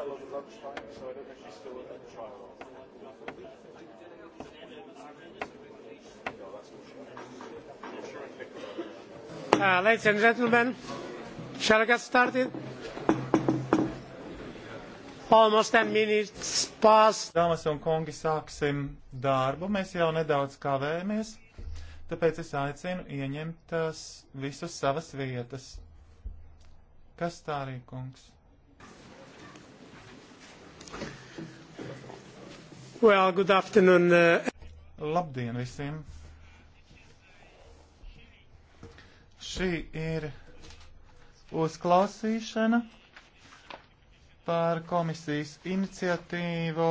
I love lunchtime, so I don't know if she's still at lunch either. Uh, ladies and gentlemen, shall I get started? Almost 10 minutes past. Dāmas un kungi, sāksim darbu. Mēs jau nedaudz kavējamies, tāpēc es aicinu ieņemt tās visas savas vietas. Kas tā arī, kungs? Well, good afternoon. Uh, Labdien visiem! Šī ir uzklausīšana par komisijas iniciatīvu,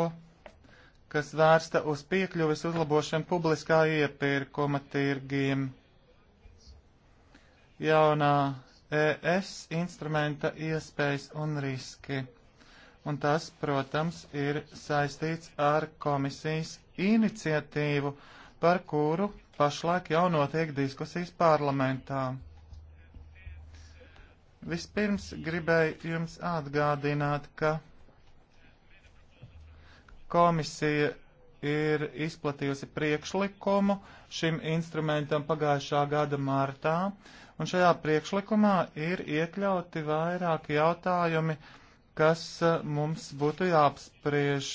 kas vērsta uz piekļuves uzlabošanu publiskā iepirkuma tirgiem. Jaunā ES instrumenta iespējas un riski un tas, protams, ir saistīts ar komisijas iniciatīvu, par kuru pašlaik jau notiek diskusijas parlamentā. Vispirms gribēju jums atgādināt, ka komisija ir izplatījusi priekšlikumu šim instrumentam pagājušā gada martā, un šajā priekšlikumā ir iekļauti vairāki jautājumi, uh, kas eh, mums būtu jāapspriež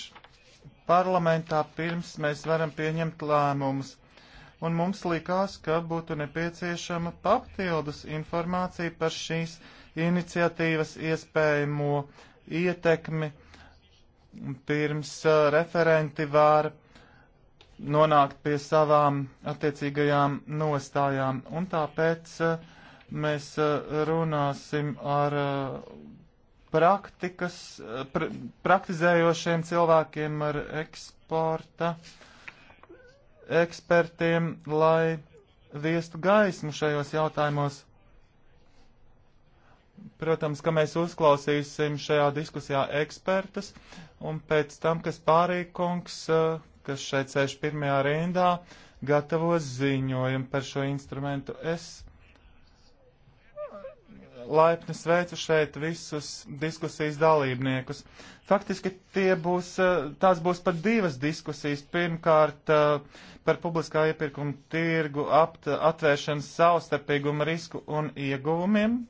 parlamentā pirms mēs varam pieņemt lēmumus. Un mums likās, ka būtu nepieciešama papildus informācija par šīs iniciatīvas iespējamo ietekmi pirms uh, referenti var nonākt pie savām attiecīgajām nostājām. Un tāpēc uh, mēs uh, runāsim ar praktikas, eh, pra, praktizējošiem cilvēkiem, ar eksporta ekspertiem, lai viestu gaismu šajos jautājumos. Protams, ka mēs uzklausīsim šajā diskusijā ekspertus, un pēc tam, kas pārīkungs, eh, kas šeit sēž pirmajā rindā, gatavos ziņojumu par šo instrumentu. Es laipni sveicu šeit visus diskusijas dalībniekus. Faktiski tie būs, eh, tās būs pat divas diskusijas. Pirmkārt, eh, par publiskā iepirkuma tirgu apt, atvēršanas savstarpīguma risku un ieguvumiem,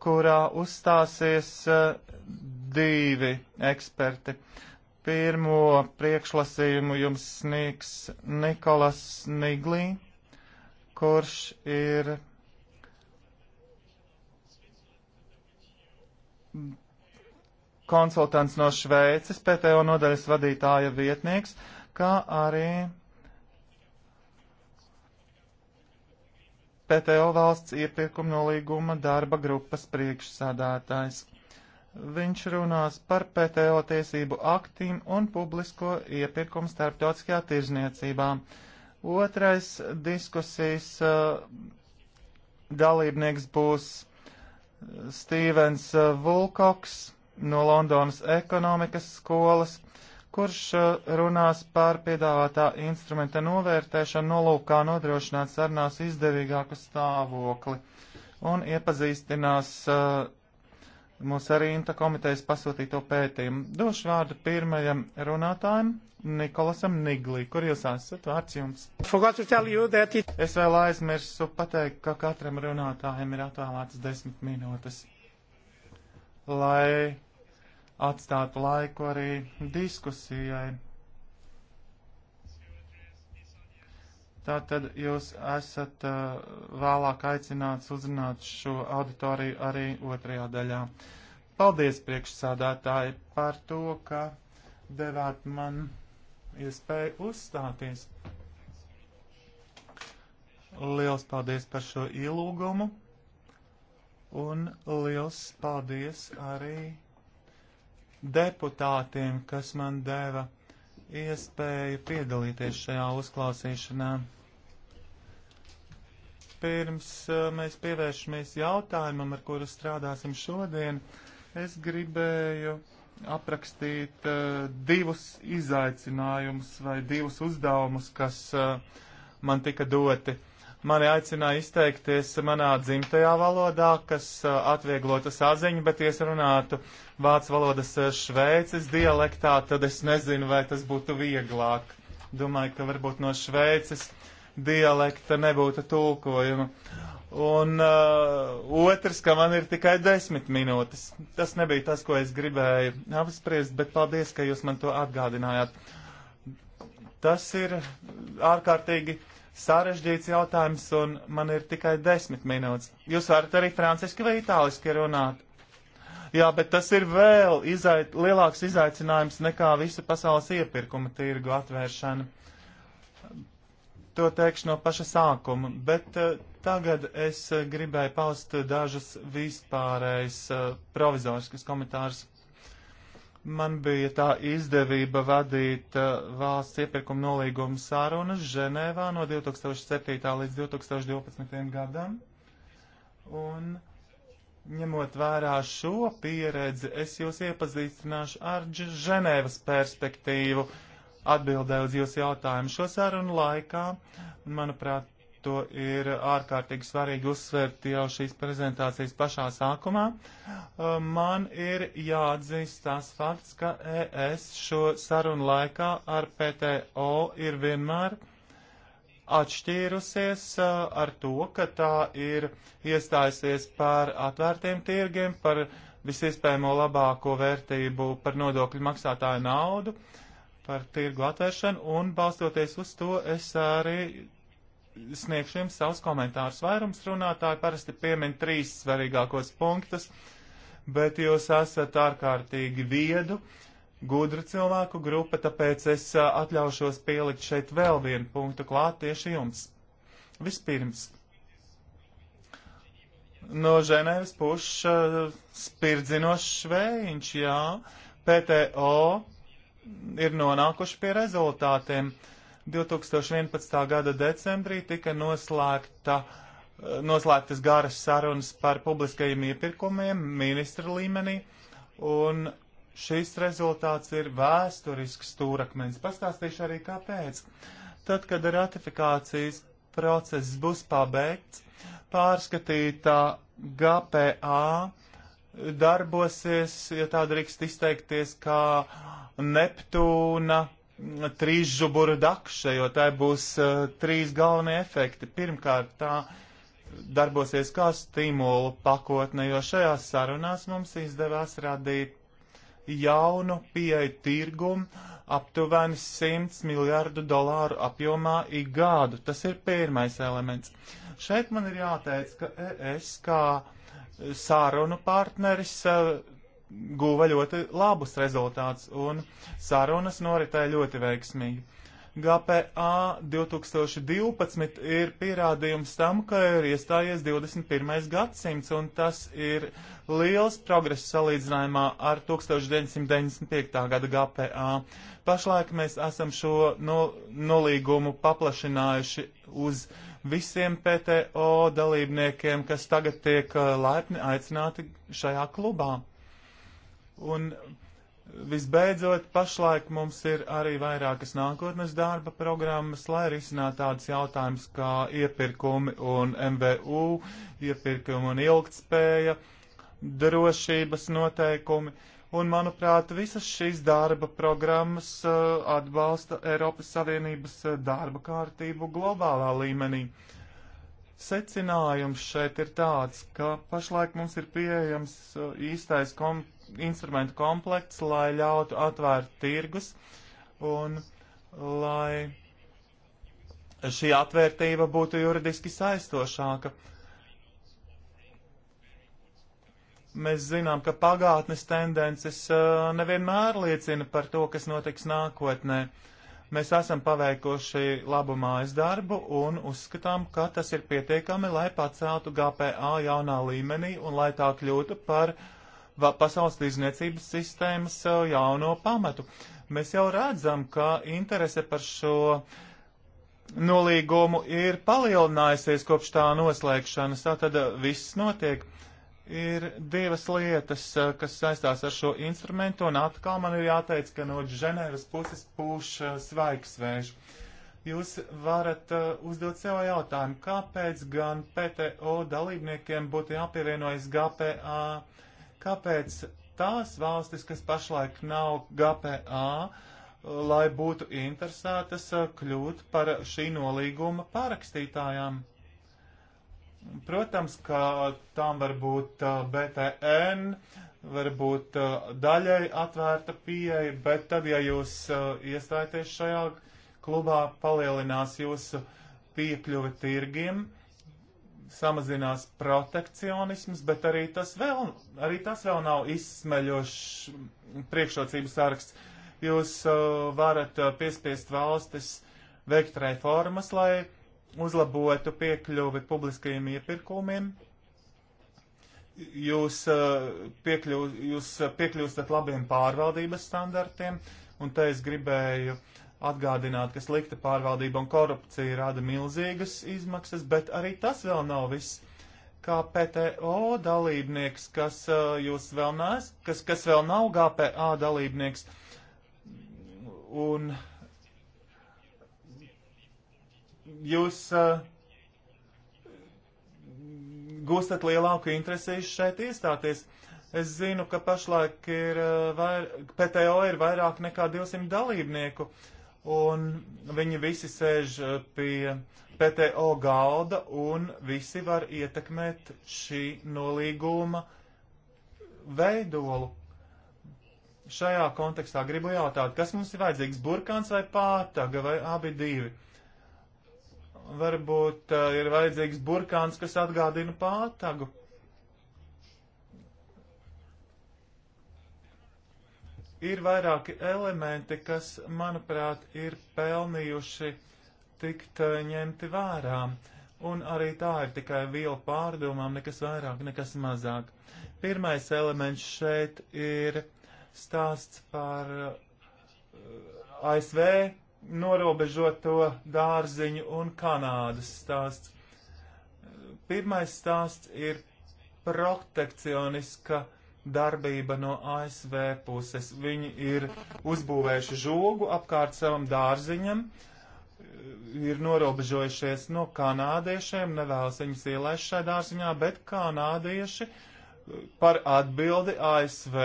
kurā uzstāsies eh, divi eksperti. Pirmo priekšlasījumu jums sniegs Nikolas Niglī kurš ir konsultants no Šveices, PTO nodaļas vadītāja vietnieks, kā arī PTO valsts iepirkuma nolīguma darba grupas priekšsādātājs. Viņš runās par PTO tiesību aktīm un publisko iepirkumu starptautiskajā tirzniecībā. Otrais diskusijas uh, dalībnieks būs uh, Stīvens uh, Vulkoks no Londonas ekonomikas skolas, kurš runās par piedāvātā instrumenta novērtēšanu nolūkā nodrošināt sarunās izdevīgāku stāvokli un iepazīstinās uh, mūsu arī Inta komitejas pasūtīto pētījumu. Došu vārdu pirmajam runātājam, Nikolasam Niglī, kur jūs esat, vārds jums. It... Es vēl aizmirsu pateikt, ka katram runātājam ir atvēlētas desmit minūtes, lai atstātu laiku arī diskusijai. Tātad jūs esat uh, vēlāk aicināts uzrunāt šo auditoriju arī otrajā daļā. Paldies priekšsādātāji par to, ka devāt man iespēju uzstāties. Liels paldies par šo ielūgumu un liels paldies arī deputātiem, kas man deva iespēju piedalīties šajā uzklausīšanā. Pirms uh, mēs pievēršamies jautājumam, ar kuru strādāsim šodien, es gribēju aprakstīt uh, divus izaicinājumus vai divus uzdevumus, kas uh, man tika doti. Uh, mani aicināja izteikties manā dzimtajā valodā, kas atvieglotu saziņu, bet ja es runātu vācu valodas šveicis dialektā, tad es nezinu, vai tas būtu vieglāk. Domāju, ka varbūt no šveicis dialekta nebūtu tulkojuma. Un uh, otrs, ka man ir tikai desmit minūtes. Tas nebija tas, ko es gribēju apspriest, bet paldies, ka jūs man to atgādinājāt. Tas ir ārkārtīgi sarežģīts jautājums, un man ir tikai desmit minūtes. Jūs varat arī franciski vai itāliski runāt. Jā, bet tas ir vēl izait, lielāks izaicinājums nekā visa pasaules iepirkuma tirgu atvēršana. To teikšu no paša sākuma, bet uh, tagad es eh, gribēju paust dažus vispārējus uh, provizoriskus komentārus. Man bija tā izdevība vadīt uh, valsts iepirkuma nolīguma sārunas Ženēvā no 2007. līdz 2012. gadam. Un ņemot vērā šo pieredzi, es jūs iepazīstināšu ar Ženēvas perspektīvu atbildē uz jūsu jautājumu. Šo sarunu laikā, manuprāt, to ir ārkārtīgi svarīgi uzsvērt jau šīs prezentācijas pašā sākumā. Uh, man ir jāatzīst tās fakts, ka ES šo sarunu laikā ar PTO ir vienmēr atšķīrusies uh, ar to, ka tā ir iestājusies par atvērtiem tirgiem, par visiespējamo labāko vērtību, par nodokļu maksātāju naudu, par tirgu atvēršanu, un balstoties uz to es arī sniegšu jums savus komentārus. Vairums runātāji parasti piemin trīs svarīgākos punktus, bet jūs esat ārkārtīgi viedu, gudru cilvēku grupa, tāpēc es atļaušos pielikt šeit vēl vienu punktu klāt tieši jums. Vispirms. No Ženēvas pušas spirdzinošs vējiņš, jā, PTO ir nonākuši pie rezultātiem. Uh, 2011. gada decembrī tika noslēgta, noslēgtas garas sarunas par publiskajiem iepirkumiem ministra līmenī, un šis rezultāts ir vēsturisks stūrakmens. Pastāstīšu arī kāpēc. Tad, kad ratifikācijas process būs pabeigts, pārskatītā GPA darbosies, ja tā drīkst izteikties, kā Neptūna trīs žuburu dakša, jo tai būs uh, trīs galvenie efekti. Pirmkārt, tā darbosies kā stimulu pakotne, jo šajās sarunās mums izdevās radīt jaunu pieeju tirgumu aptuveni 100 miljārdu dolāru apjomā ik gadu. Tas ir pirmais elements. Šeit man ir jāteic, ka es kā sarunu partneris uh, guva ļoti labus rezultātus un sarunas noritēja ļoti veiksmīgi. GPA 2012 ir pierādījums tam, ka ir iestājies 21. gadsimts, un tas ir liels progress salīdzinājumā ar 1995. gada GPA. Pašlaik mēs esam šo no, nu, nolīgumu paplašinājuši uz visiem PTO dalībniekiem, kas tagad tiek uh, laipni aicināti šajā klubā. Un visbeidzot, pašlaik mums ir arī vairākas nākotnes darba programmas, lai risinātu tādas jautājumas kā iepirkumi un MVU, iepirkumi un ilgtspēja, drošības noteikumi. Un, manuprāt, visas šīs darba programmas uh, atbalsta Eiropas Savienības uh, darba kārtību globālā līmenī. Secinājums šeit ir tāds, ka pašlaik mums ir pieejams uh, īstais kom instrumentu komplekts, lai ļautu atvērt tirgus un lai šī atvērtība būtu juridiski saistošāka. Mēs zinām, ka pagātnes tendences uh, nevienmēr liecina par to, kas notiks nākotnē. Mēs esam paveikuši labu mājas darbu un uzskatām, ka tas ir pietiekami, lai paceltu GPA jaunā līmenī un lai tā kļūtu par uh, pasaules tirzniecības sistēmas uh, jauno pamatu. Mēs jau redzam, ka interese par šo nolīgumu ir palielinājusies kopš tā noslēgšanas, tā tad uh, viss notiek. Ir divas lietas, uh, kas saistās ar šo instrumentu, un atkal man ir jāteic, ka no Ženēvas puses pūš svaigsvēž. Jūs varat uh, uzdot sev jautājumu, kāpēc gan PTO dalībniekiem būtu jāpievienojas GPA Kāpēc tās valstis, kas pašlaik nav GPA, lai būtu interesētas eh, kļūt par šī nolīguma pārakstītājām? Protams, ka tām var būt eh, BTN, varbūt eh, daļai atvērta pieeja, bet tad, ja jūs iestājaties šajā klubā, palielinās jūsu piekļuve tirgiem, uh, samazinās protekcionisms, bet arī tas vēl, arī tas vēl nav izsmeļošs priekšrocību saraksts. Jūs uh, varat uh, piespiest valstis veikt reformas, lai uzlabotu piekļuvi publiskajiem iepirkumiem. Jūs, uh, piekļū, jūs uh, piekļūstat labiem pārvaldības standartiem, un te es gribēju uh, atgādināt, ka slikta pārvaldība un korupcija rada milzīgas izmaksas, bet arī tas vēl nav viss. Kā PTO dalībnieks, kas uh, jūs vēl nes, kas, kas vēl nav GPA dalībnieks, un jūs uh, gūstat lielāku interesīšu šeit iestāties. Es zinu, ka pašlaik ir, uh, vair, PTO ir vairāk nekā 200 dalībnieku. Uh, un viņi visi sēž eh, pie PTO galda, un visi var ietekmēt šī nolīguma veidolu. Šajā kontekstā gribu jautāt, kas mums ir vajadzīgs, burkāns vai pātaga, vai abi divi? Varbūt uh, ir vajadzīgs burkāns, kas atgādina pātagu. Ir vairāki elementi, kas, manuprāt, ir pelnījuši tikt eh, ņemti vērā. Un arī tā ir tikai viela pārdomām, nekas vairāk, nekas mazāk. Pirmais elements šeit ir stāsts par eh, ASV norobežoto dārziņu un Kanādas stāsts. Pirmais stāsts ir protekcioniska uh, darbība no ASV puses. Viņi ir uzbūvējuši žogu apkārt savam dārziņam, ir norobežojušies no kanādiešiem, nevēlas viņus ielaist šai dārziņā, bet kanādieši par atbildi ASV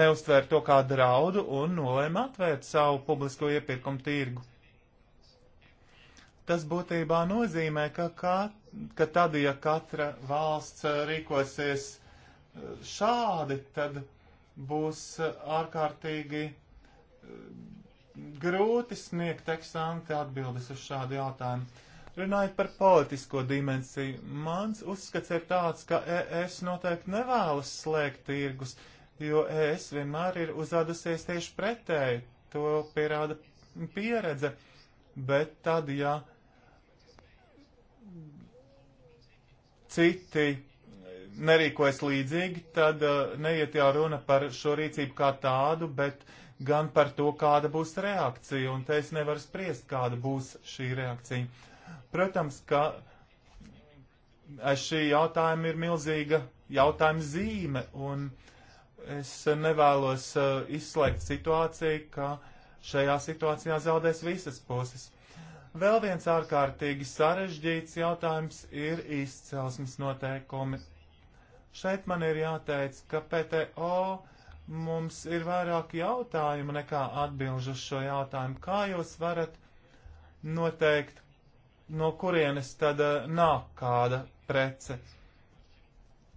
neuztvēra to kā draudu un nolēma atvērt savu publisko iepirkumu tirgu. Tas būtībā nozīmē, ka, kā, ka tad, ja katra valsts rīkosies šādi, tad būs ārkārtīgi eh, grūti sniegt eksāmenti atbildes uz šādu jautājumu. Runājot par politisko dimensiju, mans uzskats ir tāds, ka ES noteikti nevēlas slēgt tirgus, jo ES vienmēr ir uzvedusies tieši pretēji, to pierāda pieredze, bet tad, ja citi nerīkojas līdzīgi, tad uh, neiet jau runa par šo rīcību kā tādu, bet gan par to, kāda būs reakcija, un te es nevaru spriest, kāda būs šī reakcija. Protams, ka aiz eh, šī jautājuma ir milzīga jautājuma zīme, un es nevēlos uh, izslēgt situāciju, ka šajā situācijā zaudēs visas puses. Vēl viens ārkārtīgi sarežģīts jautājums ir izcelsmes noteikumi Šeit man ir jāteic, ka PTO mums ir vairāk jautājumu nekā atbilžu uz šo jautājumu. Kā jūs varat noteikt, no kurienes tad uh, nāk kāda prece?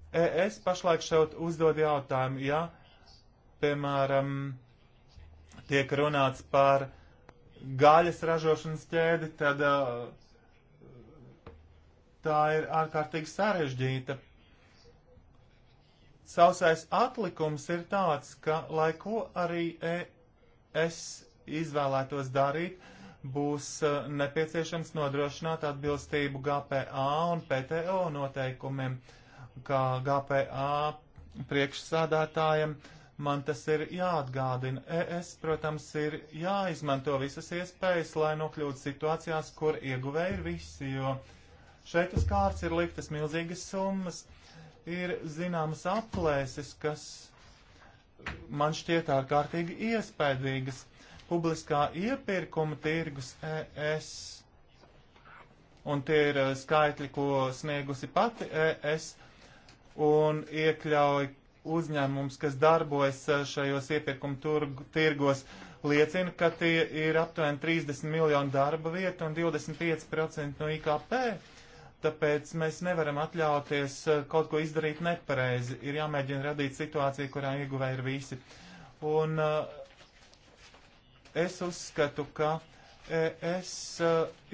E, es pašlaik šeit uzdod jautājumu, ja, piemēram, tiek runāts par gaļas ražošanas ķēdi, tad uh, tā ir ārkārtīgi sarežģīta Sausais atlikums ir tāds, ka, lai ko arī es izvēlētos darīt, būs uh, nepieciešams nodrošināt atbilstību GPA un PTO noteikumiem. Kā GPA priekšsādātājiem man tas ir jāatgādina. ES, protams, ir jāizmanto visas iespējas, lai nokļūtu situācijās, kur ieguvēji ir visi, jo šeit uz kārts ir liktas milzīgas summas ir zināmas aplēses, kas man šķiet ārkārtīgi iespēdīgas. Publiskā iepirkuma tirgus ES, un tie ir eh, skaitļi, ko sniegusi pati ES, un iekļauj uzņēmums, kas darbojas eh, šajos iepirkuma turgu, tirgos, liecina, ka tie ir aptuveni 30 miljonu darba vietu un 25% no IKP Tāpēc mēs nevaram atļauties eh, kaut ko izdarīt nepareizi. Ir jāmēģina radīt situāciju, kurā ieguvēji ir visi. Un eh, es uzskatu, ka eh, es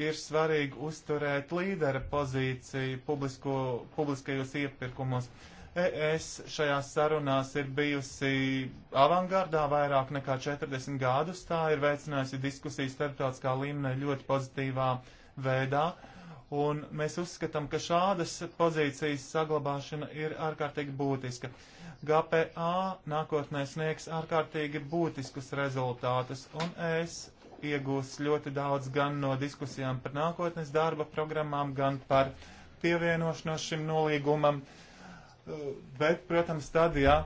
ir svarīgi uzturēt līdera pozīciju publisko, publiskajos iepirkumos. ES šajās sarunās ir bijusi avangardā vairāk nekā 40 gadus. Tā ir veicinājusi diskusijas starptautiskā līmenī ļoti pozitīvā veidā. Un mēs uzskatām, ka šādas pozīcijas saglabāšana ir ārkārtīgi būtiska. GPA nākotnē sniegs ārkārtīgi būtiskus rezultātus, un es iegūs ļoti daudz gan no diskusijām par nākotnes darba programmām, gan par pievienošanos šim nolīgumam. Bet, protams, tad, ja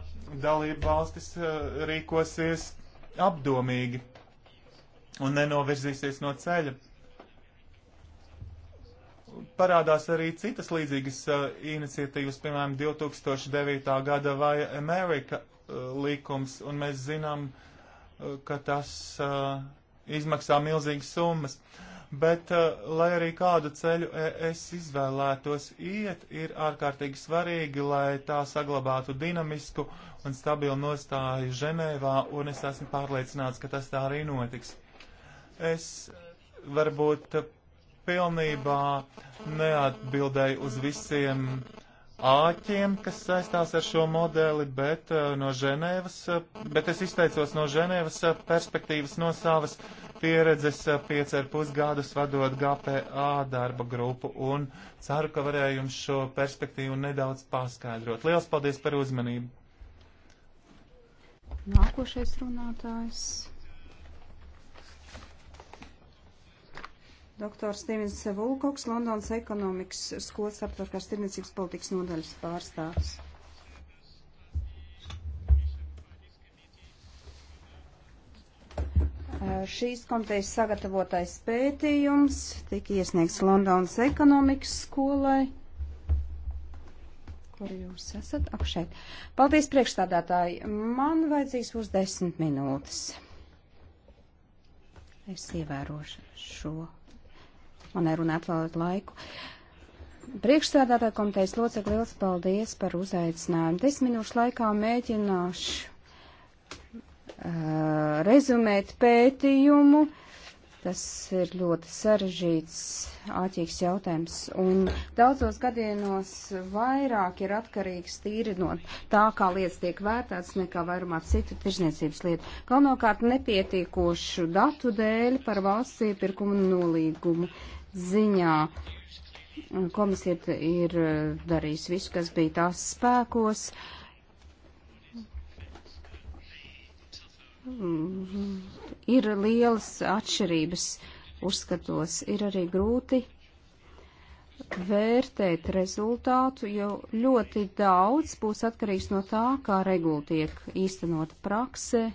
dalība valstis eh, rīkosies apdomīgi un nenovirzīsies no ceļa parādās arī citas līdzīgas uh, iniciatīvas, piemēram, 2009. gada vai Amerika uh, likums, un mēs zinām, uh, ka tas uh, izmaksā milzīgas summas. Bet, uh, lai arī kādu ceļu e- es izvēlētos iet, ir ārkārtīgi svarīgi, lai tā saglabātu dinamisku un stabilu nostāju Ženēvā, un es esmu pārliecināts, ka tas tā arī notiks. Es varbūt pilnībā neatbildēja uz visiem āķiem, kas saistās ar šo modeli, bet, eh, no Ženēvas, eh, bet es izteicos no Ženēvas eh, perspektīvas, no savas pieredzes pieci ar pusgadus vadot GPA darba grupu un ceru, ka varēju jums šo perspektīvu nedaudz paskaidrot. Lielas paldies par uzmanību! Nākošais runātājs. Dr. Stevens Vulkoks, Londonas ekonomikas skolas starptautiskās tirniecības politikas nodaļas pārstāvs. Šīs komitejas sagatavotais pētījums tika iesniegts Londonas ekonomikas skolai. Kur jūs esat? Ak, šeit. Paldies, priekšstādātāji. Man vajadzīgs būs desmit minūtes. Es ievērošu šo man ir runāt vēl laiku. Priekšsēdētāja komitejas locekli liels paldies par uzaicinājumu. Desmit minūšu laikā mēģināšu uh, rezumēt pētījumu. Tas ir ļoti sarežģīts, āķīgs jautājums. Un daudzos gadienos vairāk ir atkarīgs tīri no tā, kā lietas tiek vērtētas, nekā vairumā citu tirzniecības lietu. Galvenokārt nepietīkošu datu dēļ par valsts iepirkumu nolīgumu ziņā komisija ir eh, darījusi visu, kas bija tās spēkos. Ir lielas atšķirības uzskatos, ir arī grūti vērtēt rezultātu, jo ļoti daudz būs atkarīgs no tā, kā regula tiek īstenota praksē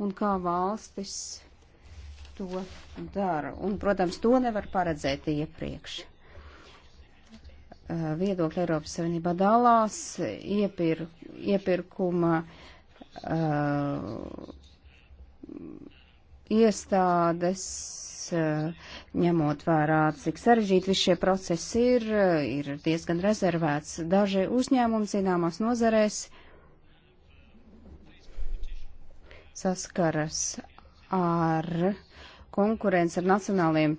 un kā valstis to dara. Un, protams, to nevar paredzēt iepriekš. Eh, viedokļi Eiropas Savienībā dalās, iepir, iepirkuma uh, iestādes, uh, ņemot vērā, cik sarežģīti visi šie procesi ir, ir diezgan rezervēts. Daži uzņēmumi zināmās nozarēs saskaras ar konkurence ar nacionāliem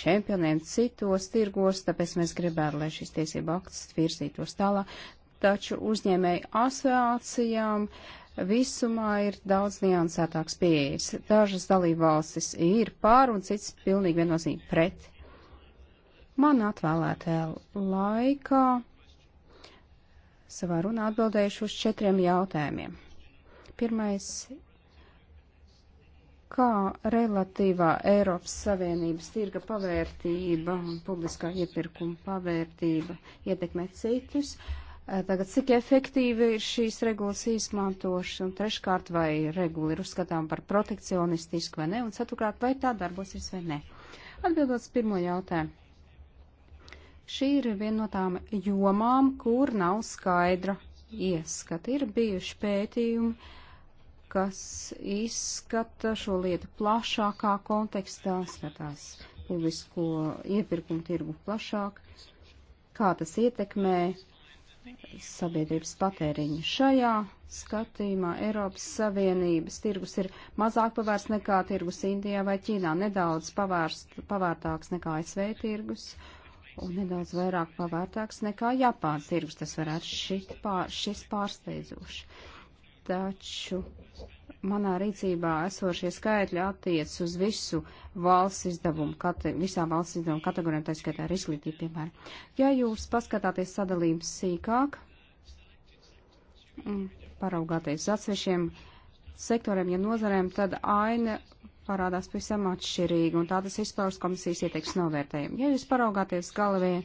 čempioniem citos tirgos, tāpēc mēs gribētu, lai šis tiesība akts virzītos tālāk. Taču uzņēmēju asociācijām visumā ir daudz niansētāks pieejas. Dažas dalībvalstis ir pār un cits pilnīgi viennozīmīgi pret. Man atvēlētajā laikā savā runā atbildējuši uz četriem jautājumiem. Pirmais kā relatīvā Eiropas Savienības tirga pavērtība un publiskā iepirkuma pavērtība ietekmē citus. Tagad, cik efektīvi ir šīs regulas izmantošana, un treškārt, vai regula ir uzskatām par protekcionistisku vai ne, un ceturkārt, vai tā darbosies vai ne. Atbildot uz pirmo jautājumu. Šī ir viena no tām jomām, kur nav skaidra ieskata. Ir bijuši pētījumi, uh, kas izskata šo lietu plašākā kontekstā, skatās publisko iepirkumu tirgu plašāk, kā tas ietekmē sabiedrības patēriņu. Šajā skatījumā Eiropas Savienības tirgus ir mazāk pavērsts nekā tirgus Indijā vai Ķīnā, nedaudz pavērst, pavērtāks nekā ASV tirgus un nedaudz vairāk pavērtāks nekā Japāns tirgus. Tas varētu šit pār, šis pārsteidzoši taču manā rīcībā esošie skaitļi attiec uz visu valsts izdevumu, kate, visām valsts izdevumu kategorijām, tā skaitā ar izglītību, piemēram. Ja jūs paskatāties sadalījums sīkāk, mm, paraugāties uz atsevišķiem sektoriem, ja nozarēm, tad aina parādās pavisam atšķirīgi, un tā tas izpaužas komisijas ieteiks novērtējumu. Ja jūs paraugāties galvie, eh,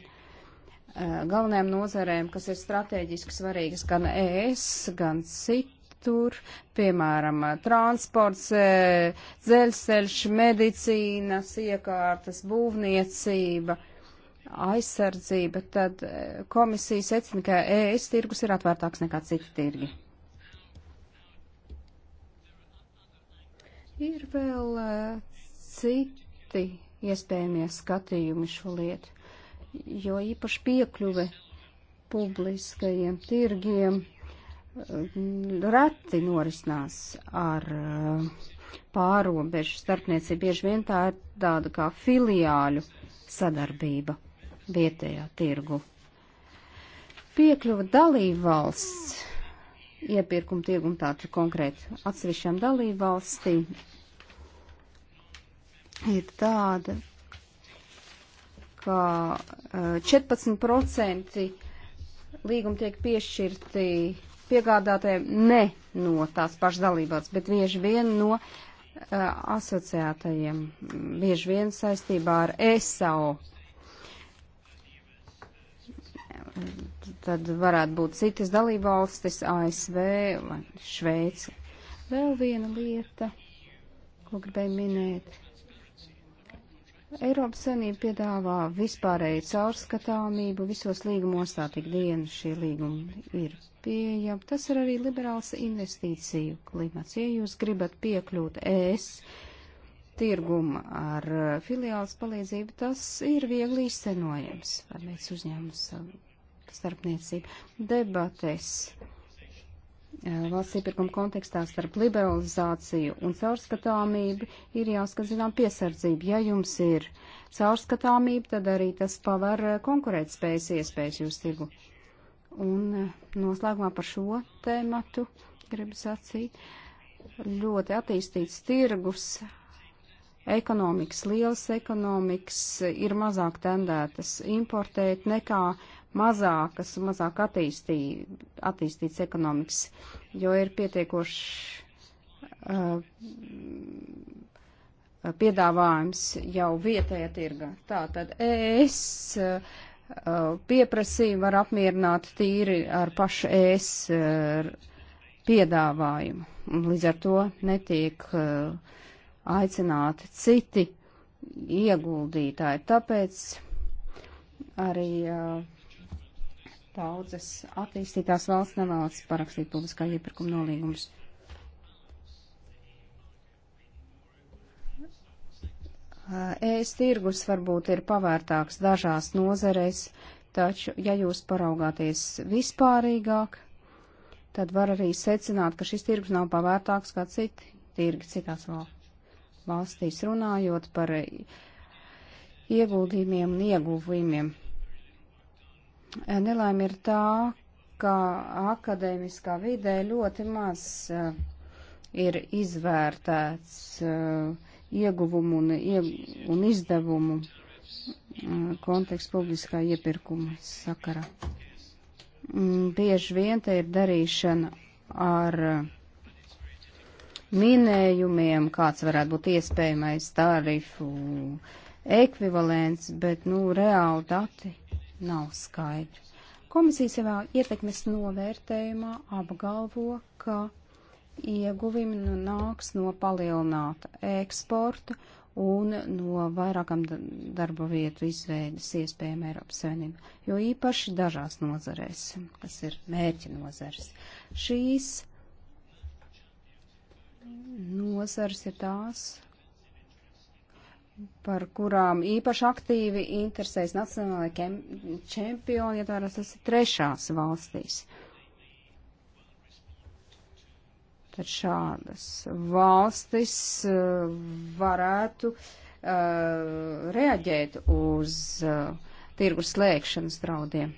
galvenajām nozarēm, kas ir strateģiski svarīgas gan ES, gan citu, tur, piemēram, transports, e, dzelzceļš, medicīnas iekārtas, būvniecība, aizsardzība, tad e, komisija secina, ka ES tirgus ir atvērtāks nekā citi tirgi. Ir vēl e, citi iespējamie skatījumi šo lietu, jo īpaši piekļuve publiskajiem tirgiem reti norisinās ar eh, pārobežu starpniecību. Bieži vien tā ir tāda kā filiāļu sadarbība vietējā tirgu. Piekļuva dalībvalsts iepirkuma tirgum tātad konkrēti atsevišķām dalībvalstīm ir tāda, ka 14% eh, līgumi tiek piešķirti piegādātājiem ne no tās pašas dalībvalsts, bet bieži vien no uh, asociētajiem, bieži vien saistībā ar ESAO. Tad varētu būt citas dalībvalstis, ASV vai Šveice. Vēl viena lieta, ko gribēju minēt Eiropas Savienība piedāvā vispārēju caurskatāmību visos līgumos, tā tik dienu šie līgumi ir pieejami. Tas ir arī liberāls investīciju klimats. Ja jūs gribat piekļūt ES tirgumu ar uh, filiāls palīdzību, tas ir viegli izcenojams, vai mēs uzņēmums starpniecību. Debates Eh, valsts iepirkuma kontekstā starp liberalizāciju un caurskatāmību ir jāskat zinām piesardzība. Ja jums ir caurskatāmība, tad arī tas paver eh, konkurētspējas iespējas jūs tirgu. Un eh, noslēgumā par šo tēmatu gribu sacīt. Ļoti attīstīts tirgus, ekonomikas, lielas ekonomikas ir mazāk tendētas importēt nekā mazākas, mazāk attīstī, attīstīts ekonomikas, jo ir pietiekoši uh, piedāvājums jau vietējā tirga. Tātad es uh, pieprasīju var apmierināt tīri ar pašu es uh, piedāvājumu. Līdz ar to netiek uh, aicināti citi ieguldītāji. Tāpēc arī uh, daudzas attīstītās valsts nevēlas parakstīt publiskā iepirkuma nolīgumus. Ēst tirgus varbūt ir pavērtāks dažās nozerēs, taču, ja jūs paraugāties vispārīgāk, tad var arī secināt, ka šis tirgus nav pavērtāks kā citi tirgi citās valstīs, runājot par ieguldījumiem un ieguvumiem. Nelēma ir tā, ka akadēmiskā vidē ļoti maz uh, ir izvērtēts uh, ieguvumu un, ieg un izdevumu uh, konteksts publiskā iepirkuma sakara. Mm, bieži vien te ir darīšana ar minējumiem, kāds varētu būt iespējamais tarifu ekvivalents, bet, nu, reāli dati nav skaidri. Komisija savā ietekmes novērtējumā apgalvo, ka ieguvumi nu nāks no palielināta eksporta un no vairākam darba vietu izveidas iespējama Eiropas Savienība, jo īpaši dažās nozarēs, kas ir mērķa nozares. Šīs nozars ir tās, par kurām īpaši aktīvi interesēs nacionālajie čempioni, ja tādās tas ir trešās valstīs. Tad šādas valstis eh, varētu uh, reaģēt uz uh, tirgus slēgšanas draudiem.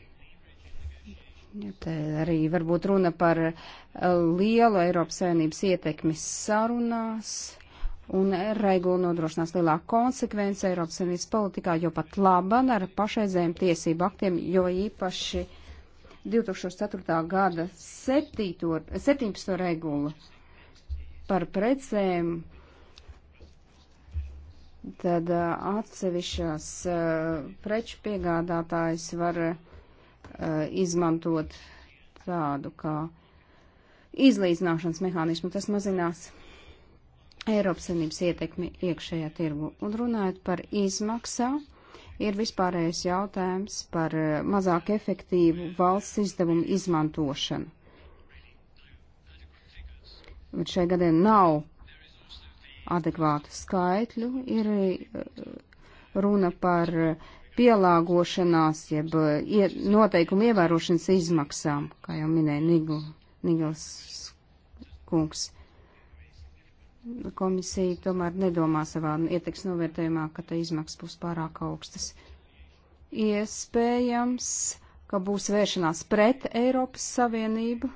Te arī varbūt runa par lielu Eiropas Savienības ietekmi sarunās un regula nodrošinās lielāku konsekvenci Eiropas Savienības politikā, jo pat laban ar pašreizējiem tiesību aktiem, jo īpaši 2004. gada 7, 17. regula par precēm, tad uh, atsevišķās uh, preču piegādātājs var uh, izmantot tādu kā izlīdzināšanas mehānismu. Tas mazinās Eiropas Savienības ietekmi iekšējā tirgu. Un runājot par izmaksām, ir vispārējais jautājums par eh, mazāk efektīvu valsts izdevumu izmantošanu. Un šai gadē nav adekvātu skaitļu, ir eh, runa par pielāgošanās, jeb eh, noteikumu ievērošanas izmaksām, kā jau minēja Nigls kungs komisija tomēr nedomā savā ieteiks novērtējumā, ka te izmaksas būs pārāk augstas. Iespējams, ka būs vēršanās pret Eiropas Savienību.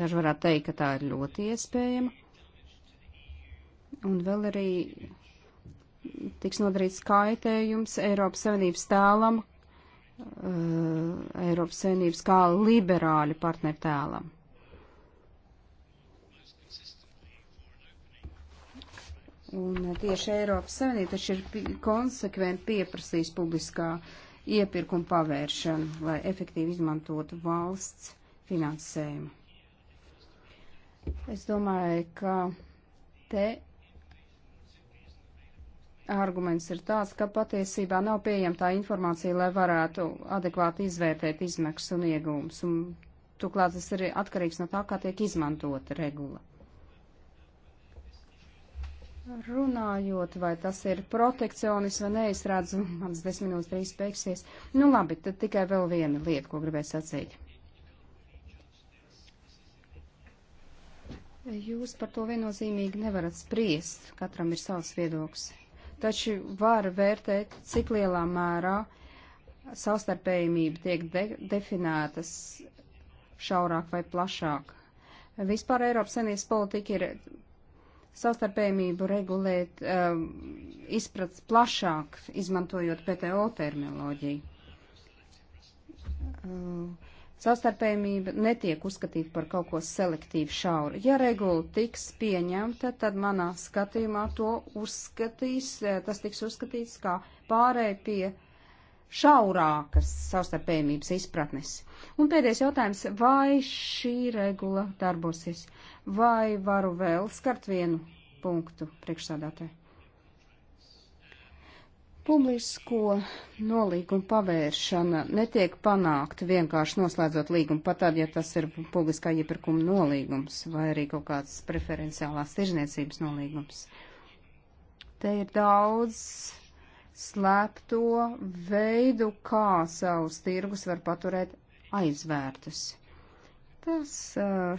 Daži varētu teikt, ka tā ir ļoti iespējama. Un vēl arī tiks nodarīts kaitējums Eiropas Savienības tēlam, uh, Eiropas Savienības kā liberāļu partneru tēlam. Un tieši Eiropas Savienība taču ir konsekventi pieprasījis publiskā iepirkuma pavēršanu, lai efektīvi izmantotu valsts finansējumu. Es domāju, ka te arguments ir tāds, ka patiesībā nav pieejama tā informācija, lai varētu adekvāti izvērtēt izmaksas un iegūmus. Un turklāt tas ir atkarīgs no tā, kā tiek izmantota regula. Runājot, vai tas ir protekcionis vai nē, es redzu, mans desmit minūtes drīz beigsies. Nu labi, tad tikai vēl viena lieta, ko gribēju sacīt. Jūs par to viennozīmīgi nevarat spriest, katram ir savs viedoklis. Taču var vērtēt, cik lielā mērā savstarpējumība tiek de definētas šaurāk vai plašāk. Vispār Eiropas Savienības politika ir savstarpējumību regulēt, um, izprats plašāk, izmantojot PTO terminoloģiju. Um, savstarpējumība netiek uzskatīta par kaut ko selektīvu šauru. Ja regula tiks pieņemta, tad manā skatījumā to uzskatīs, eh, tas tiks uzskatīts kā pārēj pie uh, šaurākas savstarpējumības izpratnes. Un pēdējais jautājums, vai šī regula darbosies, vai varu vēl skart vienu punktu priekšsādātē? Publisko nolīgumu pavēršana netiek panākta vienkārši noslēdzot līgumu, pat tad, ja tas ir publiskā iepirkuma nolīgums vai arī kaut kāds preferenciālās tirzniecības nolīgums. Te ir daudz slēpto veidu, kā savus tirgus var paturēt aizvērtus. Tas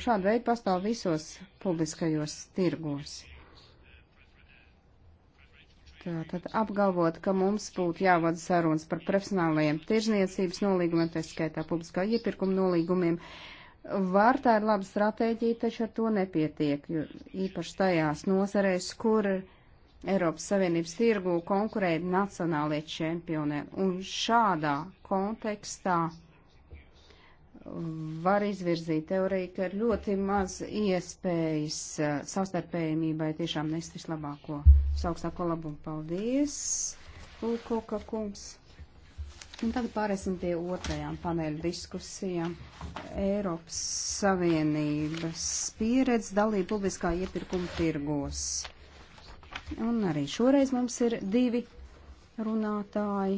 šāda veida pastāv visos publiskajos tirgos. Tātad apgalvot, ka mums būtu jāvada sarunas par profesionālajiem tirzniecības nolīgumiem, tā skaitā publiskā iepirkuma nolīgumiem, var tā ir laba stratēģija, taču ar to nepietiek, jo īpaši tajās nozarēs, kur Eiropas Savienības tirgu konkurē nacionālie čempioni. Un šādā kontekstā var izvirzīt teoriju, ka ir ļoti maz iespējas eh, savstarpējumībai tiešām nest vislabāko, visaugstāko labumu. Paldies, Lūkoka kungs. Un tad pārēsim pie otrajām paneļa diskusijām. Eiropas Savienības pieredze dalība publiskā iepirkuma tirgos. Un arī šoreiz mums ir divi runātāji.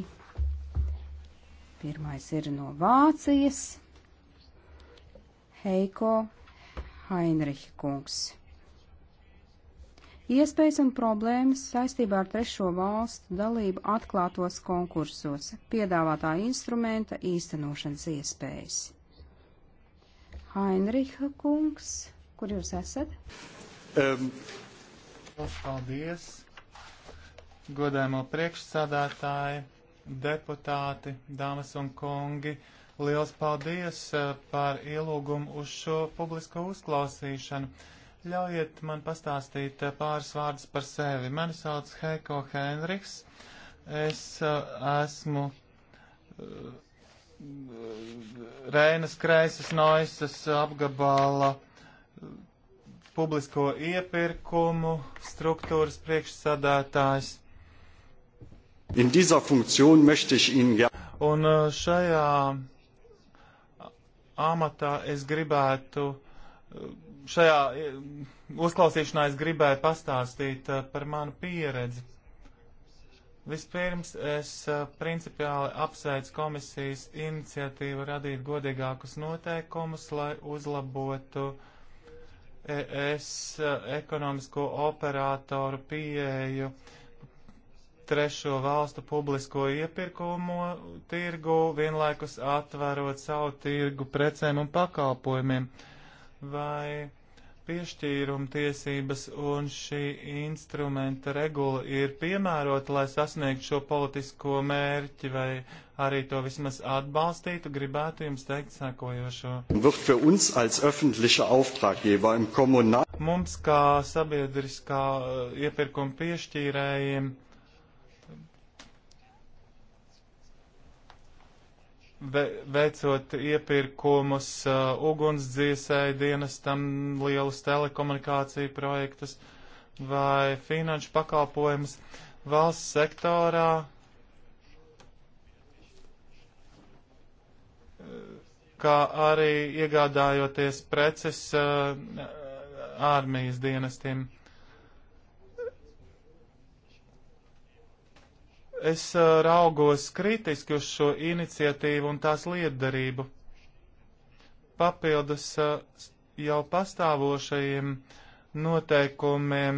Pirmais ir no Vācijas Heiko Heinricha kungs. Iespējas un problēmas saistībā ar trešo valstu dalību atklātos konkursos, piedāvātā instrumenta īstenošanas iespējas. Heinricha kungs, kur jūs esat? Um, Lielas paldies, godāmo priekšsādātāji, deputāti, dāmas un kungi. Lielas paldies eh, par ielūgumu uz šo publisko uzklausīšanu. Ļaujiet man pastāstīt eh, pāris vārdus par sevi. Mani sauc Heiko Henriks. Es eh, esmu Reinas Kreisas Noisas apgabala publisko iepirkumu struktūras priekšsadātājs. In dieser Funktion möchte ich Ihnen gerne. Un uh, šajā amatā es gribētu, uh, šajā uh, uzklausīšanā es gribēju pastāstīt par manu pieredzi. Vispirms es principiāli apsveicu komisijas iniciatīvu radīt godīgākus noteikumus, lai uzlabotu uh, ES eh, ekonomisko operātoru pieeju trešo valstu publisko iepirkumu tirgu, vienlaikus atverot savu tirgu precēm un pakalpojumiem, vai piešķīruma tiesības un šī instrumenta regula ir piemērota, lai sasniegtu šo politisko mērķi vai arī to vismaz atbalstītu, gribētu jums teikt sēkojošo. Mums kā sabiedriskā uh, iepirkuma piešķīrējiem veicot iepirkumus uh, ugunsdziesēju dienestam, lielus telekomunikāciju projektus vai finanšu pakalpojumus valsts sektorā kā arī iegādājoties preces ārmijas eh, dienestiem. Es eh, raugos kritiski uz šo iniciatīvu un tās lietdarību. Papildus eh, jau pastāvošajiem noteikumiem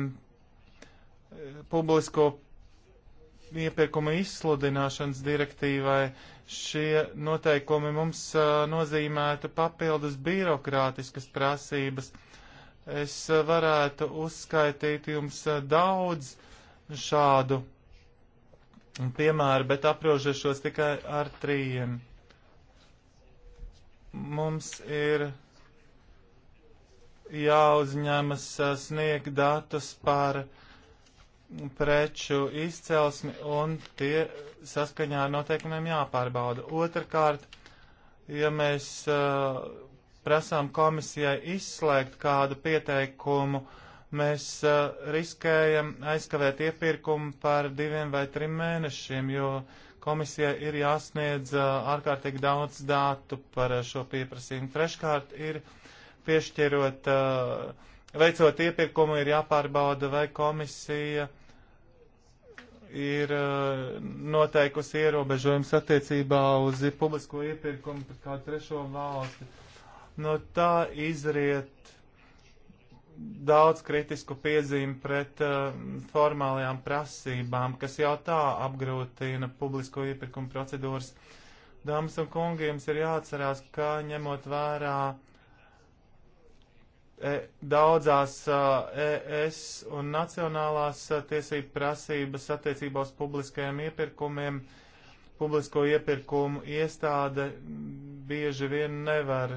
publisko iepirkuma izsludināšanas direktīvai šie noteikumi mums uh, nozīmētu papildus birokrātiskas prasības. Es uh, varētu uzskaitīt jums uh, daudz šādu piemēru, bet aprožēšos tikai ar trījiem. Mums ir jāuzņemas sniegt datus par uh, preču izcelsmi un tie saskaņā ar noteikumiem jāpārbauda. Otrakārt, ja mēs uh, prasām komisijai izslēgt kādu pieteikumu, mēs uh, riskējam aizkavēt iepirkumu par diviem vai trim mēnešiem, jo komisijai ir jāsniedz uh, ārkārtīgi daudz dātu par uh, šo pieprasījumu. Treškārt ir piešķirot uh, Veicot iepirkumu, ir jāpārbauda, vai komisija ir eh, noteikusi ierobežojums attiecībā uz publisko iepirkumu pret kādu trešo valsti. No tā izriet daudz kritisku piezīmi pret uh, formālajām prasībām, kas jau tā apgrūtina publisko iepirkumu procedūras. Dāmas un kungi, jums ir jāatcerās, ka ņemot vērā uh, E, daudzās e, ES un nacionālās e, tiesību prasības attiecībā uz publiskajiem iepirkumiem, publisko iepirkumu iestāde bieži vien nevar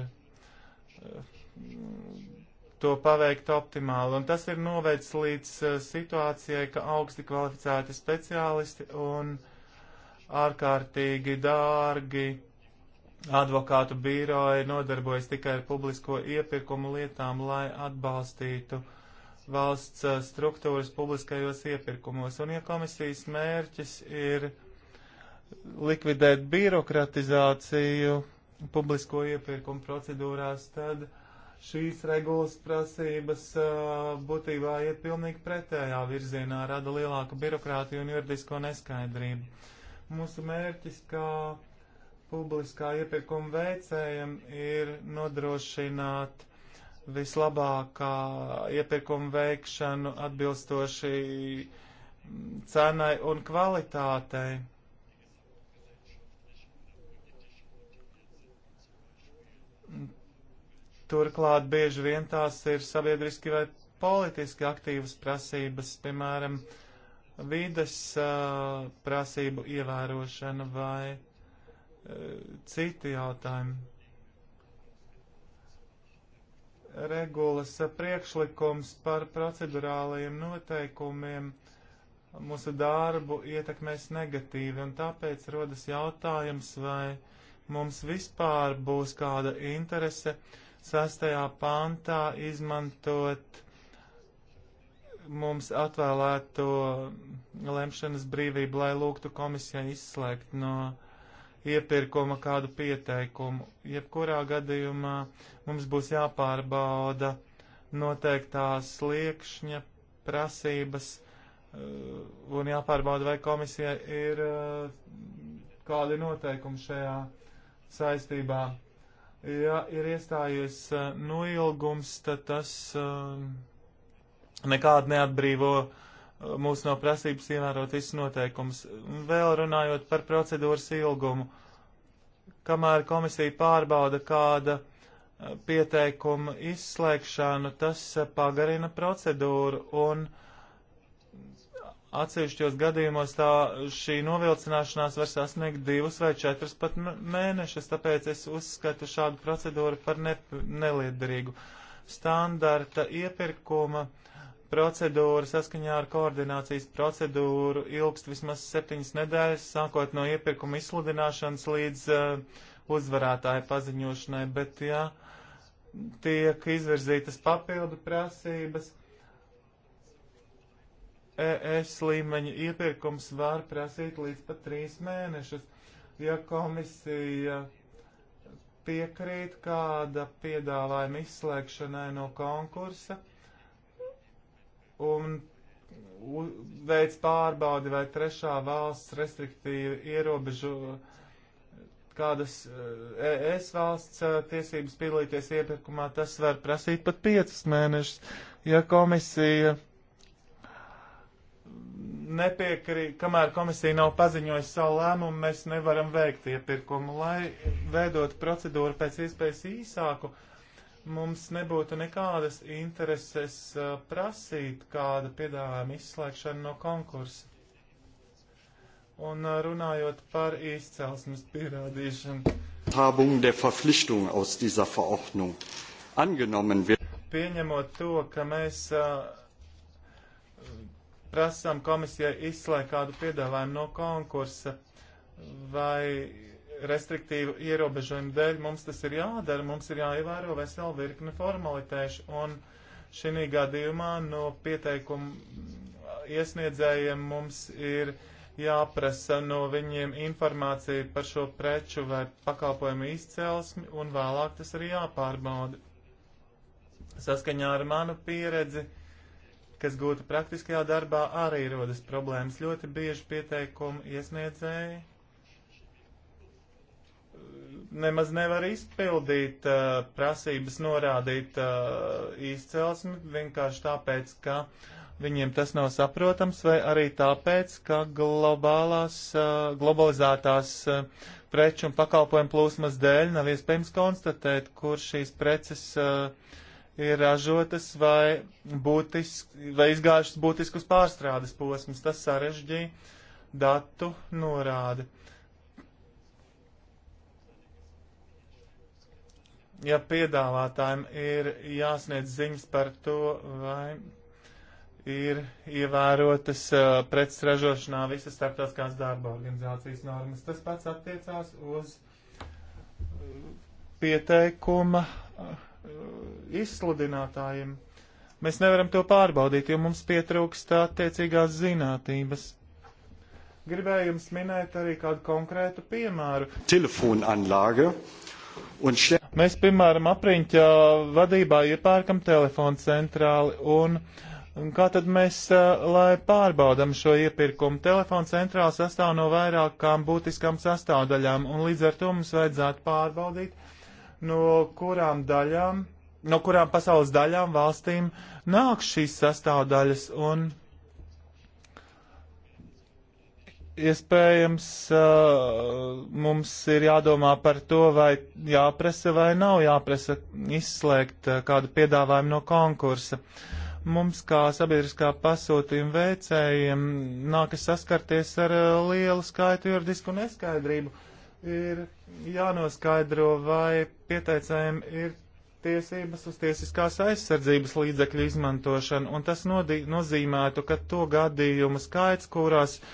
to paveikt optimāli. Un tas ir novērts līdz situācijai, ka augsti kvalificēti speciālisti un ārkārtīgi dārgi advokātu bīroja nodarbojas tikai ar publisko iepirkumu lietām, lai atbalstītu valsts eh, struktūras publiskajos iepirkumos. Un ja komisijas mērķis ir likvidēt birokratizāciju publisko iepirkumu procedūrās, tad šīs regulas prasības uh, būtībā iet pilnīgi pretējā virzienā, rada lielāku birokrātiju un juridisko neskaidrību. Mūsu mērķis, kā ka publiskā iepirkuma veicējiem ir nodrošināt vislabākā iepirkuma veikšanu atbilstoši cenai un kvalitātei. Turklāt bieži vien tās ir sabiedriski vai politiski aktīvas prasības, piemēram, vides uh, prasību ievērošana vai citi jautājumi. Regulas priekšlikums par procedurālajiem noteikumiem mūsu darbu ietekmēs negatīvi, un tāpēc rodas jautājums, vai mums vispār būs kāda interese sastajā pāntā izmantot mums atvēlēto lemšanas brīvību, lai lūgtu komisijai izslēgt no uh, iepirkuma kādu pieteikumu. Jebkurā gadījumā mums būs jāpārbauda noteiktās liekšņa prasības uh, un jāpārbauda, vai komisija ir uh, kādi noteikumi šajā saistībā. Ja ir iestājies uh, noilgums, nu tad tas um, nekādu neatbrīvo uh, mūs no prasības ievērot visus noteikumus. Vēl runājot par procedūras ilgumu, kamēr komisija pārbauda kāda eh, pieteikuma izslēgšanu, tas eh, pagarina procedūru un atsevišķos gadījumos tā šī novilcināšanās var sasniegt divus vai četrus pat mēnešus, tāpēc es uzskatu šādu procedūru par ne neliederīgu. Standarta iepirkuma uh, procedūra saskaņā ar koordinācijas procedūru ilgst vismaz septiņas nedēļas, sākot no iepirkuma izsludināšanas līdz uh, uzvarētāja paziņošanai, bet jā, tiek izvirzītas papildu prasības. ES līmeņa iepirkums var prasīt līdz pat trīs mēnešus. Ja komisija piekrīt kāda piedāvājuma izslēgšanai no konkursa, un veic pārbaudi, vai trešā valsts restriktīvi ierobežo kādas e, ES valsts e, tiesības piedalīties iepirkumā, tas var prasīt pat piecus mēnešus. Ja komisija nepiekrīt, kamēr komisija nav paziņojusi savu lēmumu, mēs nevaram veikt iepirkumu, lai veidot procedūru pēc iespējas īsāku. Uh, mums nebūtu nekādas intereses uh, prasīt kāda piedāvājuma izslēgšanu no konkursa. Un uh, runājot par izcelsmes pierādīšanu. Habung der Verpflichtung aus dieser Verordnung angenommen wird. Pieņemot to, ka mēs uh, prasām komisijai izslēgt kādu piedāvājumu no konkursa, vai restriktīvu ierobežojumu dēļ mums tas ir jādara, mums ir jāievēro vesela virkne formalitāšu, un šī gadījumā no pieteikumu iesniedzējiem mums ir jāprasa no viņiem informācija par šo preču vai pakalpojumu izcelsmi, un vēlāk tas arī jāpārbauda. Saskaņā ar manu pieredzi, kas gūta praktiskajā darbā, arī rodas problēmas. Ļoti bieži pieteikumu iesniedzēji nemaz nevar izpildīt uh, prasības norādīt uh, izcelsmi vienkārši tāpēc, ka viņiem tas nav saprotams, vai arī tāpēc, ka globālās, uh, globalizētās uh, preču un pakalpojumu plūsmas dēļ nav iespējams konstatēt, kur šīs preces uh, ir ražotas vai, būtiski, vai izgājušas būtiskus pārstrādes posmus. Tas sarežģīja datu norādi ja piedāvātājiem ir jāsniedz ziņas par to, vai ir ievērotas uh, preces ražošanā visas starptautiskās darba organizācijas normas. Tas pats attiecās uz pieteikuma uh, izsludinātājiem. Mēs nevaram to pārbaudīt, jo mums pietrūkst attiecīgās zinātības. Gribēju jums minēt arī kādu konkrētu piemēru. Telefonanlāge. Uh, Mēs, piemēram, apriņķa vadībā iepērkam telefonu centrāli un kā tad mēs, lai pārbaudam šo iepirkumu, telefonu centrāli sastāv no vairākām būtiskām sastāvdaļām un līdz ar to mums vajadzētu pārbaudīt, no kurām daļām, no kurām pasaules daļām valstīm nāk šīs sastāvdaļas un iespējams uh, mums ir jādomā par to, vai jāprasa vai nav jāprasa izslēgt uh, kādu piedāvājumu no konkursa. Mums kā sabiedriskā pasūtījuma veicējiem nākas saskarties ar uh, lielu skaitu juridisku neskaidrību. Ir jānoskaidro, vai pieteicējiem ir tiesības uz tiesiskās aizsardzības līdzekļu izmantošanu, un tas nozīmētu, ka to gadījumu skaits, kurās uh,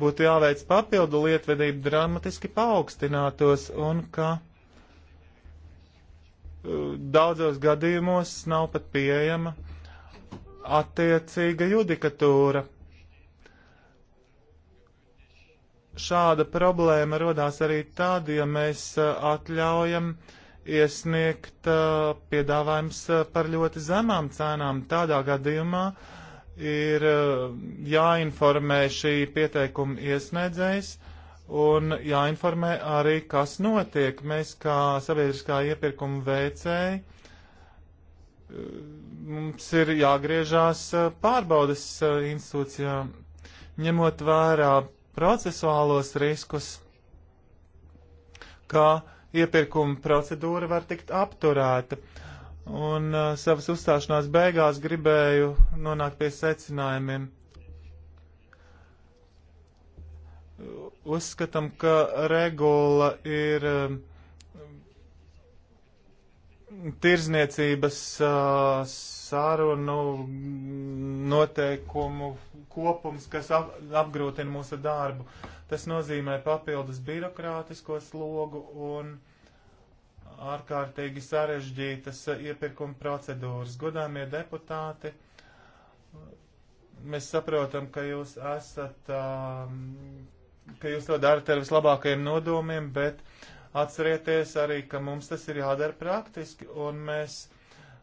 būtu jāveic papildu lietvedību, dramatiski paaugstinātos un ka uh, daudzos gadījumos nav pat pieejama attiecīga judikatūra. Šāda problēma rodās arī tad, ja mēs uh, atļaujam iesniegt uh, piedāvājums par ļoti zemām cenām. Tādā gadījumā uh, ir eh, jāinformē šī pieteikuma iesniedzējs un jāinformē arī, kas notiek. Mēs kā sabiedriskā iepirkuma veicēji eh, mums ir jāgriežās eh, pārbaudas institūcijā, ņemot vērā procesuālos riskus, kā iepirkuma procedūra var tikt apturēta un uh, savas uzstāšanās beigās gribēju nonākt pie secinājumiem. Uzskatām, ka regula ir uh, tirzniecības uh, sarunu noteikumu kopums, kas ap, apgrūtina mūsu darbu. Tas nozīmē papildus birokrātisko slogu un uh, ārkārtīgi sarežģītas eh, iepirkuma procedūras. Godāmie deputāti, mēs saprotam, ka jūs esat, ehm, ka jūs to darat ar vislabākajiem nodomiem, bet atcerieties arī, ka mums tas ir jādara praktiski, un mēs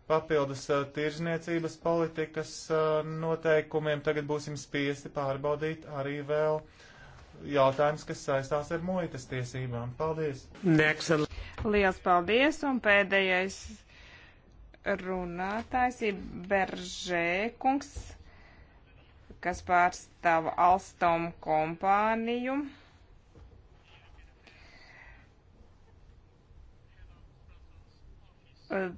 papildus eh, tirzniecības politikas eh, noteikumiem tagad būsim spiesti pārbaudīt arī vēl uh, jautājums, kas saistās ar muitas tiesībām. Paldies! Excellent. Lielas paldies! Un pēdējais runātājs ir Beržē kungs, kas pārstāv Alstom kompāniju.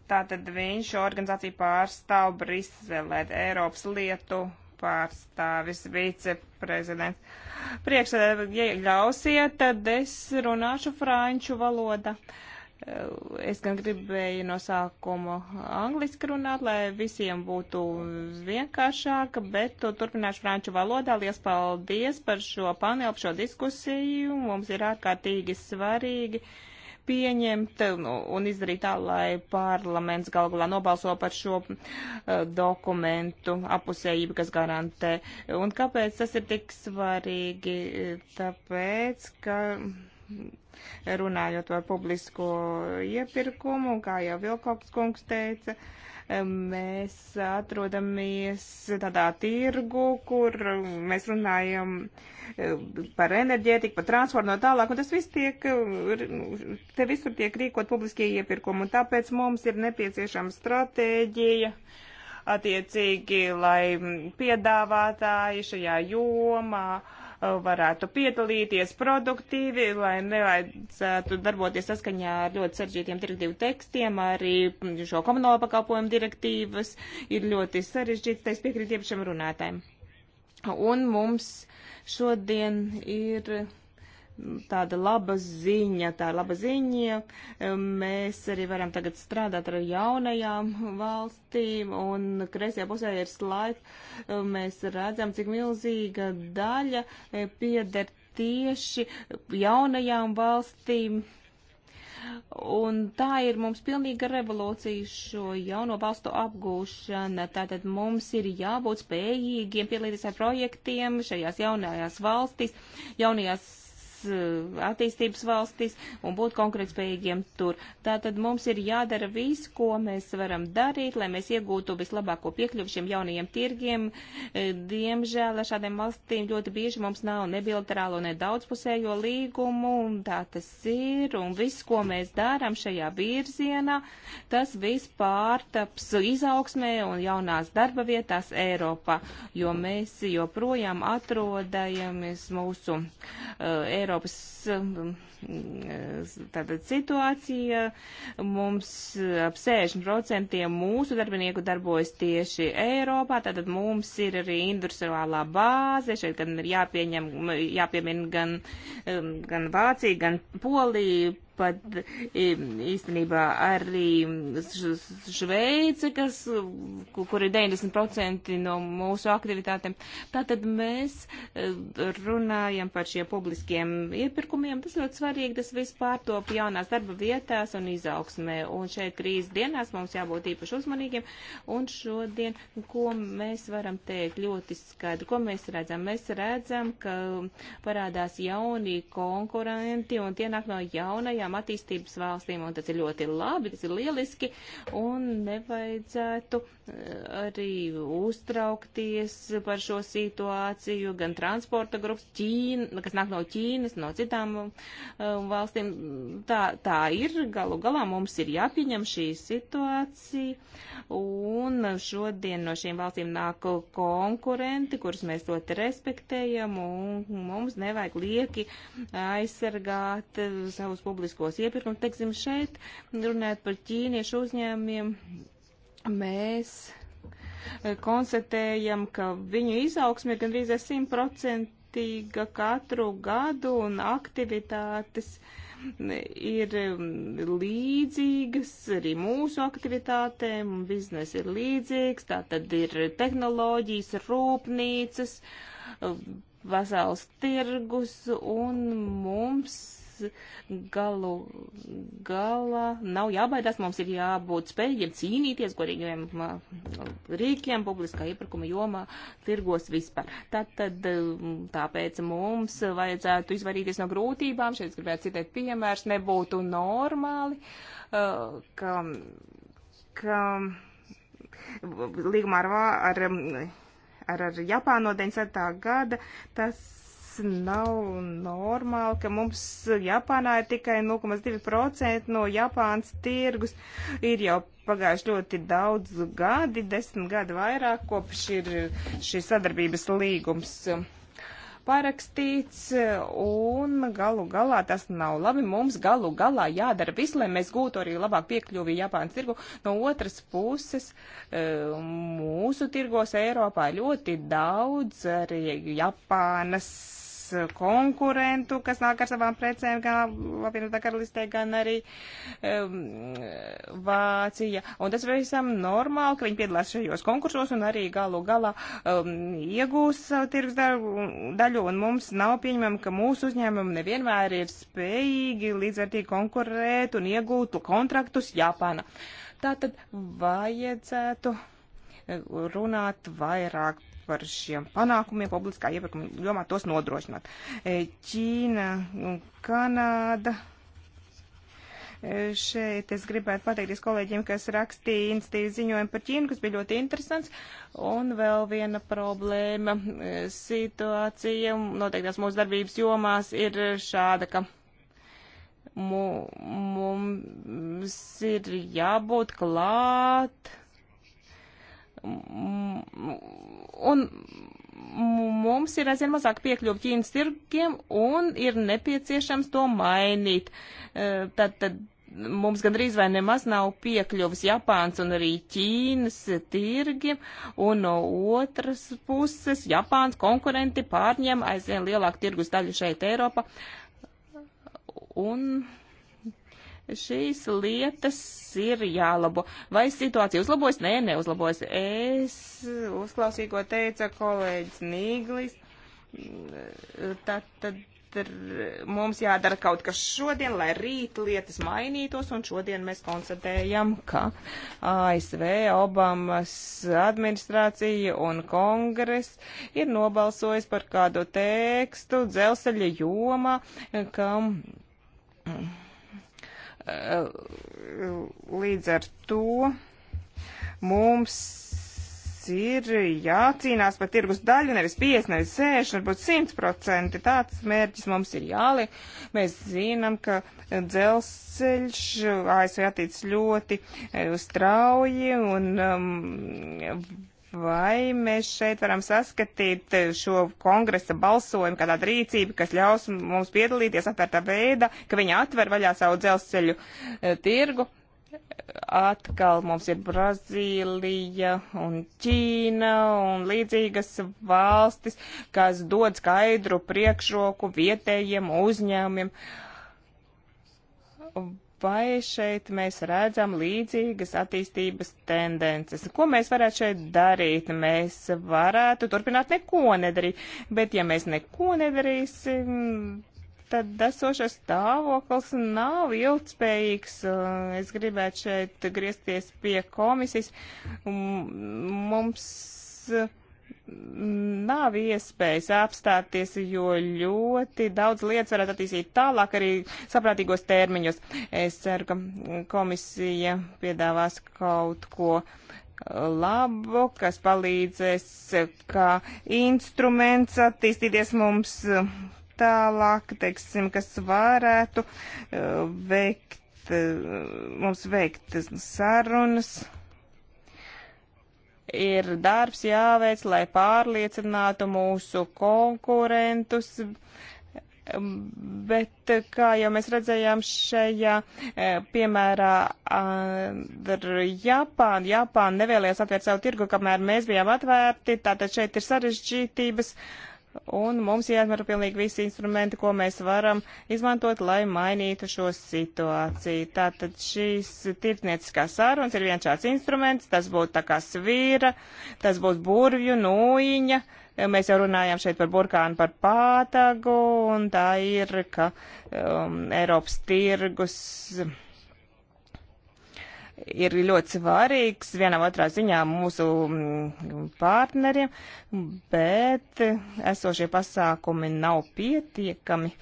Tātad viņš organizāciju pārstāv Briselē, Eiropas lietu pārstāvis, viceprezidents. Priekšsēdē, ja ļausiet, tad es runāšu franču valoda. Es gan gribēju no sākuma angliski runāt, lai visiem būtu vienkāršāk, bet to turpināšu franču valodā. Lies paldies par šo panelu, šo diskusiju. Mums ir ārkārtīgi svarīgi. Uh, pieņemt nu, un izdarīt tā, lai parlaments gal galā nobalso par šo eh, dokumentu apusējību, kas garantē. Un kāpēc tas ir tik svarīgi? Tāpēc, ka runājot par publisko iepirkumu, kā jau Vilkoks kungs teica, uh, Mēs atrodamies tādā tirgu, kur mēs runājam eh, par enerģētiku, par transportu no tālāk, un tas viss tiek, te visur tiek rīkot publiskie iepirkumi, un tāpēc mums ir nepieciešama stratēģija attiecīgi, lai mm, piedāvātāji šajā jomā uh, varētu piedalīties produktīvi, lai nevajadzētu darboties saskaņā ar ļoti sarežģītiem direktīvu tekstiem, arī šo komunālo pakalpojumu direktīvas ir ļoti sarežģīts, taisa piekrīt iepriekšam runātājiem. Un mums šodien ir tāda laba ziņa, tā ir laba ziņa. Mēs arī varam tagad strādāt ar jaunajām valstīm, un kreisajā pusē ir slaid. Mēs redzam, cik milzīga daļa e, pieder tieši jaunajām valstīm. Un tā ir mums pilnīga revolūcija šo jauno valstu apgūšana. Tātad mums ir jābūt spējīgiem pielīdzēt ar projektiem šajās jaunajās valstīs, jaunajās Eh, attīstības valstis un būt konkurētspējīgiem tur. Tātad mums ir jādara viss, ko mēs varam darīt, lai mēs iegūtu vislabāko piekļuvu šiem jaunajiem tirgiem. Eh, diemžēl ar šādiem valstīm ļoti bieži mums nav ne bilaterālo, ne daudzpusējo līgumu, un tā tas ir, un viss, ko mēs darām šajā virzienā, tas viss pārtaps izaugsmē un jaunās darba vietās Eiropā, jo mēs joprojām atrodamies mūsu uh, Eiropas. Eiropas um, um, um, tātad, situācija. Mums uh, ap 60% mūsu darbinieku darbojas tieši Eiropā, tātad mums ir arī industriālā bāze. Šeit gan ir jāpieņem, jāpiemina gan, gan Vācija, gan Polija, pat īstenībā arī Šveice, kas, kur ir 90% no mūsu aktivitātēm. Tātad mēs eh, runājam par šiem publiskiem iepirkumiem. Tas ļoti svarīgi, tas viss pārtop jaunās darba vietās un izaugsmē. Un šeit krīzes dienās mums jābūt īpaši uzmanīgiem. Un šodien, ko mēs varam teikt ļoti skaidri, ko mēs redzam? Mēs redzam, ka parādās jauni konkurenti un tie nāk no jaunajām pārējām attīstības valstīm, un tas ir ļoti labi, tas ir lieliski, un nevajadzētu eh, arī uztraukties par šo situāciju, gan transporta grupas, Ķīna, kas nāk no Ķīnas, no citām um, valstīm. Tā, tā ir, galu galā mums ir jāpieņem šī situācija, un šodien no šīm valstīm nāk konkurenti, kurus mēs ļoti respektējam, un mums nevajag lieki aizsargāt eh, savus publiskus publiskos iepirkumus. Teiksim, šeit runājot par ķīniešu uzņēmumiem, mēs eh, konstatējam, ka viņu izaugsme ir gandrīz 100% katru gadu un aktivitātes mm, ir mm, līdzīgas arī mūsu aktivitātēm, biznes ir līdzīgs, tā tad ir tehnoloģijas, rūpnīcas, pasaules mm, tirgus un mums galu galā nav jābaidās, mums ir jābūt spējīgiem cīnīties godīgiem rīkiem publiskā iepirkuma jomā tirgos vispār. Tātad tāpēc mums vajadzētu izvairīties no grūtībām, šeit gribētu citēt piemērs, nebūtu normāli, ka, ka līgumā ar, ar, ar, ar Japānu no 97. gada tas nav normāli, ka mums Japānā ir tikai 0,2% no Japānas tirgus. Ir jau pagājuši ļoti daudz gadi, desmit gadi vairāk, kopš ir šī sadarbības līgums parakstīts, un galu galā tas nav labi. Mums galu galā jādara viss, lai mēs gūtu arī labāk piekļuvi Japānas tirgu. No otras puses, e, mūsu tirgos Eiropā ļoti daudz arī Japānas konkurentu, kas nāk ar savām precēm, gan apvienotā karalistē, gan arī um, Vācija. Un tas visam normāli, ka viņi piedalās šajos konkursos un arī galu galā um, iegūs savu tirgus daļu, un mums nav pieņemama, ka mūsu uzņēmumi nevienmēr ir spējīgi līdzvērtīgi konkurēt un iegūt kontraktus Japāna. Tātad vajadzētu eh, runāt vairāk par šiem panākumiem publiskā iepirkuma jomā tos nodrošināt. E, Ķīna un Kanāda. E, Šeit es gribētu pateikties kolēģiem, kas rakstīja institīvu ziņojumu par Ķīnu, kas bija ļoti interesants. Un vēl viena problēma e, situācija noteiktās mūsu darbības jomās ir šāda, ka mums ir jābūt klāt Mm, mm, un mums ir aizvien mazāk piekļuvi Ķīnas tirgiem un ir nepieciešams to mainīt. E, tad, tad mums gandrīz vai nemaz nav piekļuvis Japāns un arī Ķīnas tirgiem, un no otras puses Japāns konkurenti pārņem aizvien lielāku tirgus daļu šeit Eiropā. Un šīs lietas ir jālabo. Vai situācija uzlabojas? Nē, neuzlabojas. Es uzklausīju, ko teica kolēģis Nīglis. Tad, tad mums jādara kaut kas šodien, lai rīt lietas mainītos, un šodien mēs konstatējam, ka ASV Obamas administrācija un kongres ir nobalsojis par kādu tekstu dzelzceļa jomā, kam. Mm Eh, līdz ar to mums ir jācīnās par tirgus daļu, nevis 5, nevis 6, varbūt 100%. Tāds mērķis mums ir jāliek. Mēs zinām, ka dzelzceļš eh, ASV attīstās ļoti eh, strauji un um, Vai mēs šeit varam saskatīt šo kongresa balsojumu, kādā rīcība, kas ļaus mums piedalīties atvērtā veidā, ka viņi atver vaļā savu dzelzceļu eh, tirgu? Atkal mums ir Brazīlija un Ķīna un līdzīgas valstis, kas dod skaidru priekšroku vietējiem uzņēmumiem vai šeit mēs redzam līdzīgas attīstības tendences? Ko mēs varētu šeit darīt? Mēs varētu turpināt neko nedarīt, bet ja mēs neko nedarīsim, tad esošais stāvoklis nav ilgspējīgs. Uh, es gribētu šeit griezties pie komisijas. Mums nav iespējas apstāties, jo ļoti daudz lietas varētu attīstīt tālāk arī saprātīgos termiņos. Es ceru, ka komisija piedāvās kaut ko labu, kas palīdzēs kā instruments attīstīties mums tālāk, teiksim, kas varētu uh, veikt, uh, mums veikt sarunas ir darbs jāveic, lai pārliecinātu mūsu konkurentus. Bet, kā jau mēs redzējām šajā eh, piemērā ar Japānu, Japāna nevēlējās atvērt savu tirgu, kamēr mēs bijām atvērti, tātad šeit ir sarežģītības. Uh, un mums jāizmanto pilnīgi visi instrumenti, ko mēs varam izmantot, lai mainītu šo situāciju. Tātad šīs tirdznieciskās sarunas ir viens šāds instruments, tas būtu tā kā svīra, tas būtu burvju, nūjiņa. Mēs jau runājām šeit par burkānu, par pātagu, un tā ir, ka um, Eiropas tirgus. Um, ir ļoti svarīgs vienam otrā ziņā mūsu mm, partneriem, bet esošie pasākumi nav pietiekami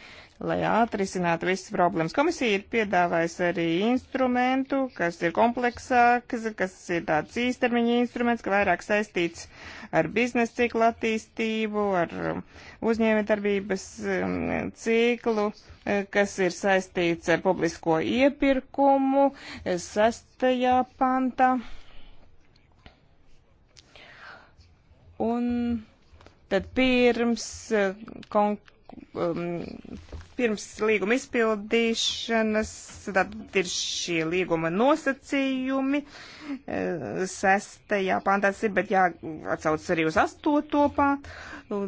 lai atrisinātu visas problēmas. Komisija ir piedāvājusi arī instrumentu, kas ir kompleksāks, kas ir tāds īstermiņa instruments, ka vairāk saistīts ar biznesa ciklu attīstību, ar uzņēmētarbības um, ciklu, kas ir saistīts ar publisko iepirkumu sastajā pantā. Un tad pirms uh, konkrēti Um, pirms līguma izpildīšanas, tad ir šie līguma nosacījumi, eh, sestajā pāntās ir, bet jāatsauc arī uz astoto pāntu,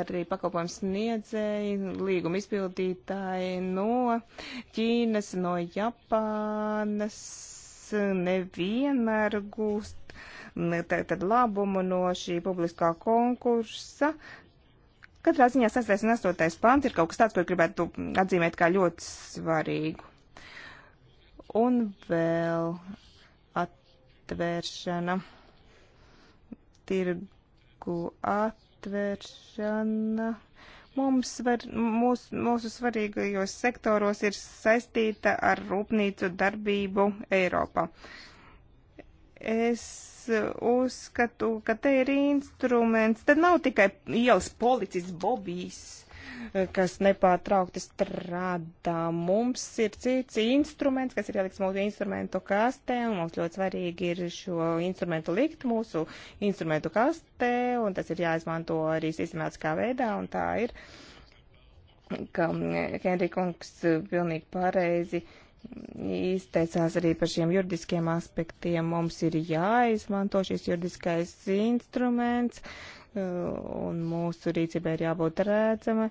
arī pakalpojums sniedzēji, līguma izpildītāji no Ķīnas, no Japānas, nevienmēr gūst tad labumu no šī publiskā konkursa, Katrā ziņā 6. un 8. pants ir kaut kas tāds, ko gribētu atzīmēt kā ļoti svarīgu. Un vēl atvēršana, tirgu atvēršana. Mums var, mūs, mūsu svarīgajos sektoros ir saistīta ar rūpnīcu darbību Eiropā. Es uzskatu, ka te ir instruments. Tad nav tikai ielas policists Bobijs, eh, kas nepārtraukti strādā. Mums ir cits instruments, kas ir ieliks mūsu instrumentu kastē, un mums ļoti svarīgi ir šo instrumentu likt mūsu instrumentu kastē, un tas ir jāizmanto arī sistemātiskā veidā, un tā ir, ka eh, Henrikungs eh, pilnīgi pareizi uh, izteicās arī par šiem juridiskiem aspektiem. Mums ir jāizmanto šis juridiskais instruments, uh, un mūsu rīcībai ir jābūt redzama.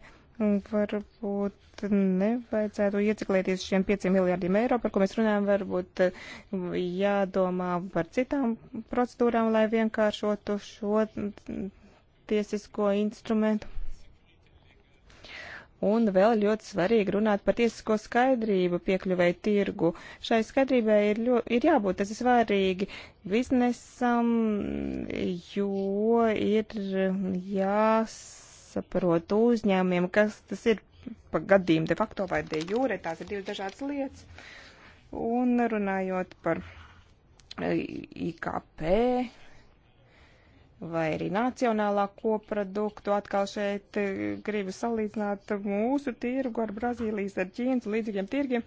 Varbūt nevajadzētu ieciklēties šiem 5 miljārdiem eiro, par ko mēs runājam, varbūt uh, jādomā par citām procedūrām, lai vienkāršotu šo tiesisko instrumentu. Un vēl ļoti svarīgi runāt par tiesisko skaidrību piekļuvēju tirgu. Šai skaidrībai ir, ļo, ir jābūt, tas ir svarīgi biznesam, jo ir jāsaprot uzņēmiem, kas tas ir pa gadījumu de facto vai de jūre, tās ir divas dažādas lietas. Un runājot par IKP, vai arī nacionālā koproduktu. Atkal šeit e, gribu salīdzināt mūsu tirgu ar Brazīlijas, ar Ķīnas līdzīgiem tirgiem.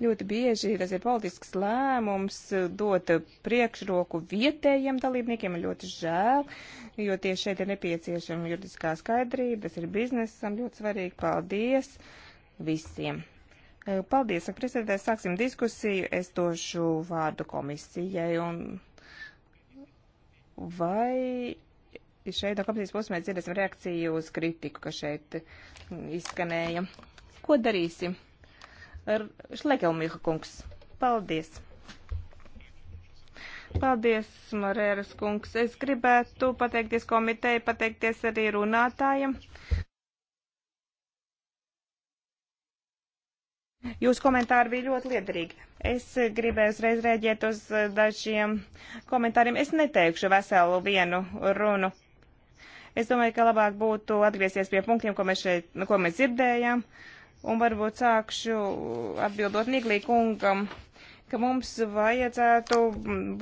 Ļoti bieži tas ir politisks lēmums e, dot priekšroku vietējiem dalībniekiem, ļoti žēl, jo tieši šeit ir nepieciešama juridiskā skaidrība, tas ir biznesam ļoti svarīgi. Paldies visiem! E, paldies, prezidentē, sāksim diskusiju, es došu vārdu komisijai un Vai šeit no komisijas puses mēs dzirdēsim reakciju uz kritiku, kas šeit izskanēja? Ko darīsim? Ar Šlekelmiha kungs. Paldies! Paldies, Morēras kungs. Es gribētu pateikties komiteju, pateikties arī runātājiem. Jūsu komentāri bija ļoti liederīgi. Es gribēju uzreiz rēģēt uz eh, dažiem komentāriem. Es neteikšu veselu vienu runu. Es domāju, ka labāk būtu atgriezties pie punktiem, ko mēs šeit, ko mēs dzirdējām, un varbūt sākšu atbildot Niglī kungam, ka mums vajadzētu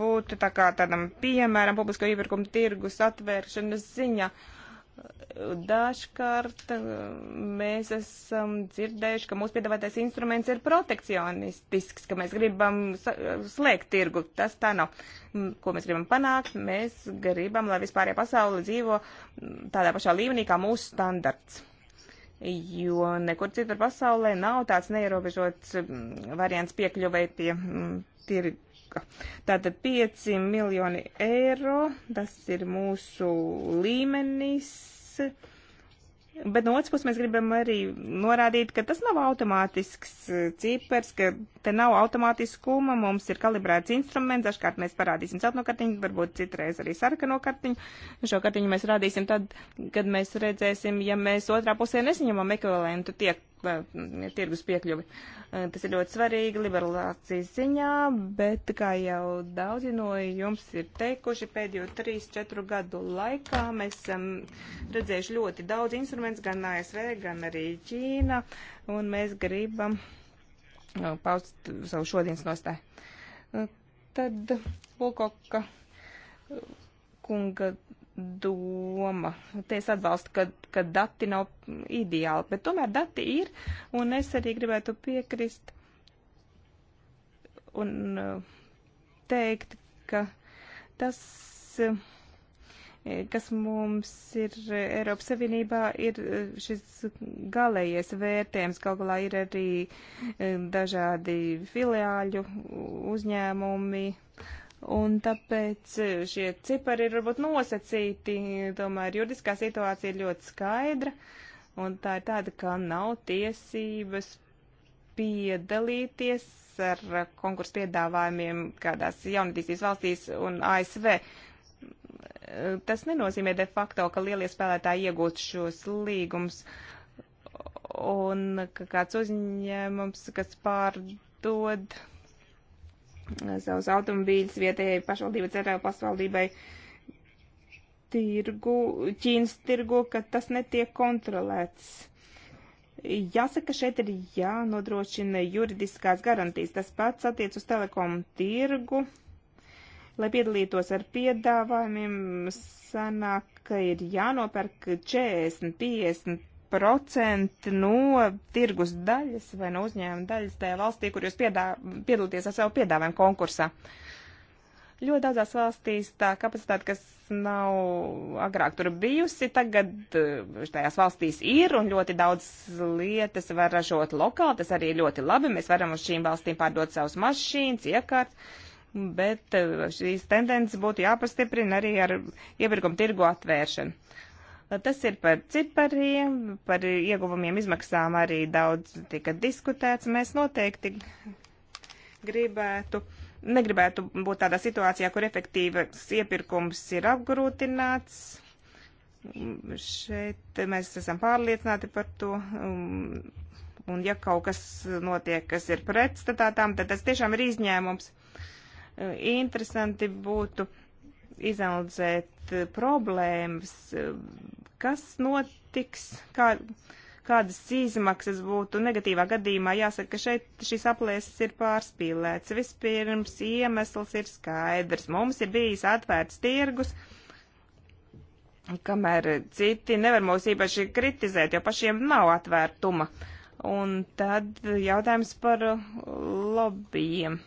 būt tā kā tādam piemēram publisko iepirkumu tirgus atvēršanas ziņā. Uh, Dažkārt eh, mēs esam dzirdējuši, ka mūsu piedāvātais instruments ir protekcionistisks, ka mēs gribam slēgt tirgu. Tas tā nav. Ko mēs gribam panākt? Mēs gribam, lai vispārējā pasaule dzīvo tādā pašā līmenī kā mūsu standarts jo nekur citur pasaulē nav tāds neierobežots variants piekļuvēt pie tir, banka. Tātad 5 miljoni eiro, tas ir mūsu līmenis. Bet no otras puses mēs gribam arī norādīt, ka tas nav automātisks eh, cipars, ka te nav automātiskuma, mums ir kalibrēts instruments, dažkārt mēs parādīsim celtno kartiņu, varbūt citreiz arī sarkano kartiņu. Šo kartiņu mēs rādīsim tad, kad mēs redzēsim, ja mēs otrā pusē nesaņemam ekvivalentu tiek Eh, tirgus piekļuvi. Eh, tas ir ļoti svarīgi liberalizācijas ziņā, bet, kā jau daudzi no jums ir teikuši, pēdējo 3-4 gadu laikā mēs esam redzējuši ļoti daudz instruments gan ASV, gan arī Ķīna, un mēs gribam eh, paust savu šodienas nostāju. Tad Volkoka kunga doma. Te es atbalstu, ka, ka dati nav ideāli, bet tomēr dati ir, un es arī gribētu piekrist un uh, teikt, ka tas, uh, kas mums ir uh, Eiropas Savienībā, ir šis galējies vērtējums. Kaut galā ir arī dažādi filiāļu uzņēmumi Un tāpēc e, šie cipari ir varbūt nosacīti, tomēr juridiskā situācija ir ļoti skaidra, un tā ir tāda, ka nav tiesības piedalīties ar e, konkursu piedāvājumiem kādās jaunatīstības valstīs un ASV. E, tas nenozīmē de facto, ka lielie spēlētāji iegūst šos līgumus un ka kāds uzņēmums, kas pārdod savus automobīļus vietējai pašvaldībai, centrālajai pašvaldībai tirgu, Ķīnas tirgu, ka tas netiek kontrolēts. Jāsaka, šeit ir jānodrošina juridiskās garantijas. Tas pats attiec uz telekomu tirgu. Lai piedalītos ar piedāvājumiem, sanāk, ka ir jānopērk 40, 50 procenti no tirgus daļas vai no uzņēmuma daļas tajā valstī, kur jūs piedā, piedalīties ar savu piedāvājumu konkursā. Ļoti daudzās valstīs tā kapacitāte, kas nav agrāk tur bijusi, tagad eh, tajās valstīs ir un ļoti daudz lietas var ražot lokāli, tas arī ir ļoti labi. Mēs varam uz šīm valstīm pārdot savus mašīnas, iekārtas bet eh, šīs tendences būtu jāpastiprina arī ar iepirkuma tirgu atvēršanu. Tas ir par cipariem, par ieguvumiem izmaksām arī daudz tika diskutēts. Mēs noteikti gribētu, negribētu būt tādā situācijā, kur efektīvs iepirkums ir apgrūtināts. Šeit mēs esam pārliecināti par to. Un ja kaut kas notiek, kas ir pretstatātām, tad tas tiešām ir izņēmums. Interesanti būtu izanalizēt eh, problēmas, eh, kas notiks, kā, kādas izmaksas būtu negatīvā gadījumā. Jāsaka, ka šeit šis aplēses ir pārspīlēts. Vispirms iemesls ir skaidrs. Mums ir bijis atvērts tirgus, kamēr citi nevar mūs īpaši kritizēt, jo pašiem nav atvērtuma. Un tad jautājums par lobbyiem.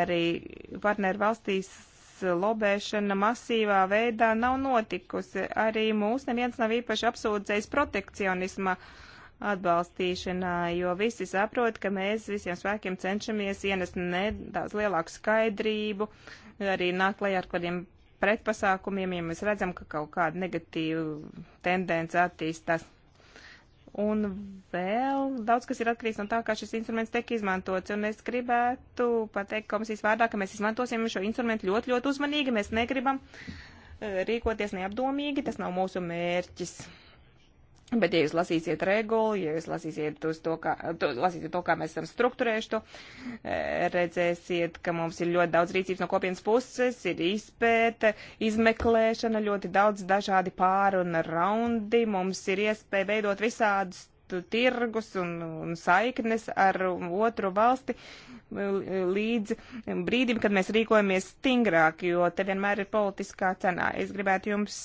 Arī partneru valstīs lobēšana masīvā veidā nav notikusi. Arī mūs neviens nav īpaši apsūdzējis protekcionisma atbalstīšanā, jo visi saprot, ka mēs visiem spēkiem cenšamies ienest nedaudz lielāku skaidrību, arī nāk lai ar kādiem pretpasākumiem, ja mēs redzam, ka kaut kāda negatīva tendence attīstās. Un vēl daudz kas ir atkarīgs no tā, kā šis instruments tiek izmantots. Un es gribētu pateikt komisijas vārdā, ka mēs izmantosim šo instrumentu ļoti, ļoti uzmanīgi. Mēs negribam eh, rīkoties neapdomīgi. Tas nav mūsu mērķis. Bet, ja jūs lasīsiet regulu, ja jūs lasīsiet, to, kā, to, lasīsiet to, kā mēs esam strukturējuši to, e, redzēsiet, ka mums ir ļoti daudz rīcības no kopienas puses, ir izpēta, izmeklēšana, ļoti daudz dažādi pāruna raundi, mums ir iespēja veidot visādus tirgus un, un saiknes ar otru valsti e, līdz brīdim, kad mēs rīkojamies stingrāk, jo te vienmēr ir politiskā cenā. Es gribētu jums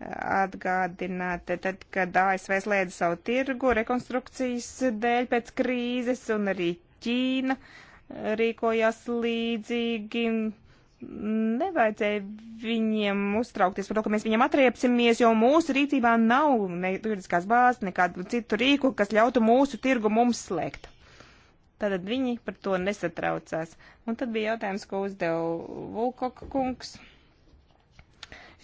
atgādināt, tad, kad ASV slēdza savu tirgu rekonstrukcijas dēļ pēc krīzes un arī Ķīna eh, rīkojās līdzīgi. Nevajadzēja viņiem uztraukties par to, ka mēs viņiem atriepsimies, jo mūsu rīcībā nav ne juridiskās bāzes, nekādu citu rīku, kas ļautu mūsu tirgu mums slēgt. Tātad viņi par to nesatraucās. Un tad bija jautājums, ko uzdeva Vulkoka kungs. Uh,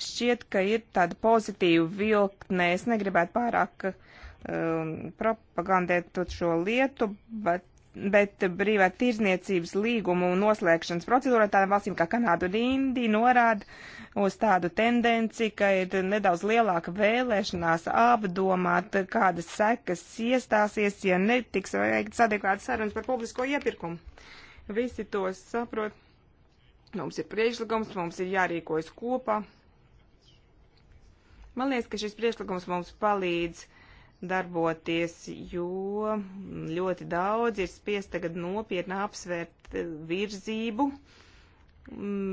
šķiet, ka ir tāda pozitīva vilkne. Es negribētu pārāk um, propagandēt šo lietu, bet, bet brīvā tirzniecības līgumu noslēgšanas procedūra tādām valstīm kā Kanāda un Indija norāda uz tādu tendenci, ka ir nedaudz lielāka vēlēšanās apdomāt, kādas sekas iestāsies, ja netiks veikts adekvāts sarunas par publisko iepirkumu. Visi to saprot. Mums ir priekšlikums, mums ir jārīkojas kopā. Man liekas, ka šis priekšlikums mums palīdz darboties, jo ļoti daudz ir spiest tagad nopietni apsvērt virzību.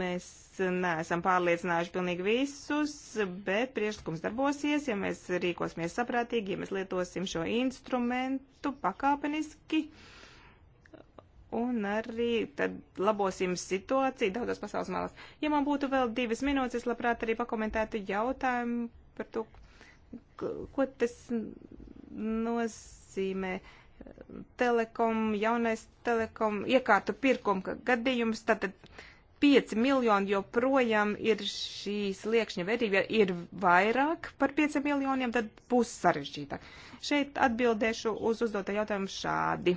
Mēs neesam pārliecinājuši pilnīgi visus, bet priekšlikums darbosies, ja mēs rīkosimies saprātīgi, ja mēs lietosim šo instrumentu pakāpeniski. Un arī tad labosim situāciju daudzos pasaules malās. Ja man būtu vēl divas minūtes, es labprāt arī pakomentētu jautājumu par to, ko tas nozīmē telekom, jaunais telekom iekārtu pirkuma gadījums, tātad 5 miljoni joprojām ir šīs liekšņa vērtība, ja ir vairāk par 5 miljoniem, tad būs sarežģītāk. Šeit atbildēšu uz uzdotā jautājumu šādi.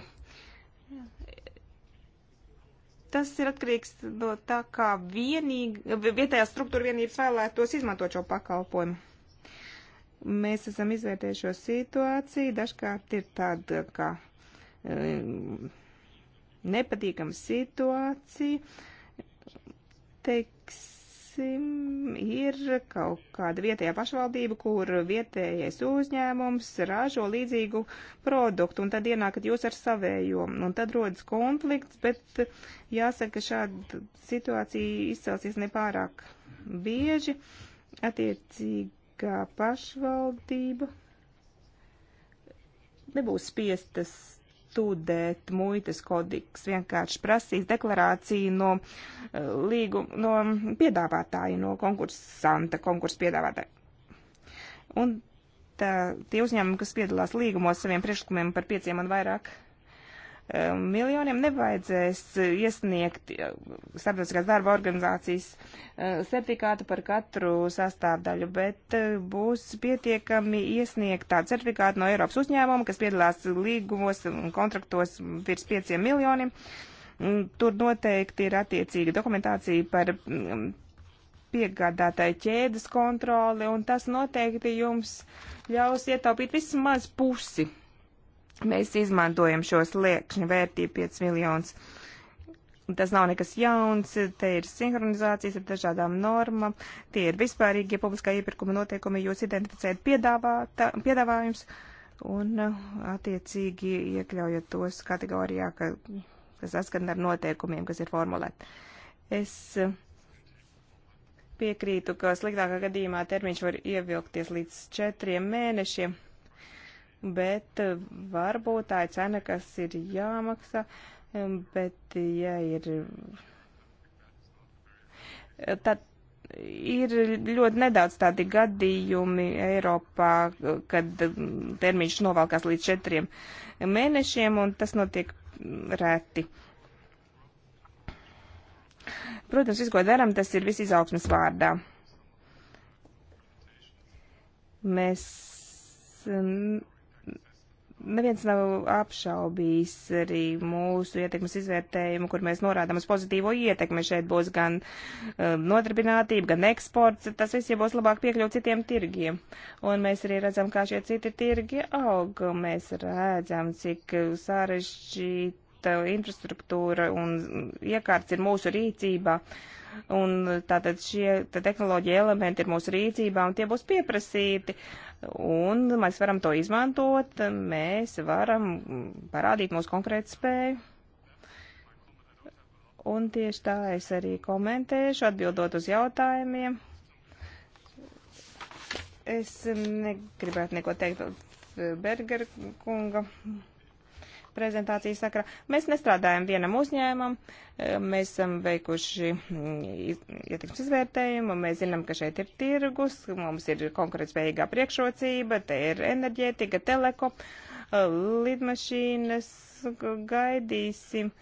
Tas ir atkarīgs no tā, kā vienīgi, vietējā struktūra vienības vēlētos izmantot šo pakalpojumu Mēs esam izvērtējuši šo situāciju, dažkārt ir tāda kā eh, nepatīkama situācija, teiksim, ir kaut kāda vietējā pašvaldība, kur vietējais uzņēmums ražo līdzīgu produktu, un tad ienākat jūs ar savējo, un tad rodas konflikts, bet jāsaka, ka šāda situācija izcelsies nepārāk bieži, attiecīgi ka pašvaldība nebūs spiestas studēt muitas kodiks, vienkārši prasīs deklarāciju no eh, līgu, no piedāvātāja, no konkursanta, konkursa piedāvātāja. Un tā, tie uzņēmumi, kas piedalās līgumos saviem priekšlikumiem par pieciem un vairāk Um, miljoniem nevajadzēs iesniegt uh, starptautiskās darba organizācijas uh, certifikātu par katru sastāvdaļu, bet uh, būs pietiekami iesniegt tādu certifikātu no Eiropas uzņēmuma, kas piedalās līgumos un kontraktos virs pieciem miljoniem. Tur noteikti ir attiecīga dokumentācija par mm, piegādātāja ķēdes kontroli, un tas noteikti jums ļaus ietaupīt vismaz pusi Mēs izmantojam šo sliekšņu vērtību 5 miljonus. Tas nav nekas jauns, te ir sinhronizācijas ar dažādām normām, tie ir vispārīgie ja publiskā iepirkuma noteikumi, jūs identificējat piedāvājums un uh, attiecīgi iekļaujat tos kategorijā, ka, kas saskan ar noteikumiem, kas ir formulēti. Es uh, piekrītu, ka sliktākā gadījumā termiņš var ievilkties līdz četriem mēnešiem bet eh, varbūt tā ir cena, kas ir jāmaksā, eh, bet ja ir. Eh, tad ir ļoti nedaudz tādi gadījumi Eiropā, kad termiņš novalkās līdz četriem mēnešiem, un tas notiek reti. Protams, visu, ko darām, tas ir viss izaugsmes vārdā. Mēs mm, Neviens nav apšaubījis arī mūsu ietekmes izvērtējumu, kur mēs norādām uz pozitīvo ietekmi. Šeit būs gan um, nodarbinātība, gan eksports. Tas viss jau būs labāk piekļūt citiem tirgiem. Un mēs arī redzam, kā šie citi tirgi aug. Mēs redzam, cik sarežģīta infrastruktūra un iekārts ir mūsu rīcībā. Uh, Un tātad šie tehnoloģija elementi ir mūsu rīcībā, un tie būs pieprasīti. Un mēs varam to izmantot, mēs varam parādīt mūsu konkrētu spēju. Un tieši tā es arī komentēšu, atbildot uz jautājumiem. Es negribētu neko teikt Berger kunga prezentācijas sakarā. Mēs nestrādājam vienam uzņēmumam, e, mēs esam veikuši mm, ietekmes izvērtējumu, mēs zinām, ka šeit ir tirgus, mums ir konkurētspējīgā priekšrocība, te ir enerģētika, teleko, e, lidmašīnas, gaidīsim.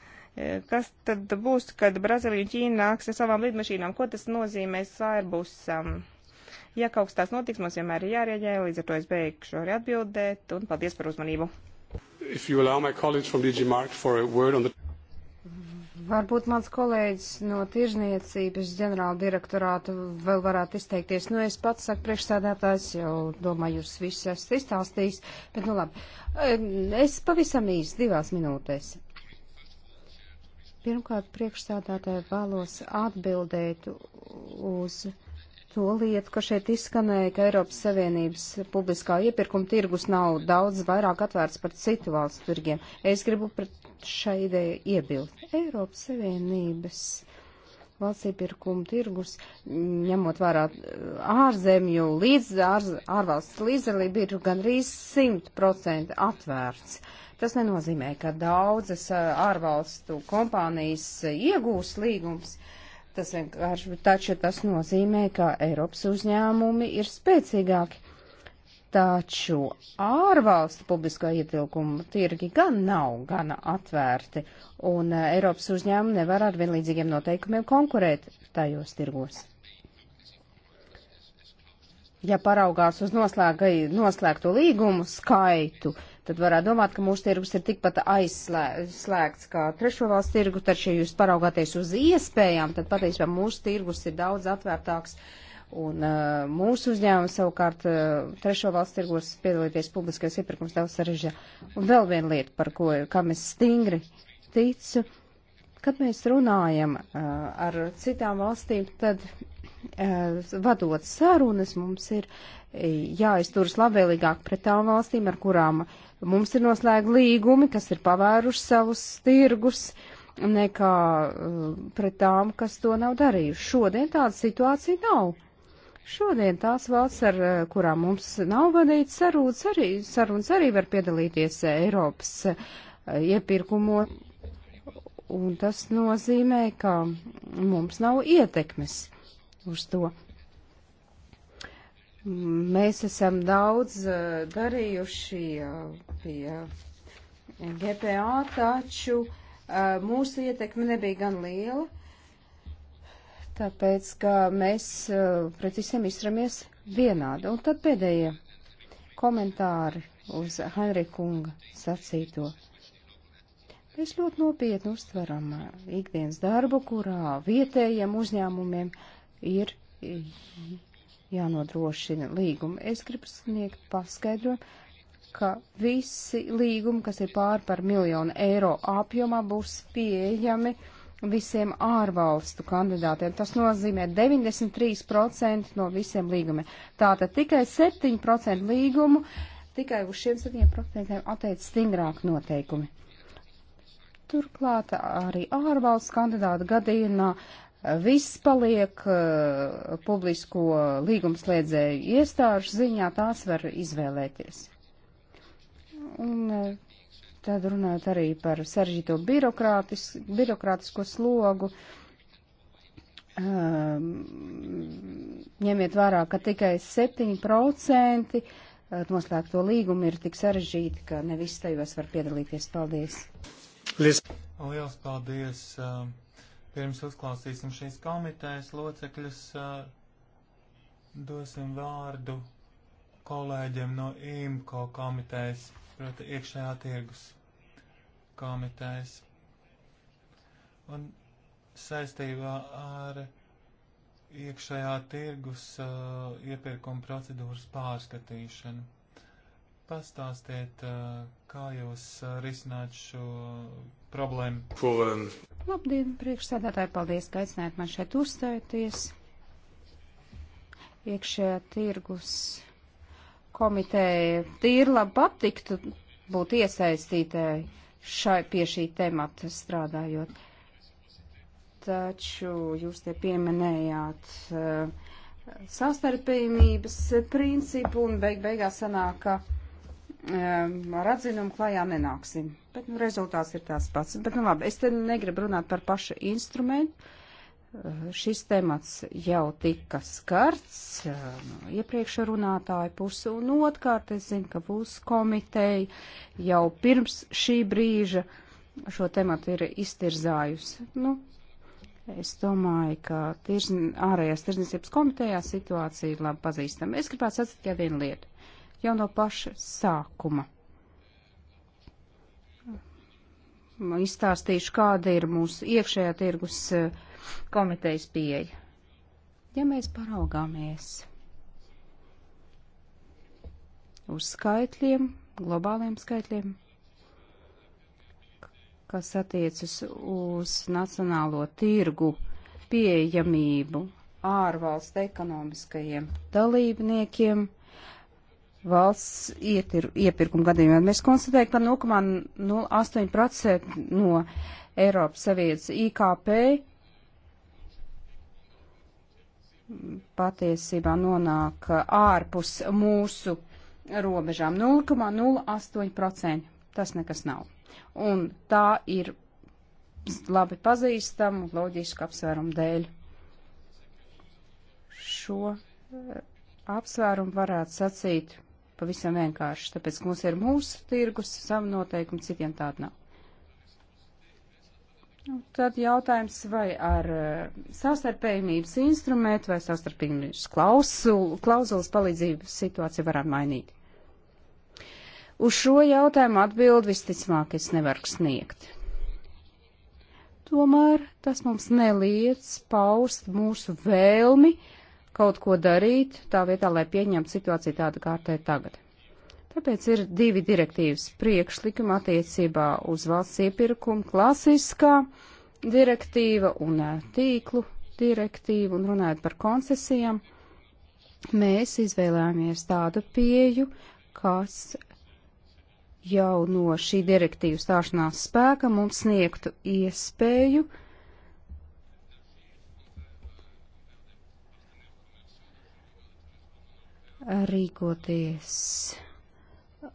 E, kas tad būs, kad Brazīlija un Ķīna nāks ar savām lidmašīnām? Ko tas nozīmēs ārbusam? Ja kaut kas tāds notiks, mums vienmēr ir jārēģē, līdz ar to es beigšu arī atbildēt, un paldies par uzmanību if you allow my colleagues from DG Markt for a word on the Varbūt mans kolēģis no tirzniecības ģenerāla direktorāta vēl varētu izteikties. Nu, es pats saku priekšsēdētājs, jau domāju, jūs visi esat izstāstījis, bet nu labi. Es pavisam īsti divās minūtēs. Pirmkārt, priekšsēdētāji vēlos atbildēt uz. Uh, to lietu, ka šeit izskanēja, ka Eiropas Savienības publiskā iepirkuma tirgus nav daudz vairāk atvērts par citu valstu tirgiem. Es gribu pret šai ideju iebilst. Eiropas Savienības valsts iepirkuma tirgus, ņemot vērā eh, ārzemju līdz ār, ārvalsts līdzdalību, ir gandrīz 100% atvērts. Tas nenozīmē, ka daudzas eh, ārvalstu kompānijas eh, iegūs līgums. Uh, Tas vienkārši, taču tas nozīmē, ka Eiropas uzņēmumi ir spēcīgāki. Taču ārvalstu publiskā ietilkuma tirgi gan nav gana atvērti, un Eiropas uzņēmumi nevar ar vienlīdzīgiem noteikumiem konkurēt tajos tirgos. Ja paraugās uz noslēga, noslēgto līgumu skaitu, tad varētu domāt, ka mūsu tirgus ir tikpat aizslēgts kā trešo valstu tirgu, taču, ja jūs paraugāties uz iespējām, tad patiesībā mūsu tirgus ir daudz atvērtāks. Un uh, mūsu uzņēmumi savukārt uh, trešo valstu tirgos piedalīties publiskajos iepirkums daudz sarežģītāk. Un vēl viena lieta, par ko, kam es stingri ticu, kad mēs runājam uh, ar citām valstīm, tad uh, vadot sarunas, mums ir uh, jāizturas labvēlīgāk pret tām valstīm, ar kurām mums ir noslēgti līgumi, kas ir pavēruši savus tirgus, nekā uh, pret tām, kas to nav darījuši. Šodien tāda situācija nav. Šodien tās valsts, ar uh, kurām mums nav vadīts sarunas, arī, sarunas arī var piedalīties uh, Eiropas uh, iepirkumo, un tas nozīmē, ka mums nav ietekmes uz to. Mēs esam daudz eh, darījuši eh, pie GPA, taču eh, mūsu ietekme nebija gan liela, tāpēc, ka mēs pret visiem izramies vienādi. Un tad pēdējie komentāri uz Henrikunga sacīto. Mēs ļoti nopietni uztveram ikdienas darbu, kurā vietējiem uzņēmumiem ir jānodrošina līguma. Es gribu sniegt paskaidrojumu, ka visi līgumi, kas ir pāri par miljonu eiro apjomā, būs pieejami visiem ārvalstu kandidātiem. Tas nozīmē 93% no visiem līgumiem. Tātad tikai 7% līgumu, tikai uz šiem 7% attiec stingrāk noteikumi. Turklāt arī ārvalstu kandidātu gadījumā Viss paliek uh, publisko līgumslēdzēju iestāžu ziņā, tās var izvēlēties. Un uh, tad runāt arī par saržģīto birokrātis, birokrātisko slogu. Uh, ņemiet vērā, ka tikai 7% eh, noslēgto līgumu ir tik sarežģīti, ka ne visi tajos var piedalīties. Paldies! Liels paldies! Uh Pirms uzklausīsim šīs komitejas locekļus, eh, dosim vārdu kolēģiem no IMCO komitejas, proti iekšējā tirgus komitejas. Un saistībā ar iekšējā tirgus uh, iepirkuma procedūras pārskatīšanu pastāstiet, eh, kā jūs eh, risināt šo problēmu? Problēmu. Labdien, priekšsēdētāji, paldies, ka aicinājāt man šeit uzstājoties. Iekšējā tirgus komiteja tīri labi patiktu būt iesaistītāji šai, pie šī temata strādājot. Taču jūs te pieminējāt uh, eh, sastarpējumības principu un beig beigās sanāk, ka ar atzinumu klājā nenāksim. Bet nu, rezultāts ir tās pats. Bet, nu, labi, es te negribu runāt par pašu instrumentu. Eh, šis temats jau tika skarts eh, iepriekš runātāju pusi, un otrkārt es zinu, ka būs komiteja jau pirms šī brīža šo tematu ir iztirzājusi. Nu, es domāju, ka tirzn, ārējās tirzniecības komitejā situācija ir labi pazīstama. Es gribētu sacīt tikai vienu lietu jau no paša sākuma. Izstāstīšu, kāda ir mūsu iekšējā tirgus eh, komitejas pieeja. Ja mēs paraugāmies uz skaitļiem, globāliem skaitļiem, kas attiecas uz nacionālo tirgu pieejamību ārvalstu ekonomiskajiem dalībniekiem, valsts ietir, iepirkuma gadījumā. Mēs konstatējam, ka 0,08% no Eiropas Savienības IKP patiesībā nonāk ārpus mūsu robežām 0,08%. Tas nekas nav. Un tā ir labi pazīstama loģiska apsvēruma dēļ. Šo eh, apsvērumu varētu sacīt pavisam vienkārši, tāpēc, ka mums ir mūsu tirgus, savu noteikumu, citiem tādu nav. Nu, tad jautājums, vai ar eh, savstarpējumības instrumentu vai savstarpējumības klauzulas palīdzību situāciju varam mainīt? Uz šo jautājumu atbildi visticamāk es nevaru sniegt. Tomēr tas mums neliec paust mūsu vēlmi uh, kaut ko darīt, tā vietā, lai pieņemtu situāciju tādu kārtē tagad. Tāpēc ir divi direktīvas priekšlikuma attiecībā uz valsts iepirkumu - klasiskā direktīva un eh, tīklu direktīva, un runājot par koncesijām, mēs izvēlējāmies tādu pieju, kas jau no šī direktīva stāšanās spēka mums sniegtu iespēju uh, rīkoties, uh,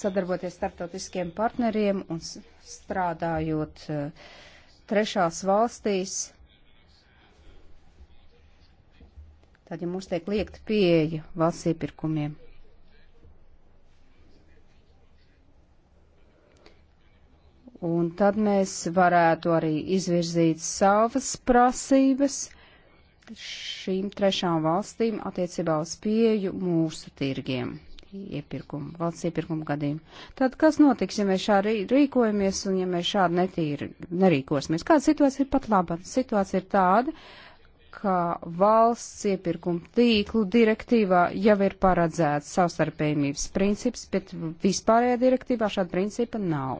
sadarboties starptautiskiem partneriem un strādājot uh, trešās valstīs. Tad, ja mums tiek liekta pieeja valsts iepirkumiem. Un tad mēs varētu arī izvirzīt savas prasības šīm trešām valstīm attiecībā uz pieju mūsu tirgiem iepirkumu, valsts iepirkumu gadījumu. Tad kas notiks, ja mēs šādi rīkojamies un ja mēs šādi netīri nerīkosimies? Kāda situācija ir pat laba? Situācija ir tāda, ka valsts iepirkumu tīklu direktīvā jau ir paredzēts savstarpējumības princips, bet vispārējā direktīvā šāda principa nav.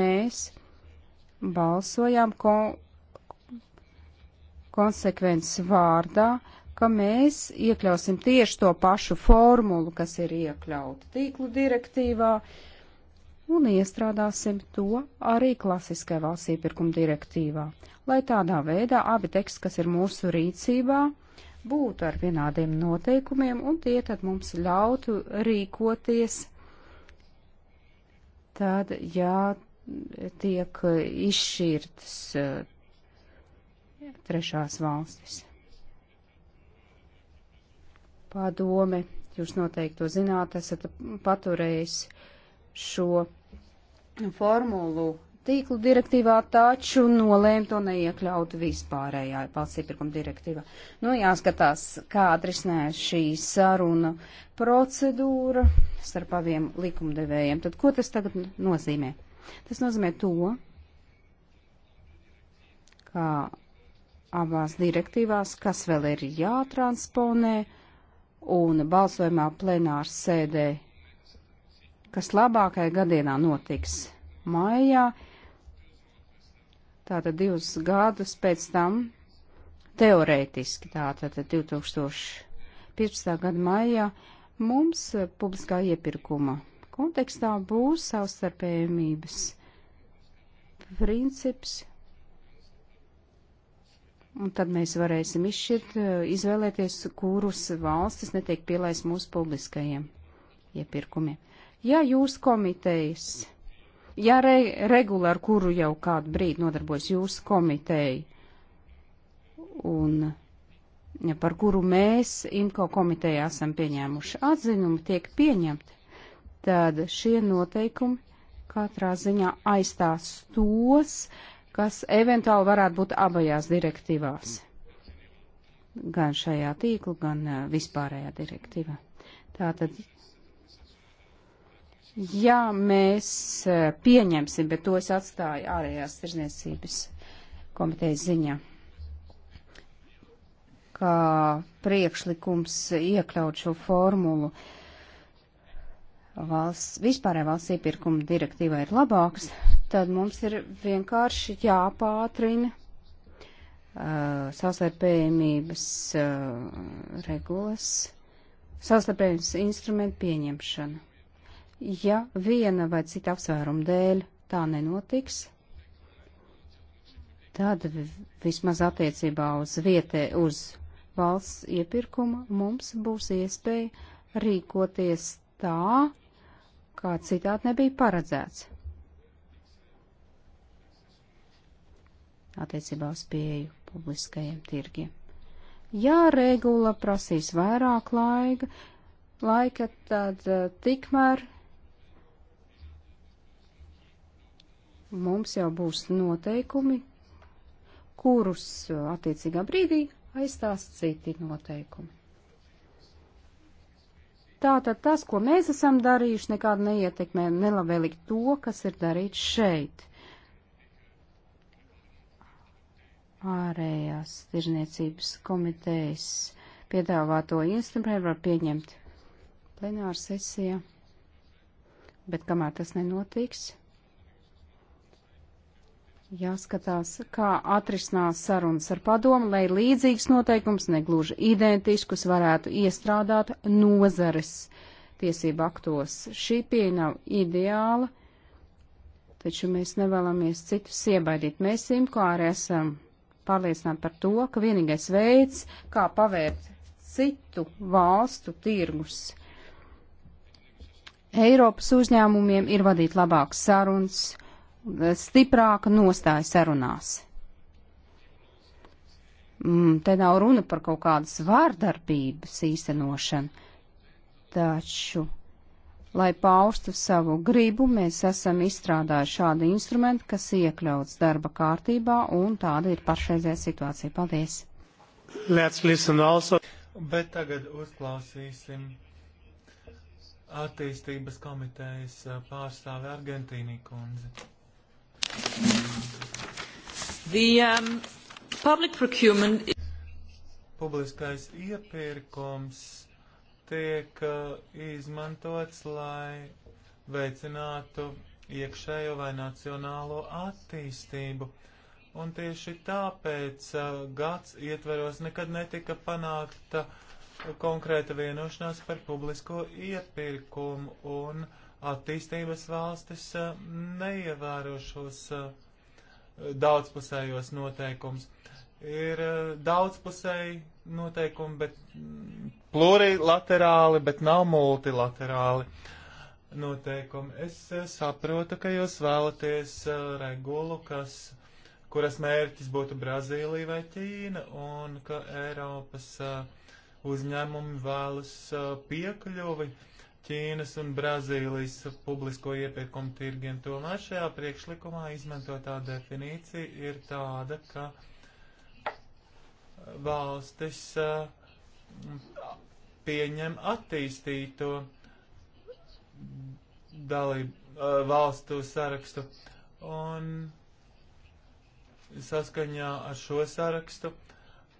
Mēs balsojām ko konsekvences vārdā, ka mēs iekļausim tieši to pašu formulu, kas ir iekļauta tīklu direktīvā, un iestrādāsim to arī klasiskajā valsts iepirkuma direktīvā, lai tādā veidā abi teksti, kas ir mūsu rīcībā, būtu ar vienādiem noteikumiem, un tie tad mums ļautu rīkoties tad, ja tiek izšķirtas trešās valstis. Padome, jūs noteikti to zināt, esat paturējis šo formulu tīklu direktīvā, taču nolēma to neiekļaut vispārējā valsts iepirkuma direktīvā. Nu, jāskatās, kā atrisinās šī saruna procedūra starp abiem likumdevējiem. Tad ko tas tagad nozīmē? Tas nozīmē to, kā abās direktīvās, kas vēl ir jātransponē, un balsojumā plenārs sēdē, kas labākajā gadienā notiks maijā, tātad divus gadus pēc tam, teorētiski tātad 2015. gada maijā, mums publiskā iepirkuma kontekstā būs savstarpējumības princips Un tad mēs varēsim izšķirt, eh, izvēlēties, kurus valstis netiek pielaist mūsu publiskajiem iepirkumiem. Ja jūs komitejas, ja re, regula, ar kuru jau kādu brīdi nodarbojas jūsu komiteja un ja par kuru mēs IMCO komitejā esam pieņēmuši atzinumu, tiek pieņemti, tad šie noteikumi katrā ziņā aizstās tos, uh, kas eventuāli varētu būt abajās direktīvās. Gan šajā tīklu, gan vispārējā direktīvā. Tātad, ja mēs pieņemsim, bet to es atstāju ārējās tirzniecības komitejas ziņā, kā priekšlikums iekļaut šo formulu valsts, vispārējā valsts iepirkuma direktīvā ir labāks, tad mums ir vienkārši jāpātrina uh, savstarpējumības uh, regulas, savstarpējums instrumentu pieņemšana. Ja viena vai cita apsvēruma dēļ tā nenotiks, tad vismaz attiecībā uz vietē, uz valsts iepirkuma mums būs iespēja rīkoties tā, kā citādi nebija paredzēts. attiecībā uz pieeju publiskajiem tirgiem. Ja regula prasīs vairāk laika, laika tad eh, tikmēr mums jau būs noteikumi, kurus eh, attiecīgā brīdī aizstās citi noteikumi. Tātad tas, ko mēs esam darījuši, nekādu neietekmē nelabvēlīgi to, kas ir darīts šeit. ārējās tirzniecības komitejas piedāvāto instrumentu var pieņemt plenāra sesija, bet kamēr tas nenotiks, jāskatās, kā atrisinās sarunas ar padomu, lai līdzīgs noteikums, negluži identiskus, varētu iestrādāt nozares tiesību aktos. Šī pieeja nav ideāla, taču mēs nevēlamies citus iebaidīt. Mēs simkāri esam pārliecināti par to, ka vienīgais veids, kā pavērt citu valstu tirgus Eiropas uzņēmumiem, ir vadīt labākas sarunas, stiprāka nostāja sarunās. Mm, te nav runa par kaut kādas vārdarbības īstenošanu, taču Lai paustu savu gribu, mēs esam izstrādājuši šādu instrumentu, kas iekļauts darba kārtībā, un tāda ir pašreizējā situācija. Paldies! Bet tagad uzklausīsim attīstības komitejas eh, pārstāvi Argentīnī kundzi. The, um, public procurement... Publiskais iepirkums tiek uh, izmantots, lai veicinātu iekšējo vai nacionālo attīstību. Un tieši tāpēc uh, gads ietveros nekad netika panākta konkrēta vienošanās par publisko iepirkumu un attīstības valstis uh, neievēro šos daudzpusējos noteikums. Ir daudzpusēji noteikumi, bet mm, plurilaterāli, bet nav multilaterāli noteikumi. Es eh, saprotu, ka jūs vēlaties eh, regulu, kas, kuras mērķis būtu Brazīlija vai Ķīna, un ka Eiropas eh, uzņēmumi vēlas piekļuvi Ķīnas un Brazīlijas publisko iepirkumu tirgiem. Tomēr šajā priekšlikumā izmantotā definīcija ir tāda, ka valstis eh, pieņem attīstīto dalību eh, valstu sarakstu. Un saskaņā ar šo sarakstu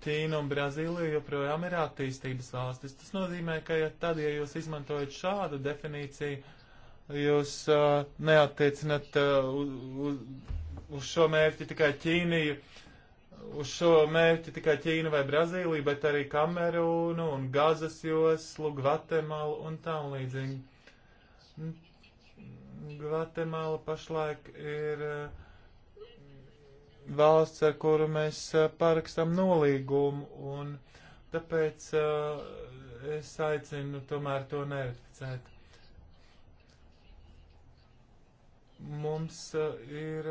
Ķīna un Brazīlija joprojām ir attīstības valstis. Tas nozīmē, ka ja tad, ja jūs izmantojat šādu definīciju, jūs uh, eh, neattiecinat uh, uz, uz šo mērķi tikai Ķīniju, uh, uz šo mērķi tikai Ķīnu vai Brazīliju, bet arī Kamerūnu un Gazas joslu, Gvatemalu un tam līdzīgi. Gvatemala pašlaik ir eh, valsts, ar kuru mēs eh, parakstam nolīgumu, un tāpēc eh, es aicinu tomēr to neratificēt. Mums ir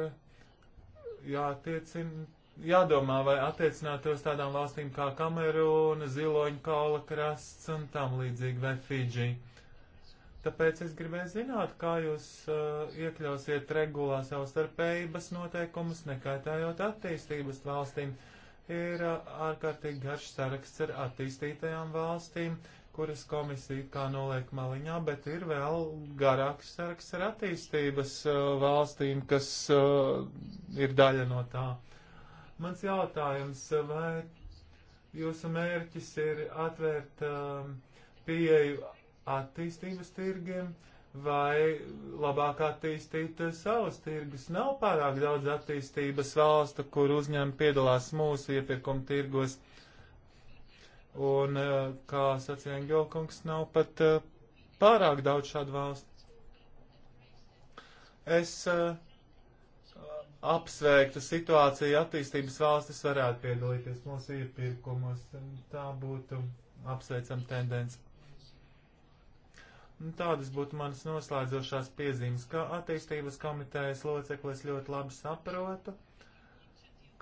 jātiecina jādomā, vai attiecinātos tādām valstīm kā Kamerūna, Ziloņa kaula krasts un tam līdzīgi, vai Fidži. Tāpēc es gribēju zināt, kā jūs uh, iekļausiet regulā savstarpējības noteikumus, nekaitējot attīstības valstīm. Ir uh, ārkārtīgi garš saraksts ar attīstītajām valstīm, kuras komisija kā noliek maliņā, bet ir vēl garāks saraksts ar attīstības uh, valstīm, kas uh, ir daļa no tā. Uh, Mans jautājums, vai jūsu mērķis ir atvērt um, pieeju attīstības tirgiem vai labāk attīstīt uh, savus tirgus? Nav pārāk daudz attīstības valstu, kur uzņēmumi piedalās mūsu iepirkuma tirgos. Un, uh, kā sacīja Gilkungs, nav pat uh, pārāk daudz šādu valstu. Es uh, apsveikta situācija attīstības valstis varētu piedalīties mūsu iepirkumos. Tā būtu apsveicama tendence. Un tādas būtu manas noslēdzošās piezīmes, kā attīstības komitejas loceklis ļoti labi saprotu,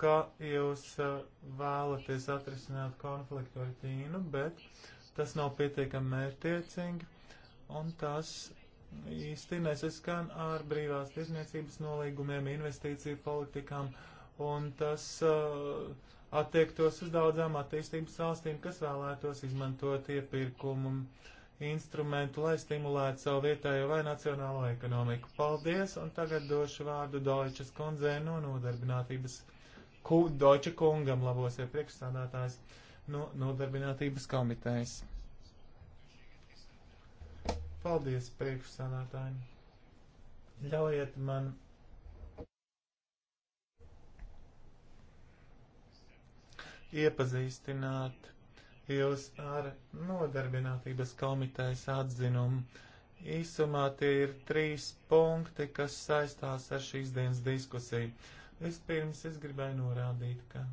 ka jūs uh, vēlaties atrisināt konfliktu ar Ķīnu, bet tas nav pietiekami mērtiecīgi, un tas īsti nesaskan ar brīvās tirzniecības nolīgumiem, investīciju politikām, un tas uh, attiektos uz daudzām attīstības valstīm, kas vēlētos izmantot iepirkumu instrumentu, lai stimulētu savu vietējo vai nacionālo ekonomiku. Paldies, un tagad došu vārdu Deutsches kundzē no nodarbinātības, ku, Deutsche kungam labosiet priekšstādātājs no nodarbinātības komitejas. Paldies, priekšsēdētāji. Ļaujiet man iepazīstināt jūs ar nodarbinātības komitejas atzinumu. Īsumā tie ir trīs punkti, kas saistās ar šīs dienas diskusiju. Vispirms es gribēju norādīt, ka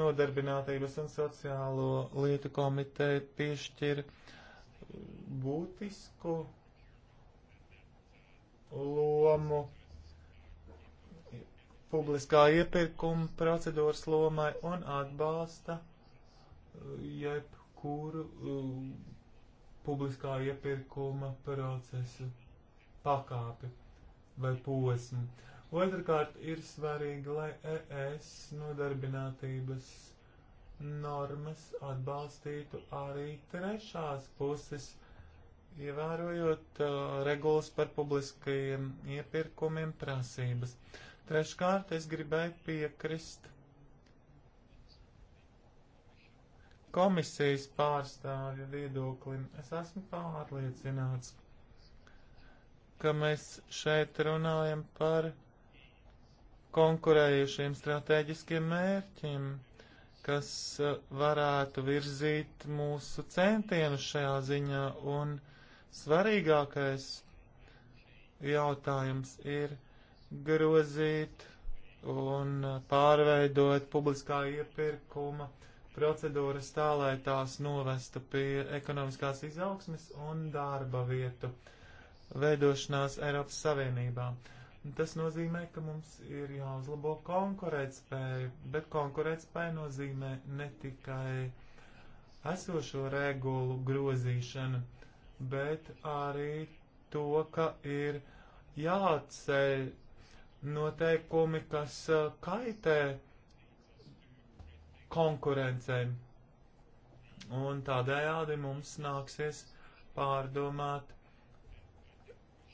Nodarbinātības un sociālo lietu komiteja piešķir būtisku lomu publiskā iepirkuma procedūras lomai un atbalsta jebkuru um, publiskā iepirkuma procesu pakāpi vai posmu. Otrakārt ir svarīgi, lai ES nodarbinātības normas atbalstītu arī trešās puses, ievērojot uh, regulas par publiskajiem iepirkumiem prasības. Treškārt es gribēju piekrist komisijas pārstāvju viedoklim. Es esmu pārliecināts, ka mēs šeit runājam par konkurējušiem strateģiskiem mērķiem, kas eh, varētu virzīt mūsu centienus šajā ziņā. Un svarīgākais jautājums ir grozīt un pārveidot publiskā iepirkuma procedūras tā, lai tās novestu pie ekonomiskās izaugsmes un darba vietu veidošanās Eiropas Savienībā. Uh, Tas nozīmē, ka mums ir jāuzlabo konkurētspēja, bet konkurētspēja nozīmē ne tikai esošo regulu grozīšanu, bet arī to, ka ir jāatceļ noteikumi, kas uh, kaitē konkurencei. Un tādējādi mums nāksies pārdomāt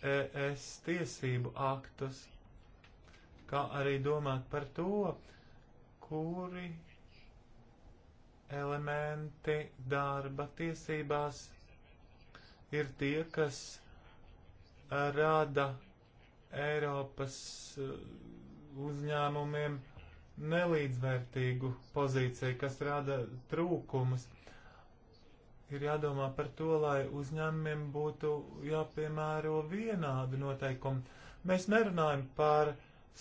ES tiesību aktus, kā arī domāt par to, kuri elementi darba tiesībās ir tie, kas rada Eiropas e, uzņēmumiem nelīdzvērtīgu pozīciju, kas rada trūkumus ir jādomā par to, lai uzņēmumiem būtu jāpiemēro vienādi noteikumi. Mēs nerunājam par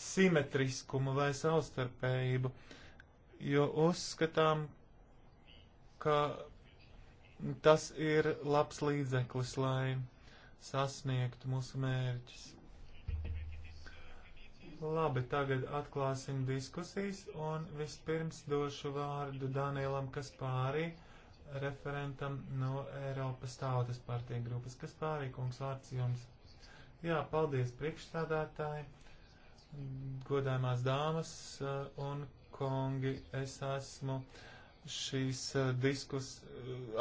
simetriskumu vai savstarpējību, jo uzskatām, ka tas ir labs līdzeklis, lai sasniegtu mūsu mērķis. Labi, tagad atklāsim diskusijas un vispirms došu vārdu Danielam Kaspārī referentam no Eiropas Tautas partija grupas. Kas pārīkums vārds jums? Jā, paldies priekšstādātāji, godājumās dāmas eh, un kungi. Es esmu šīs eh, diskus,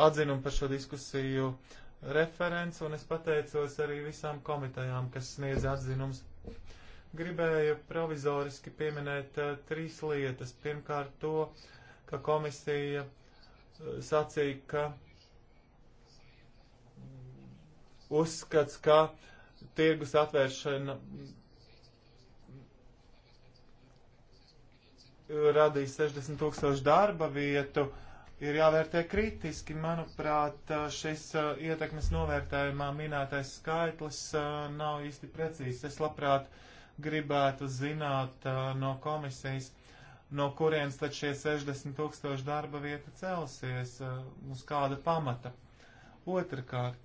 atzinumu par šo diskusiju referents un es pateicos arī visām komitejām, kas sniedz atzinums gribēju provizoriski pieminēt uh, trīs lietas. Pirmkārt, to, ka komisija sacīja, ka uzskats, ka tirgus atvēršana radīs 60 tūkstošu darba vietu, ir jāvērtē kritiski. Manuprāt, šis ietekmes novērtējumā minētais skaitlis nav īsti precīzs. Es labprāt gribētu zināt no komisijas no kurienes tad šie 60 tūkstoši darba vieta celsies, eh, uz kāda pamata. Otrakārt,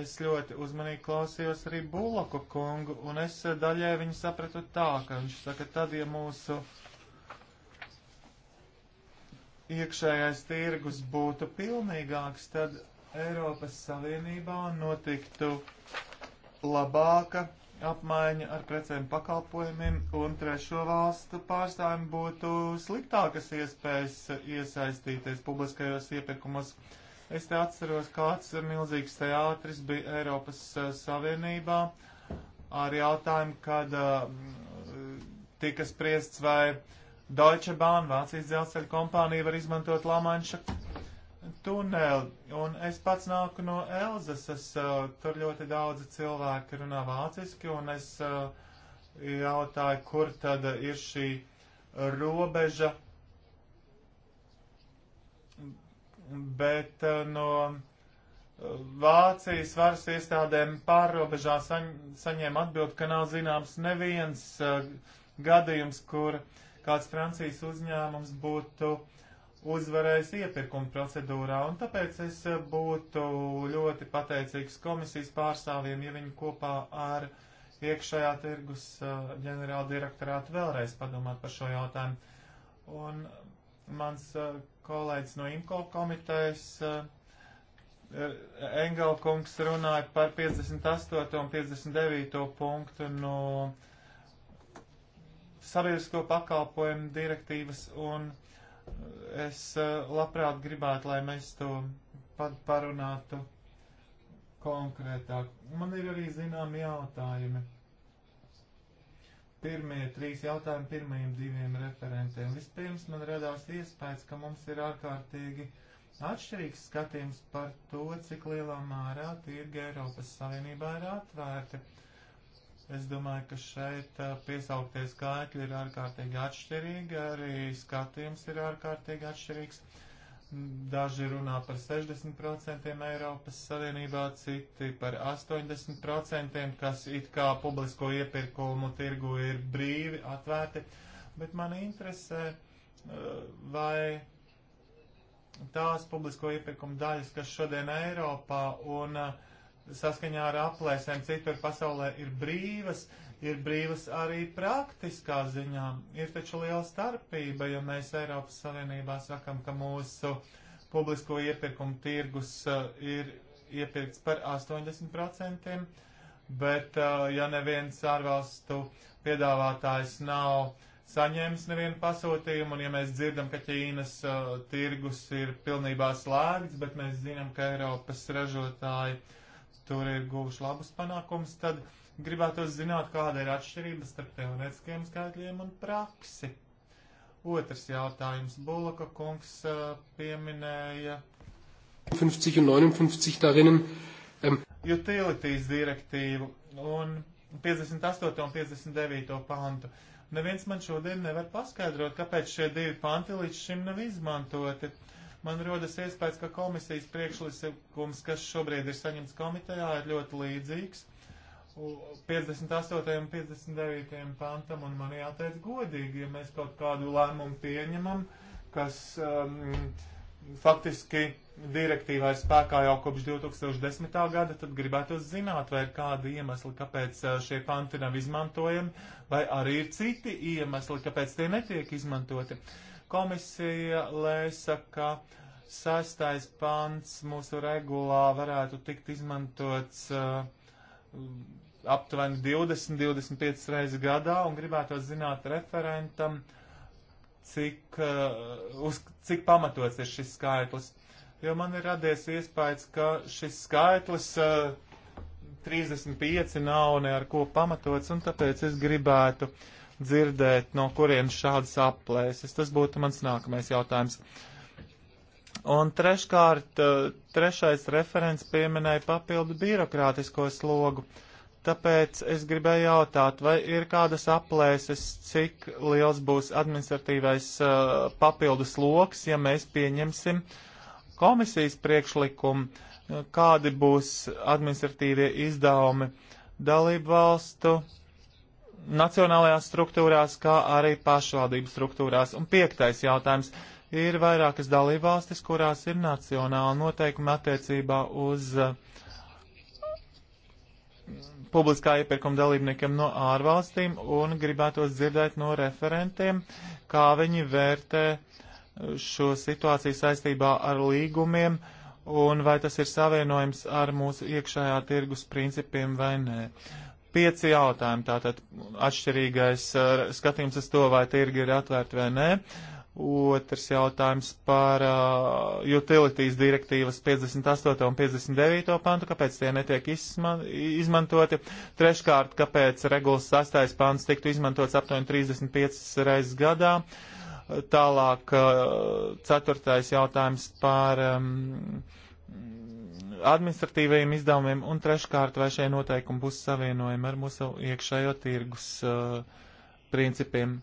es ļoti uzmanīgi klausījos arī Bulaku kungu, un es eh, daļai viņu sapratu tā, ka viņš saka, tad, ja mūsu iekšējais tirgus būtu pilnīgāks, tad Eiropas Savienībā notiktu labāka apmaiņa ar precēm pakalpojumiem un trešo valstu pārstāvjiem būtu sliktākas iespējas iesaistīties publiskajos iepirkumos. Es te atceros, kāds milzīgs teātris bija Eiropas eh, Savienībā ar jautājumu, kad eh, tika spriests, vai Deutsche Bahn, Vācijas dzelzceļa kompānija, var izmantot Lamanša tuneli, un es pats nāku no Elzasas, uh, tur ļoti daudzi cilvēki runā vāciski, un es uh, jautāju, kur tad ir šī robeža, bet uh, no Vācijas varas iestādēm pārrobežā saņ, saņēma atbild, ka nav zināms neviens uh, gadījums, kur kāds Francijas uzņēmums būtu uh, uzvarēs iepirkuma procedūrā, un tāpēc es eh, būtu ļoti pateicīgs komisijas pārstāvjiem, ja viņi kopā ar iekšējā tirgus eh, ģenerāla direktorātu vēlreiz padomāt par šo jautājumu. Un mans eh, kolēģis no IMCO komitejas Engelkungs runāja par 58 un 59 punktu no sabiedrisko pakalpojumu direktīvas un Es eh, labprāt gribētu, lai mēs to parunātu konkrētāk. Man ir arī zināmi jautājumi. Pirmie trīs jautājumi pirmajiem diviem referentiem. Vispirms man radās iespējas, ka mums ir ārkārtīgi atšķirīgs skatījums par to, cik lielā mērā tirgi Eiropas Savienībā ir atvērti. Es domāju, ka šeit piesauktie skaitļi ir ārkārtīgi atšķirīgi, arī skatījums ir ārkārtīgi atšķirīgs. Daži runā par 60% Eiropas Savienībā, citi par 80%, kas it kā publisko iepirkumu tirgu ir brīvi atvērti. Bet man interesē, vai tās publisko iepirkumu daļas, kas šodien Eiropā un uh, saskaņā ar aplēsēm citur pasaulē ir brīvas, ir brīvas arī praktiskā ziņā. Ir taču liela starpība, ja mēs Eiropas Savienībā sakam, ka mūsu publisko iepirkumu tirgus uh, ir iepirkts par 80%, bet uh, ja neviens ārvalstu piedāvātājs nav saņēmis nevienu pasūtījumu, un ja mēs dzirdam, ka Ķīnas uh, tirgus ir pilnībā slēgts, bet mēs zinām, ka Eiropas ražotāji uh, tur ir guvuši labus panākumus, tad gribētu zināt, kāda ir atšķirība starp teorētiskiem skaitļiem un praksi. Otrs jautājums. Bulaka kungs pieminēja. 50 un 59 darinnen. Um. Utilities direktīvu un 58 un 59 pantu. Neviens man šodien nevar paskaidrot, kāpēc šie divi panti līdz šim nav izmantoti. Uh, Man rodas iespējas, ka komisijas priekšlikums, kas šobrīd ir saņemts komitejā, ir ļoti līdzīgs 58. un 59. pantam, un man jāteic godīgi, ja mēs kaut kādu lēmumu pieņemam, kas um, faktiski direktīvā ir spēkā jau kopš 2010. gada, tad gribētu zināt, vai ir kādi iemesli, kāpēc uh, šie panti nav izmantojami, vai arī ir citi iemesli, kāpēc tie netiek izmantoti. Uh, Komisija lēsa, ka sastais pants mūsu regulā varētu tikt izmantots uh, aptuveni 20-25 reizes gadā un gribētu zināt referentam, cik, uh, uz, cik pamatots ir šis skaitlis. Jo man ir radies iespējas, ka šis skaitlis uh, 35 nav ne ar ko pamatots, un tāpēc es gribētu uh, dzirdēt, no kurienes šādas aplēses. Tas būtu mans nākamais jautājums. Un treškārt, eh, trešais referents pieminēja papildu birokrātisko slogu. Tāpēc es gribēju jautāt, vai ir kādas aplēses, cik liels būs administratīvais uh, eh, papildus loks, ja mēs pieņemsim komisijas priekšlikumu, eh, kādi būs administratīvie izdevumi dalību valstu uh, nacionālajās struktūrās, kā arī pašvaldību struktūrās. Un piektais jautājums ir vairākas dalībvalstis, kurās ir nacionāla noteikuma attiecībā uz uh, publiskā iepirkuma dalībniekiem no ārvalstīm un gribētos dzirdēt no referentiem, kā viņi vērtē eh, šo situāciju saistībā ar līgumiem un vai tas ir savienojums ar mūsu iekšējā tirgus principiem vai nē. Uh, pieci jautājumi, tātad atšķirīgais uh, skatījums uz to, vai tirgi ir atvērti vai nē. Otrs jautājums par uh, utilities direktīvas 58 un 59 pantu, kāpēc tie netiek izman izmantoti. Treškārt, kāpēc regulas 6. pants tiktu izmantots aptuveni 35 reizes gadā. Tālāk, uh, ceturtais jautājums par um, administratīvajiem izdevumiem, un treškārt, vai šie noteikumi būs savienojami ar mūsu iekšējo tirgus uh, principiem.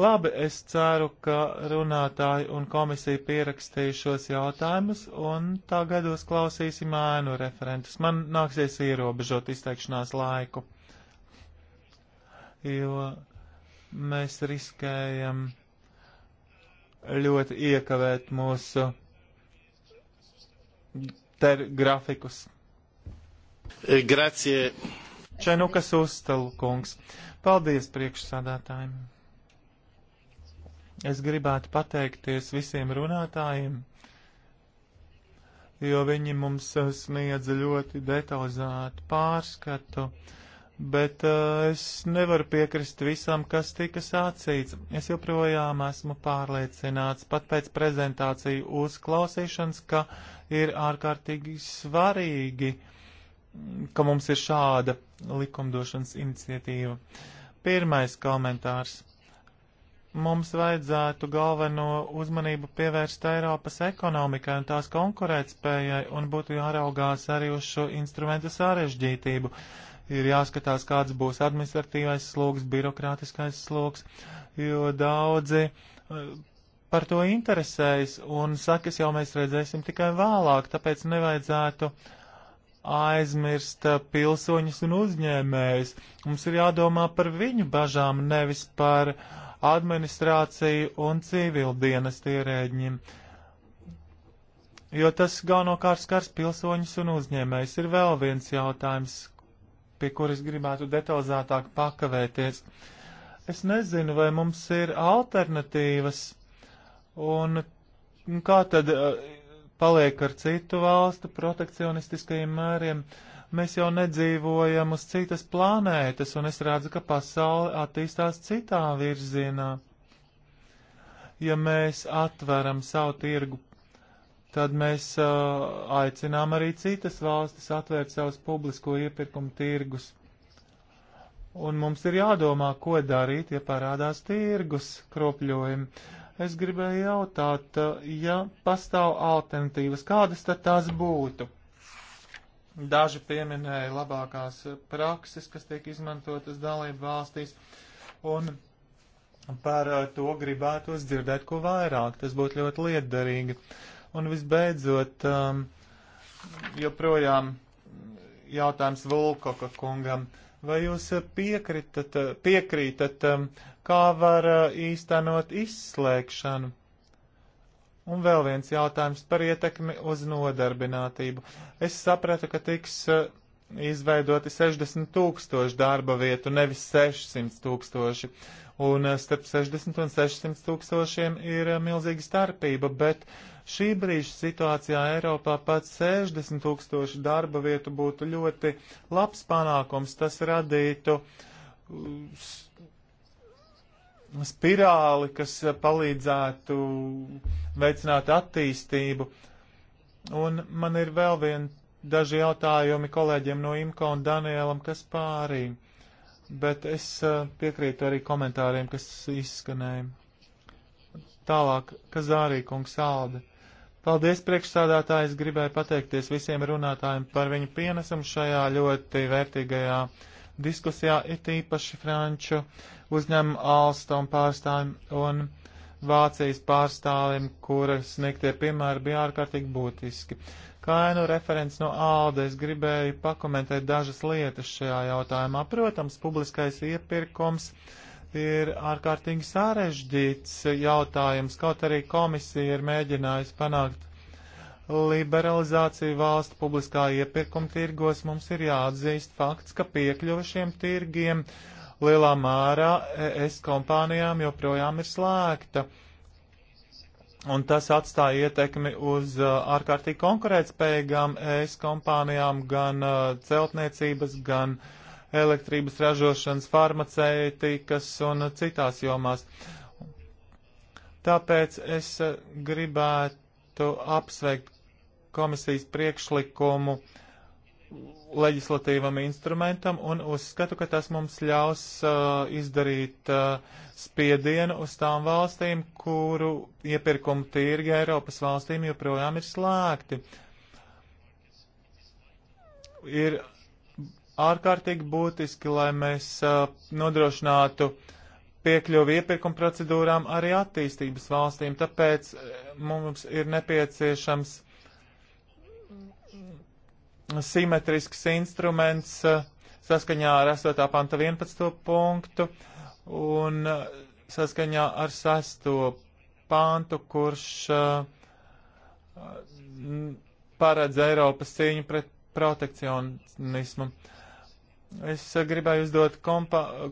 Labi, es ceru, ka runātāji un komisija pierakstīja šos jautājumus, un tagad uzklausīsim ēnu referentus. Man nāksies ierobežot izteikšanās laiku, jo mēs riskējam ļoti iekavēt mūsu ter grafikus. Eh, grazie. Čenukas uzstalu kungs. Paldies priekšsādātājiem. Es gribētu pateikties visiem runātājiem, jo viņi mums sniedza ļoti detalizētu pārskatu bet uh, es nevaru piekrist visam, kas tika sācīts. Es joprojām esmu pārliecināts pat pēc prezentāciju uzklausīšanas, ka ir ārkārtīgi svarīgi, ka mums ir šāda likumdošanas iniciatīva. Pirmais komentārs. Mums vajadzētu galveno uzmanību pievērst Eiropas ekonomikai un tās konkurētspējai, un būtu jāraugās arī uz šo instrumentu sarežģītību ir jāskatās, kāds būs administratīvais sloks, birokrātiskais sloks, jo daudzi eh, par to interesējas un sakas jau mēs redzēsim tikai vēlāk, tāpēc nevajadzētu aizmirst eh, pilsoņus un uzņēmējus. Mums ir jādomā par viņu bažām, nevis par administrāciju un civildienas ierēģiem. Jo tas galvenokārt skars pilsoņus un uzņēmējus. Ir vēl viens jautājums, pie kuras gribētu detalizētāk pakavēties. Es nezinu, vai mums ir alternatīvas, un kā tad eh, paliek ar citu valstu protekcionistiskajiem mēriem. Mēs jau nedzīvojam uz citas planētas, un es redzu, ka pasaule attīstās citā virzienā. Ja mēs atveram savu tirgu tad mēs uh, aicinām arī citas valstis atvērt savus publisko iepirkumu tirgus. Un mums ir jādomā, ko darīt, ja parādās tirgus kropļojumi. Es gribēju jautāt, ja pastāv alternatīvas, kādas tad tās būtu? Daži pieminēja labākās prakses, kas tiek izmantotas dalību valstīs, un par to gribētos dzirdēt ko vairāk. Tas būtu ļoti lietderīgi. Un visbeidzot, um, joprojām jautājums Vulkoka kungam. Vai jūs piekritat, piekrītat, um, kā var uh, īstenot izslēgšanu? Un vēl viens jautājums par ietekmi uz nodarbinātību. Es sapratu, ka tiks uh, izveidoti 60 tūkstoši darba vietu, nevis 600 tūkstoši. Un uh, starp 60 un 600 tūkstošiem ir milzīga starpība, bet uh, Šī brīža situācijā Eiropā pat 60 tūkstoši darba vietu būtu ļoti labs panākums. Tas radītu uh, spirāli, kas palīdzētu veicināt attīstību. Un man ir vēl vien daži jautājumi kolēģiem no Imko un Danielam, kas pārī. Bet es uh, piekrītu arī komentāriem, kas izskanēja. Tālāk, kas arī kungs āda. Paldies, priekšsādātāji! Es gribēju pateikties visiem runātājiem par viņu pienesumu šajā ļoti vērtīgajā diskusijā, it īpaši franču uzņēmumu Alstom pārstāvim un Vācijas pārstāvim, kuras sniegtie piemēri bija ārkārtīgi būtiski. Kā ēnu referents no Alde, es gribēju pakomentēt dažas lietas šajā jautājumā. Protams, publiskais iepirkums ir ārkārtīgi sarežģīts jautājums, kaut arī komisija ir mēģinājusi panākt liberalizāciju valstu publiskā iepirkuma tirgos. Mums ir jāatzīst fakts, ka piekļuva šiem tirgiem lielā mērā es kompānijām joprojām ir slēgta. Un tas atstāja ietekmi uz uh, ārkārtīgi konkurētspējīgām es kompānijām gan uh, celtniecības, gan uh, elektrības ražošanas, farmaceitikas un citās jomās. Tāpēc es eh, gribētu apsveikt komisijas priekšlikumu leģislatīvam instrumentam un uzskatu, ka tas mums ļaus uh, izdarīt uh, spiedienu uz tām valstīm, kuru iepirkuma tirgi Eiropas valstīm joprojām ir slēgti. Ir ārkārtīgi būtiski, lai mēs uh, nodrošinātu piekļuvi iepirkuma procedūrām arī attīstības valstīm. Tāpēc uh, mums ir nepieciešams simetrisks instruments uh, saskaņā ar 8. panta 11. punktu un uh, saskaņā ar 6. pantu, kurš uh, paredz Eiropas cīņu pret protekcionismu. Es gribēju uzdot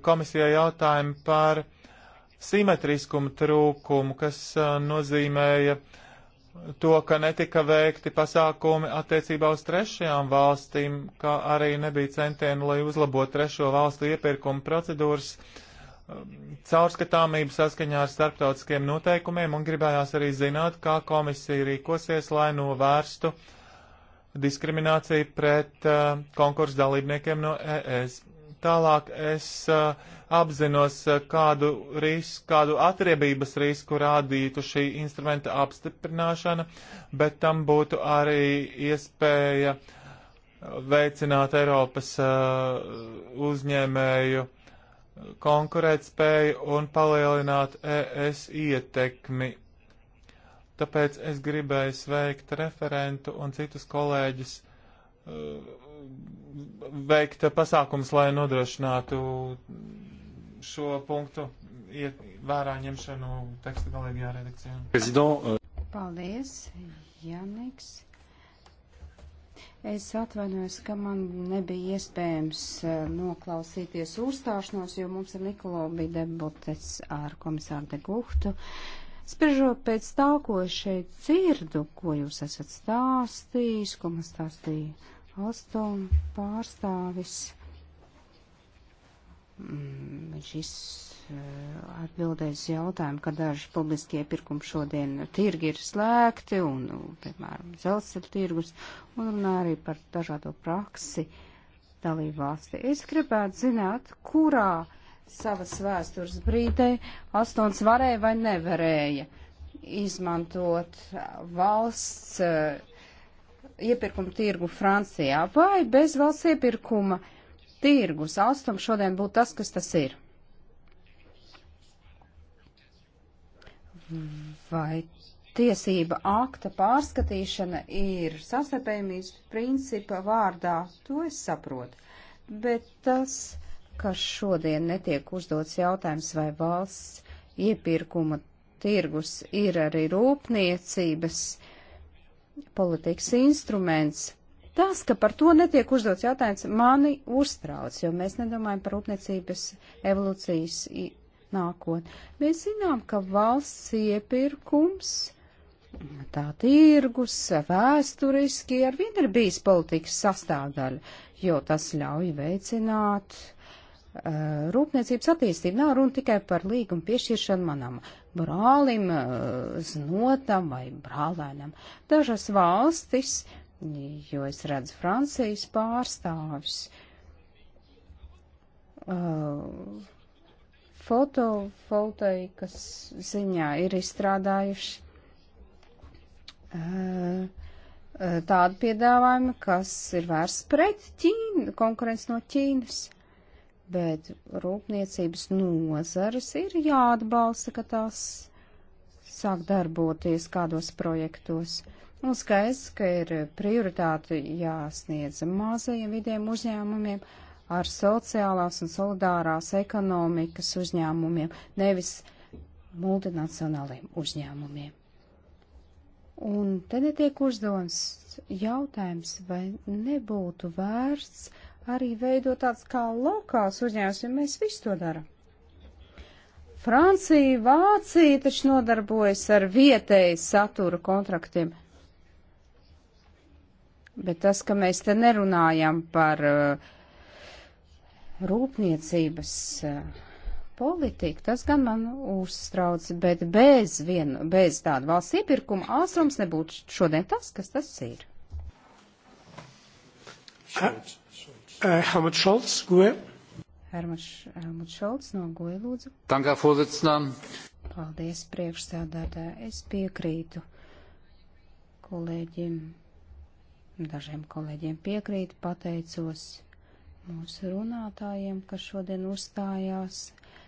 komisijai jautājumu par simetriskumu trūkumu, kas nozīmēja to, ka netika veikti pasākumi attiecībā uz trešajām valstīm, kā arī nebija centieni, lai uzlabot trešo valstu iepirkumu procedūras caurskatāmību saskaņā ar starptautiskiem noteikumiem, un gribējās arī zināt, kā komisija rīkosies, lai novērstu uh, diskriminācija pret uh, konkursu dalībniekiem no ES. Tālāk es uh, apzinos, uh, kādu, risku, kādu atriebības risku rādītu šī instrumenta apstiprināšana, bet tam būtu arī iespēja veicināt Eiropas uh, uzņēmēju uh, konkurētspēju un palielināt ES ietekmi Tāpēc es gribēju sveikt referentu un citus kolēģus uh, veikt pasākums, lai nodrošinātu šo punktu vērā ņemšanu teksta galīgajā redakcijā. Uh, Paldies, Janiks. Es atvainojos, ka man nebija iespējams uh, noklausīties uzstāšanos, jo mums ir Nikola Bidebotets ar komisāru de Guhtu. Uh, Spriežot pēc tā, ko šeit dzirdu, ko jūs esat stāstījis, ko man stāstīja Alstom pārstāvis, mm, viņš iz, uh, atbildēs jautājumu, ka daži publiskie pirkumi šodien tirgi ir slēgti un, nu, piemēram, dzelzceļa tirgus, un runā arī par dažādo praksi dalību valsti. Es gribētu zināt, kurā savas vēstures brīdē Astons varēja vai nevarēja izmantot valsts uh, iepirkuma tirgu Francijā vai bez valsts iepirkuma tirgus. Alstom šodien būtu tas, kas tas ir. Vai tiesība akta pārskatīšana ir sastarpējumības principa vārdā, to es saprotu. Bet tas ka šodien netiek uzdots jautājums, vai valsts iepirkuma tirgus ir arī rūpniecības politikas instruments. Tas, ka par to netiek uzdots jautājums, mani uztrauc, jo mēs nedomājam par rūpniecības evolūcijas nākotni. Mēs zinām, ka valsts iepirkums, tā tirgus, vēsturiski ar vienu ir bijis politikas sastāvdaļa, jo tas ļauj veicināt uh, Eh, rūpniecības attīstību. Nav runa tikai par līgumu piešķiršanu manam brālim, eh, znotam vai brālēnam. Dažas valstis, jo es redzu Francijas pārstāvis, eh, fotovoltaikas ziņā ir izstrādājuši tādu piedāvājumu, kas ir vērsts pret Ķīnu, konkurence no Ķīnas. Uh, bet rūpniecības nozares ir jāatbalsta, ka tās sāk darboties kādos projektos. Un skaists, ka ir prioritāte jāsniedz mazajiem vidiem uzņēmumiem ar sociālās un solidārās ekonomikas uzņēmumiem, nevis multinacionāliem uzņēmumiem. Un te netiek uzdevums jautājums, vai nebūtu vērts arī veido tāds kā lokāls uzņēmums, jo mēs visu to darām. Francija, Vācija taču nodarbojas ar vietēju satura kontraktiem. Bet tas, ka mēs te nerunājam par uh, rūpniecības uh, politiku, tas gan man uztrauc, bet bez, vien, bez tāda valsts iepirkuma ātrums nebūtu šodien tas, kas tas ir. Šeit. Uh, Helmut Scholz, Gue. Hermaš, Helmut Šolts no Goja lūdzu. Tankā pozicinām. Paldies priekšsēdētā. Es piekrītu kolēģiem, dažiem kolēģiem piekrītu, pateicos mūsu runātājiem, kas šodien uzstājās,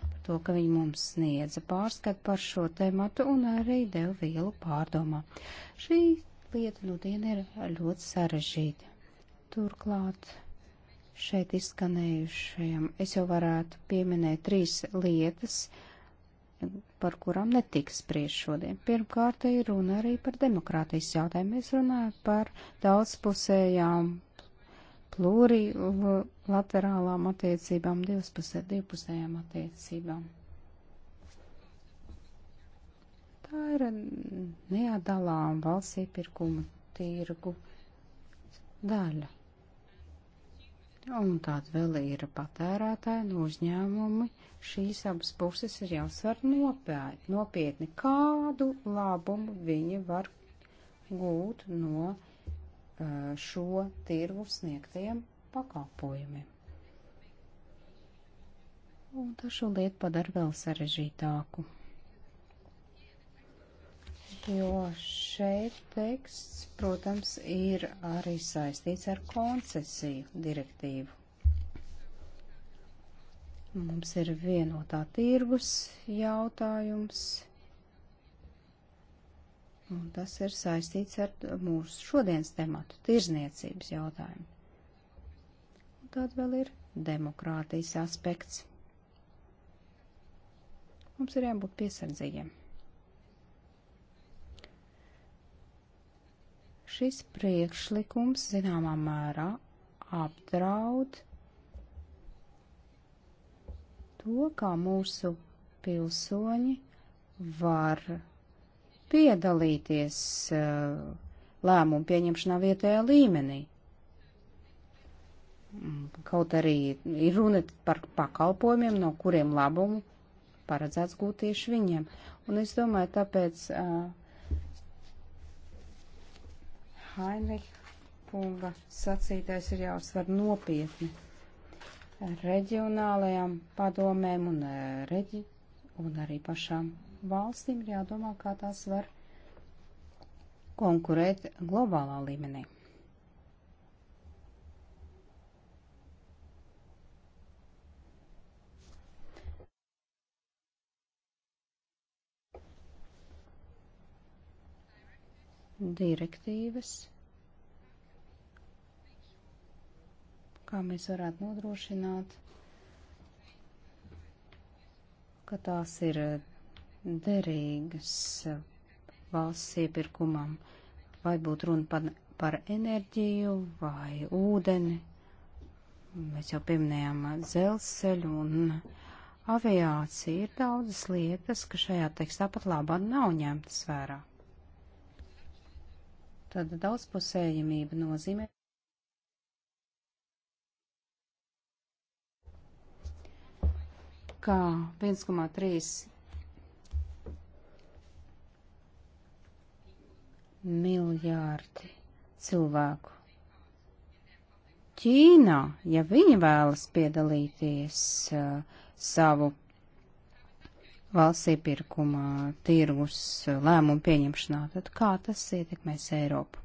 par to, ka viņi mums sniedza pārskat par šo tematu un arī deva vielu pārdomā. Šī lieta nu no diena ir ļoti sarežģīta. Turklāt šeit izskanējušajam. Es jau varētu pieminēt trīs lietas, par kurām netiks spriež šodien. Pirmkārt, ir runa arī par demokrātijas jautājumu. Mēs runājam par daudzpusējām plurilaterālām attiecībām, divpusē, divpusējām attiecībām. Tā ir neatdalām valsts iepirkuma tirgu daļa un tāda vēl ir patērētāji un uzņēmumi. Šīs abas puses ir jāsver nopietni, kādu labumu viņi var gūt no šo tirgu sniegtiem pakalpojumiem. Un tašu lietu padara vēl sarežģītāku jo šeit teksts, protams, ir arī saistīts ar koncesiju direktīvu. Mums ir vienotā tirgus jautājums, un tas ir saistīts ar mūsu šodienas tematu - tirzniecības jautājumu. Un tad vēl ir demokrātijas aspekts. Mums ir jābūt piesardzīgiem. Šis priekšlikums zināmā mērā apdraud to, kā mūsu pilsoņi var piedalīties uh, lēmumu pieņemšanā vietējā līmenī. Mm, kaut arī ir runa par pakalpojumiem, no kuriem labumu paredzēts gūt tieši viņiem. Un es domāju, tāpēc uh, Heinrich kunga sacītais ir jāuzsver nopietni. Reģionālajām padomēm un, e, reģi, un arī pašām valstīm ir jādomā, kā tās var konkurēt globālā līmenī. direktīvas, kā mēs varētu nodrošināt, ka tās ir derīgas valsts iepirkumam, vai būtu runa par, par enerģiju vai ūdeni. Mēs jau pieminējām dzelzceļu un aviāciju. Ir daudzas lietas, ka šajā tekstā pat labāk nav ņemtas vērā. Tad daudzpusējamība nozīmē. kā 1,3 miljārdi cilvēku. Ķīnā, ja viņi vēlas piedalīties uh, savu valsts iepirkuma tirgus lēmumu pieņemšanā, tad kā tas ietekmēs Eiropu?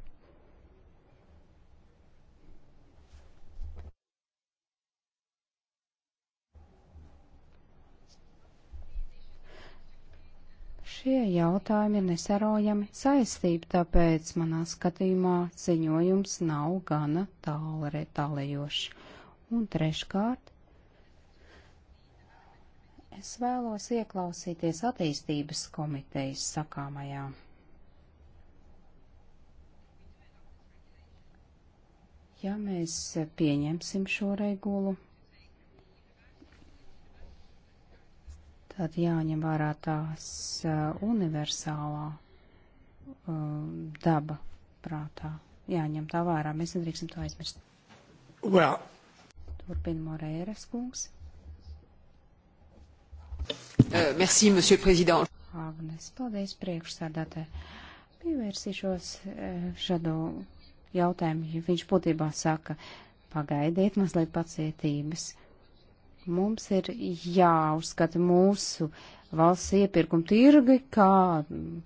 Šie jautājumi ir nesarojami saistīti, tāpēc manā skatījumā ziņojums nav gana tālere tālējošs. Un treškārt, Es vēlos ieklausīties attīstības komitejas sakāmajā. Ja mēs pieņemsim šo regulu, tad jāņem vērā tās uh, universālā um, daba prātā. Jāņem tā vērā, mēs nedrīkstam to aizmirst. Well. Turpin Morēras kungs. Uh, merci, monsieur prezident. Agnes, paldies priekšsādātē. Pievērsīšos eh, šādu jautājumu. Viņš būtībā saka, pagaidiet mazliet pacietības. Mums ir jāuzskata mūsu valsts iepirkuma tirgi, kā mm,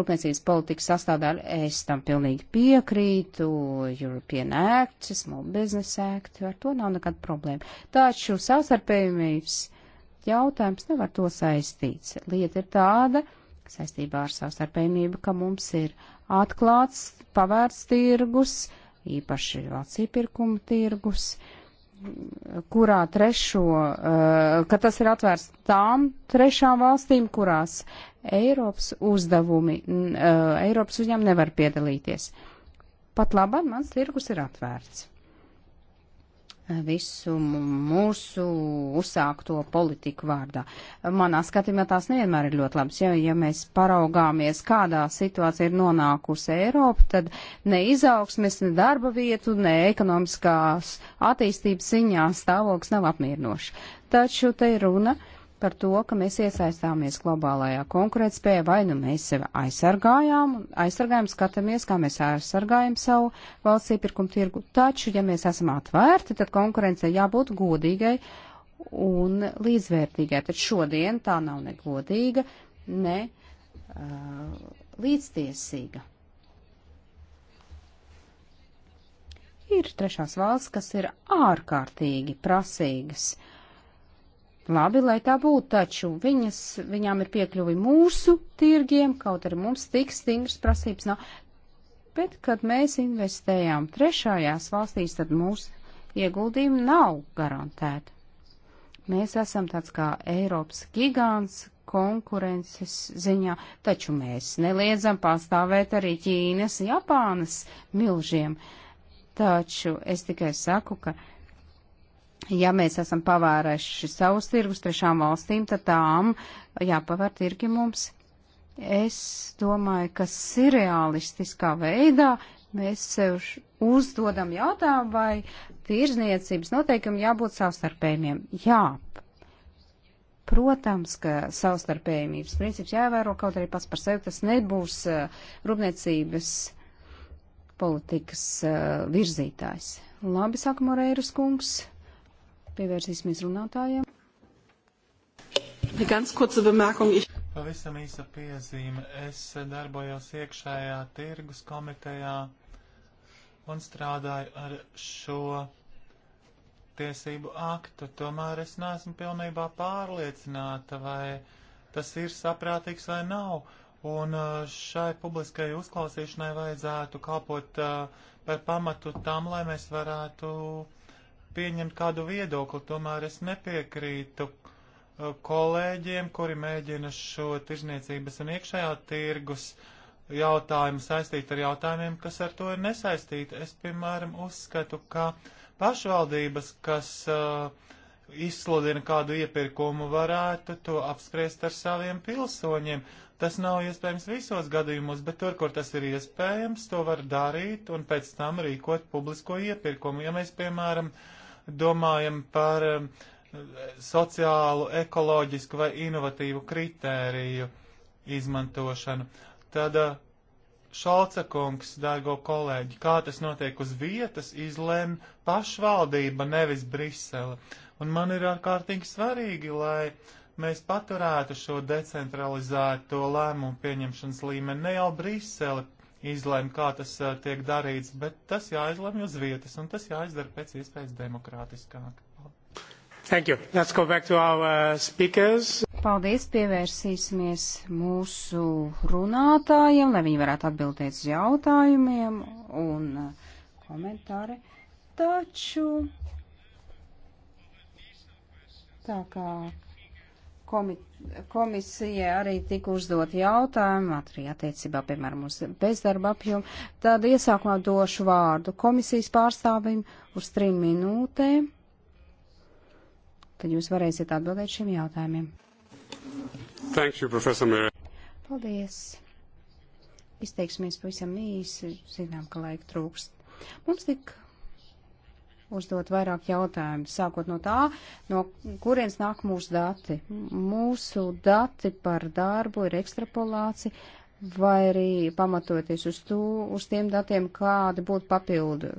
rūpniecības politika sastāvdaļa. Es tam pilnīgi piekrītu, European Act, Small Business Act, ar to nav nekāda problēma. Taču savstarpējumības jautājums nevar to saistīts. Lieta ir tāda, saistībā ar savstarpējumību, ka mums ir atklāts, pavērts tirgus, īpaši valsts iepirkuma tirgus, kurā trešo, eh, ka tas ir atvērts tām trešām valstīm, kurās Eiropas uzdevumi, eh, Eiropas uzņēmumi nevar piedalīties. Pat labāk mans tirgus ir atvērts visu mūsu uzsākto politiku vārdā. Manā skatījumā tās nevienmēr ir ļoti labas, jo, ja mēs paraugāmies, kādā situācija ir nonākusi Eiropa, tad ne izaugsmes, ne darba vietu, ne ekonomiskās attīstības ziņā stāvoklis nav apmierinošs. Taču te ir runa par to, ka mēs iesaistāmies globālajā konkurētspējā, vai nu mēs sevi aizsargājām, aizsargājam, skatāmies, kā mēs aizsargājam savu valsts iepirkumu tirgu. Taču, ja mēs esam atvērti, tad konkurence jābūt godīgai un līdzvērtīgai. Tad šodien tā nav ne godīga, ne uh, līdztiesīga. Ir trešās valsts, kas ir ārkārtīgi prasīgas uh, Labi, lai tā būtu, taču viņas, viņām ir piekļuvi mūsu tirgiem, kaut arī mums tik stingras prasības nav. Bet, kad mēs investējām trešajās valstīs, tad mūsu ieguldījumi nav garantēti. Mēs esam tāds kā Eiropas gigants konkurences ziņā, taču mēs neliedzam pastāvēt arī Ķīnas, Japānas milžiem. Taču es tikai saku, ka ja mēs esam pavērējuši savus tirgus trešām valstīm, tad tām jāpavēr tirgi mums. Es domāju, ka sirrealistiskā veidā mēs sev uzdodam jautājumu, vai tirzniecības noteikumi jābūt savstarpējumiem. Jā, protams, ka savstarpējumības princips jāievēro, kaut arī pats par sevi tas nebūs uh, rūpniecības politikas uh, virzītājs. Labi, saka Morēras kungs pievērsīsimies runātājiem. Pavisam īsa piezīme. Es darbojos iekšējā tirgus komitejā un strādāju ar šo tiesību aktu. Tomēr es neesmu pilnībā pārliecināta, vai tas ir saprātīgs vai nav. Un uh, šai publiskajai uzklausīšanai vajadzētu kalpot uh, par pamatu tam, lai mēs varētu uh, pieņemt kādu viedokli, tomēr es nepiekrītu uh, kolēģiem, kuri mēģina šo tirzniecības un iekšējā tirgus jautājumu saistīt ar jautājumiem, kas ar to ir nesaistīti. Es, piemēram, uzskatu, ka pašvaldības, kas uh, izsludina kādu iepirkumu, varētu to apspriest ar saviem pilsoņiem. Tas nav iespējams visos gadījumos, bet tur, kur tas ir iespējams, to var darīt un pēc tam rīkot publisko iepirkumu. Ja mēs, piemēram, uh, domājam par um, sociālu, ekoloģisku vai inovatīvu kritēriju izmantošanu, tad uh, Šalca kungs, dārgo kolēģi, kā tas notiek uz vietas, izlēm pašvaldība, nevis Brisele. Un man ir ārkārtīgi svarīgi, lai mēs paturētu šo decentralizēto lēmumu pieņemšanas līmeni ne jau Brisele izlēma, kā tas uh, tiek darīts, bet tas jāizlemj uz vietas, un tas jāizdara pēc iespējas demokrātiskāk. Thank you. Let's go back to our speakers. Paldies, pievērsīsimies mūsu runātājiem, lai viņi varētu atbildēt uz jautājumiem un komentāri. Taču tā kā komi komisijai arī tika uzdot jautājumu, arī attiecībā, piemēram, uz bezdarba apjomu. Tad iesākumā došu vārdu komisijas pārstāvim uz trim minūtēm. Tad jūs varēsiet atbildēt šiem jautājumiem. Thank you, Professor Mary. Paldies. Izteiksimies pavisam īsi, zinām, ka laika trūkst. Mums tik uzdot vairāk jautājumu, sākot no tā, no kurienes nāk mūsu dati. Mūsu dati par darbu ir ekstrapolācija, vai arī pamatoties uz, tū, uz tiem datiem, kādi būtu papildu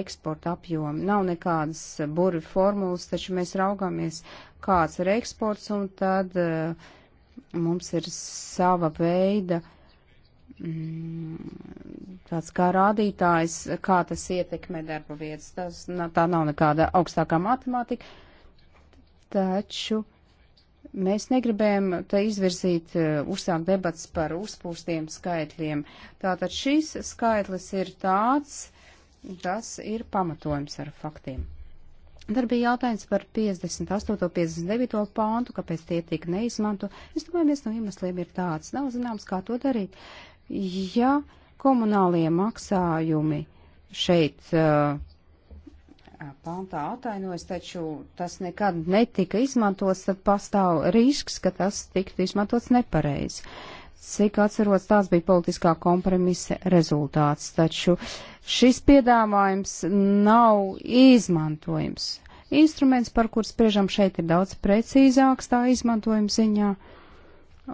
eksporta apjomi. Nav nekādas burvi formulas, taču mēs raugāmies, kāds ir eksports, un tad uh, mums ir sava veida uh, Mm, tāds kā rādītājs, kā tas ietekmē darba vietas. Tas, nā, tā nav nekāda augstākā matemātika, taču mēs negribējam te izvirzīt, eh, uzsākt debats par uzpūstiem skaitļiem. Tātad šis skaitlis ir tāds, tas ir pamatojums ar faktiem. Tad bija jautājums par 58. un 59. pāntu, kāpēc tie tika neizmanto. Es domāju, viens no iemesliem ir tāds, nav zināms, kā to darīt. Uh, Ja komunālie maksājumi šeit uh, pantā atainojas, taču tas nekad netika izmantots, tad pastāv risks, ka tas tiktu izmantots nepareizi. Cik atceros, tās bija politiskā kompromisa rezultāts, taču šis piedāvājums nav izmantojums. Instruments, par kur spriežam šeit, ir daudz precīzāks tā izmantojuma ziņā. Uh,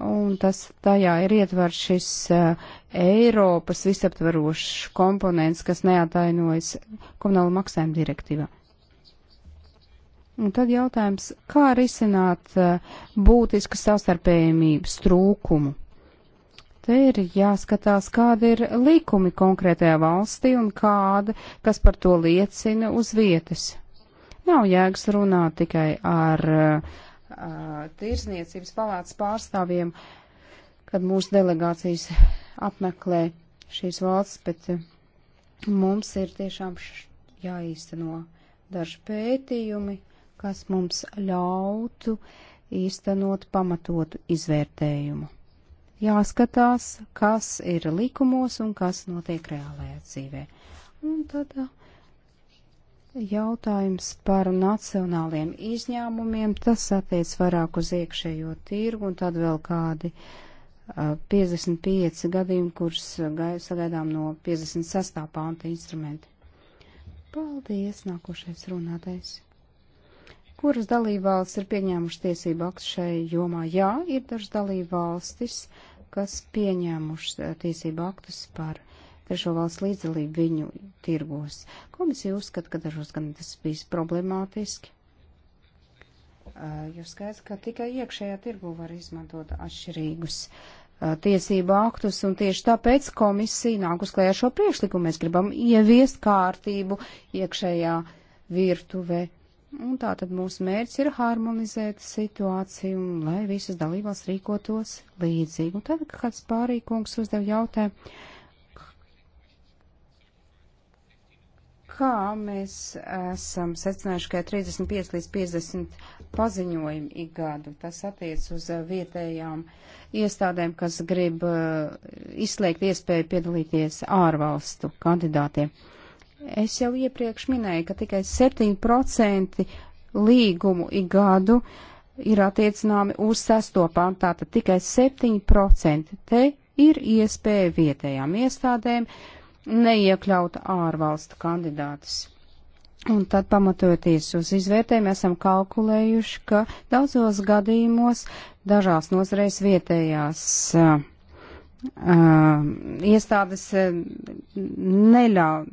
un tas tajā ir ietver šis uh, Eiropas visaptvarošs komponents, kas neatainojas komunāla maksājuma direktīvā. Un tad jautājums, kā risināt uh, eh, būtisku savstarpējumības trūkumu? Te ir jāskatās, kāda ir likumi konkrētajā valstī un kāda, kas par to liecina uz vietas. Nav jēgas runāt tikai ar uh, tirzniecības palātas pārstāvjiem, kad mūsu delegācijas apmeklē šīs valsts, bet mums ir tiešām jāīsteno daži pētījumi, kas mums ļautu īstenot pamatotu izvērtējumu. Jāskatās, kas ir likumos un kas notiek reālajā dzīvē. Un tad uh, Jautājums par nacionāliem izņēmumiem, tas attiec vairāk uz iekšējo tirgu un tad vēl kādi uh, 55 gadījumi, kurus sagaidām no 56. panta instrumenti. Paldies, nākošais runātais. Kuras dalībvalstis ir pieņēmuši tiesību aktu šai jomā? Jā, ir dažas dalībvalstis, kas pieņēmuši tiesību aktus par uh, trešo valstu līdzdalību viņu tirgos. Komisija uzskata, ka dažos gan tas bijis problemātiski. Jo skaidrs, ka tikai iekšējā tirgu var izmantot atšķirīgus tiesību aktus, un tieši tāpēc komisija nāk uz klējā šo priekšlikumu. Mēs gribam ieviest kārtību iekšējā virtuvē. Un tā tad mūsu mērķis ir harmonizēt situāciju, un lai visas dalībās rīkotos līdzīgi. Un tad, kad kāds pārīkums uzdev jautājumu, kā mēs esam secinājuši, ka 35 līdz 50 paziņojumi ik gadu. Tas attiec uz eh, vietējām iestādēm, kas grib eh, izslēgt iespēju piedalīties ārvalstu kandidātiem. Es jau iepriekš minēju, ka tikai 7% līgumu ik gadu ir attiecināmi uz sesto pantu, tātad tikai 7%. Te ir iespēja vietējām iestādēm uh, neiekļaut ārvalstu kandidātus. Un tad pamatoties uz izvērtējumu esam kalkulējuši, ka daudzos gadījumos dažās nozarēs vietējās uh, uh, iestādes uh, neļauj,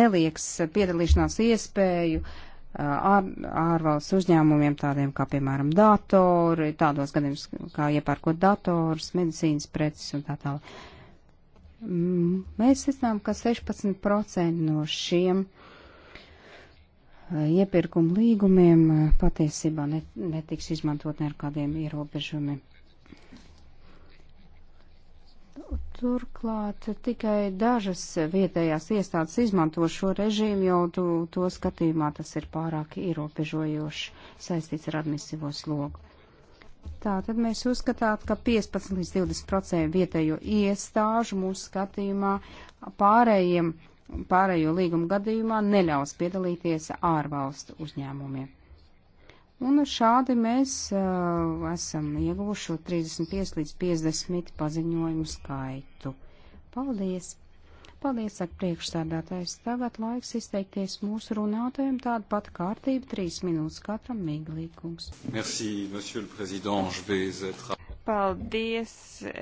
nelieks piedalīšanās iespēju uh, ār, ārvalstu uzņēmumiem, tādiem kā, piemēram, datori, tādos gadījumos, kā iepērkot dators, medicīnas preces un tā tālāk. Mm, mēs secinām, ka 16% no šiem eh, iepirkuma līgumiem eh, patiesībā net, netiks izmantot ne ar kādiem ierobežumiem. Turklāt tikai dažas vietējās iestādes izmanto šo režīmu, jo to, to skatījumā tas ir pārāk ierobežojoši saistīts ar administīvo slogu. Tātad mēs uzskatām, ka 15 līdz 20% vietējo iestāžu mūsu skatījumā pārējiem, pārējo līgumu gadījumā neļaus piedalīties ārvalstu uzņēmumiem. Un šādi mēs uh, esam ieguvuši 35 līdz 50 paziņojumu skaitu. Paldies! Paldies, saka priekšsēdētājs. Tagad laiks izteikties mūsu runātājiem tāda pat kārtība, trīs minūtes katram mīglīkums. Merci, monsieur le président, je vais être. Paldies,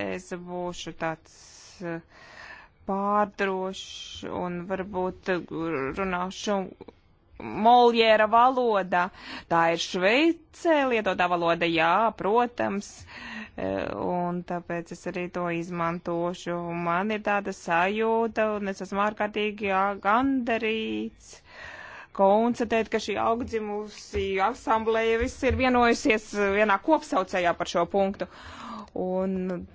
es būšu tāds eh, pārdrošs un varbūt runāšu Moljēra valoda. Tā ir Šveicē lietotā valoda, jā, protams. Uh, un tāpēc es arī to izmantošu. Man ir tāda sajūta, un es esmu ārkārtīgi gandarīts konstatēt, ka šī augdzimusī asamblēja viss ir vienojusies vienā kopsaucējā par šo punktu. Un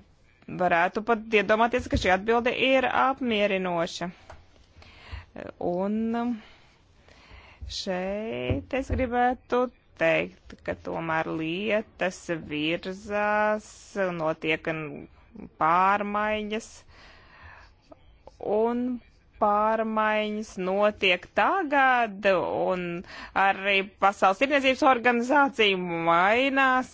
varētu pat iedomāties, ka šī atbilde ir apmierinoša. Un šeit es gribētu teikt, ka tomēr lietas virzās, notiek pārmaiņas, un pārmaiņas notiek tagad, un arī Pasaules tirniecības organizācija mainās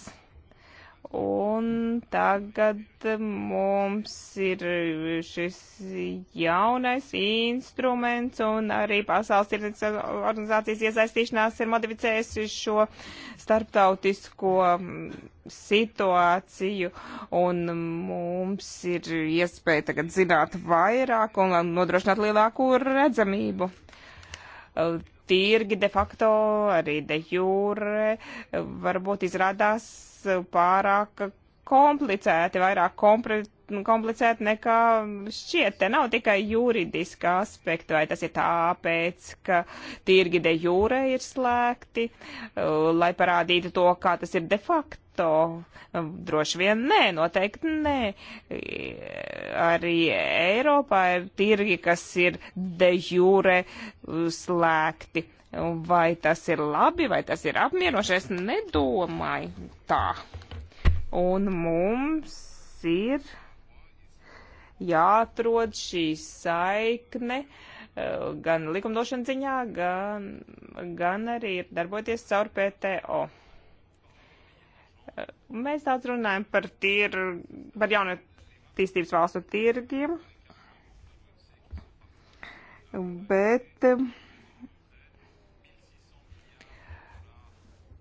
Un tagad mums ir šis jaunais instruments un arī Pasaules tirdzniecības organizācijas iesaistīšanās ir modificējusi šo starptautisko mm, situāciju, un mums ir iespēja tagad zināt vairāk un nodrošināt lielāku redzamību. Tirgi de facto, arī de jure, varbūt izrādās pārāk komplicēti, vairāk komplicēti nekā šķiet. Te nav tikai juridiska aspekta, vai tas ir tāpēc, ka tirgi de jūre ir slēgti, uh, lai parādītu to, kā tas ir de facto. Uh, droši vien nē, noteikti nē. Uh, arī Eiropā ir tirgi, kas ir de jūre slēgti Vai tas ir labi, vai tas ir apmierinoši, es nedomāju tā. Un mums ir jāatrod šī saikne eh, gan likumdošana ziņā, gan, gan arī darboties caur PTO. Eh, mēs daudz runājam par, tir, par jaunatīstības valstu tirgiem, bet uh,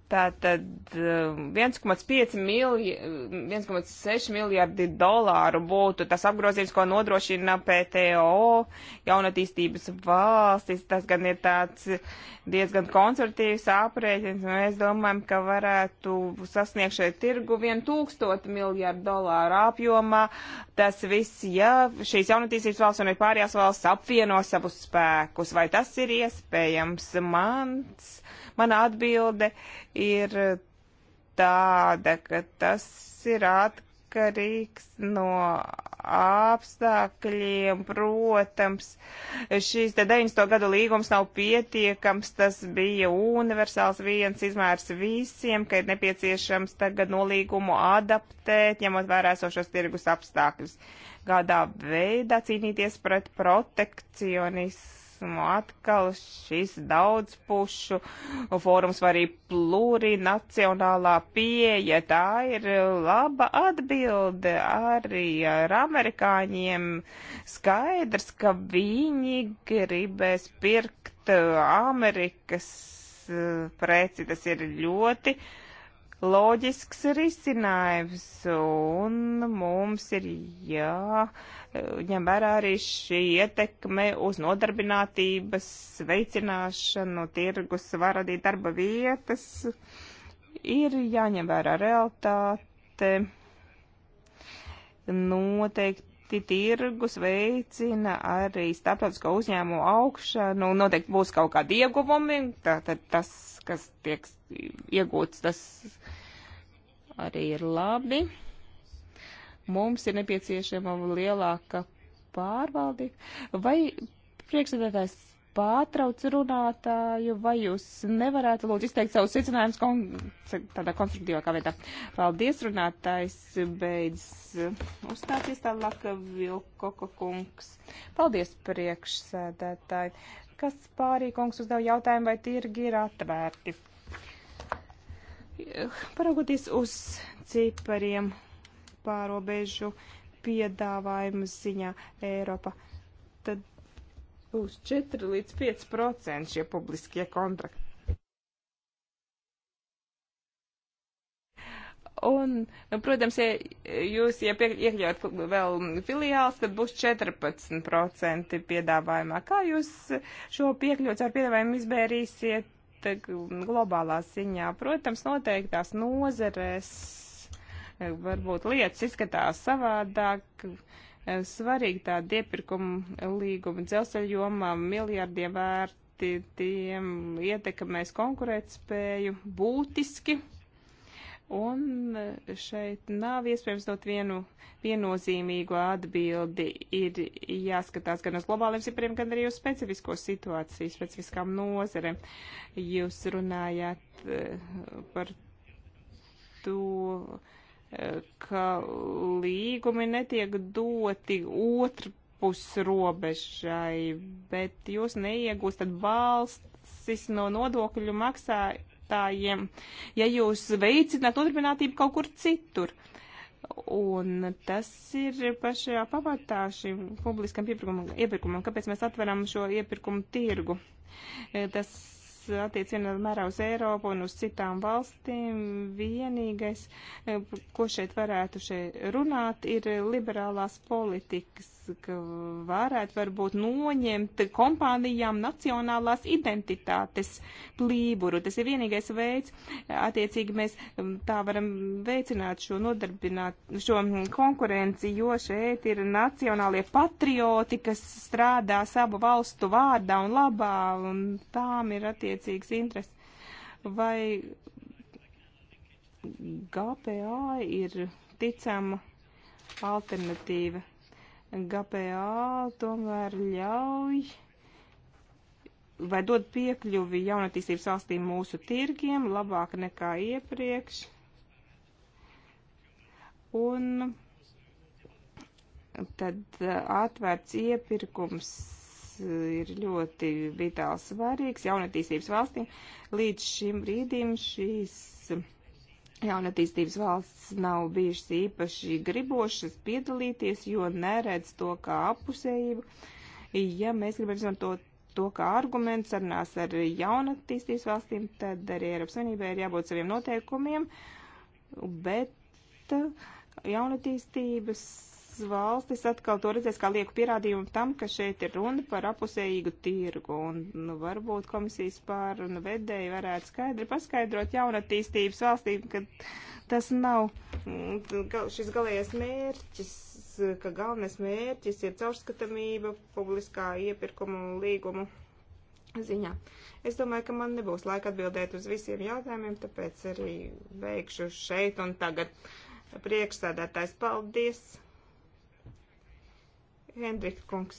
Tātad 1,5 um, miljardi, um, miljardi dolāru būtu tas apgrozījums, ko nodrošina PTO jaunatīstības valstis. Tas gan ir tāds diezgan konservatīvs aprēķins. Mēs domājam, ka varētu sasniegt šeit tirgu 1000 miljardu dolāru apjomā. Tas viss, ja šīs jaunatīstības valsts un arī pārējās valsts apvieno savus spēkus. Vai tas ir iespējams? Mans Mana atbilde ir tāda, ka tas ir atkarīgs no apstākļiem, protams. Šīs te 90. gadu līgums nav pietiekams, tas bija universāls viens izmērs visiem, ka ir nepieciešams tagad nolīgumu adaptēt, ņemot vērā esošos tirgus apstākļus. Kādā veidā cīnīties pret protekcionismu? esmu atkal šis daudzpušu fórums vai arī plurinacionālā pieeja. Tā ir laba atbilde arī ar amerikāņiem. Skaidrs, ka viņi gribēs pirkt Amerikas preci. Tas ir ļoti. Uh, loģisks risinājums, un mums ir jāņem vērā arī šī ietekme uz nodarbinātības veicināšanu, tirgus var radīt darba vietas, ir jāņem vērā realitāte, noteikti tirgus veicina arī starptautisko uzņēmumu augšanu, noteikti būs kaut kādi ieguvumi, tātad tas kas tiek iegūts, tas arī ir labi. Mums ir nepieciešama lielāka pārvaldi. Vai priekšsēdētājs pārtrauc runātāju, vai jūs nevarētu lūdzu izteikt savus secinājumus kon tādā konstruktīvākā veidā? Paldies, runātājs, beidz uzstāties tālāk Vilkoka kungs. Paldies, priekšsēdētāji. Kas pārīkungs uzdev jautājumu, vai tirgi ir atvērti? Paraugoties uz cipariem pārobežu piedāvājumu ziņā Eiropa, tad būs 4 līdz 5 procenti šie publiskie kontrakti Un, protams, ja jūs ja iekļaut vēl filiāls, tad būs 14% piedāvājumā. Kā jūs šo piekļūts ar piedāvājumu izbērīsiet globālā ziņā? Protams, noteiktās nozerēs eh, varbūt lietas izskatās savādāk. Eh, svarīgi tādi iepirkuma līgumi dzelzceļa jomā miljardiem vērti, tiem ietekmēs konkurētspēju būtiski Un eh, šeit nav iespējams dot vienu viennozīmīgu atbildi. Ir jāskatās gan uz globāliem cipriem, gan arī uz specifisko situāciju, specifiskām nozerēm. Jūs runājāt eh, par to, eh, ka līgumi netiek doti otrpus robežai, bet jūs neiegūstat balstis no nodokļu maksājumu iedzīvotājiem, ja jūs veicināt nodarbinātību kaut kur citur. Un tas ir pašā pamatā šim publiskam iepirkumam, iepirkumam, kāpēc mēs atveram šo iepirkumu tirgu. E, tas attiec vienmērā uz Eiropu un uz citām valstīm. Vienīgais, e, ko šeit varētu šeit runāt, ir liberālās politikas ka varētu varbūt noņemt kompānijām nacionālās identitātes plīburu. Tas ir vienīgais veids, attiecīgi mēs um, tā varam veicināt šo nodarbināt, šo konkurenci, jo šeit ir nacionālie patrioti, kas strādā savu valstu vārdā un labā, un tām ir attiecīgs interesi. Vai GPA ir ticama alternatīva GPA tomēr ļauj vai dod piekļuvi jaunatīstības valstīm mūsu tirgiem labāk nekā iepriekš. Un tad uh, atvērts iepirkums ir ļoti vitāli svarīgs jaunatīstības valstīm. Līdz šim brīdim šīs jaunatīstības valsts nav bijušas īpaši gribošas piedalīties, jo neredz to kā apusējību. Ja mēs gribam izmantot to kā argumentu sarunās ar jaunatīstības valstīm, tad arī Eiropas Savienībai ir jābūt saviem noteikumiem, bet jaunatīstības valstis atkal to redzēs kā lieku pierādījumu tam, ka šeit ir runa par apusējīgu tirgu. Un nu, varbūt komisijas pārunu vedēji varētu skaidri paskaidrot jaunatīstības valstīm, ka tas nav mm, šis galējais mērķis, ka galvenais mērķis ir caurskatamība publiskā iepirkuma līguma ziņā. Es domāju, ka man nebūs laika atbildēt uz visiem jautājumiem, tāpēc arī veikšu šeit un tagad. Priekšsēdētājs, paldies! Hendrik kungs.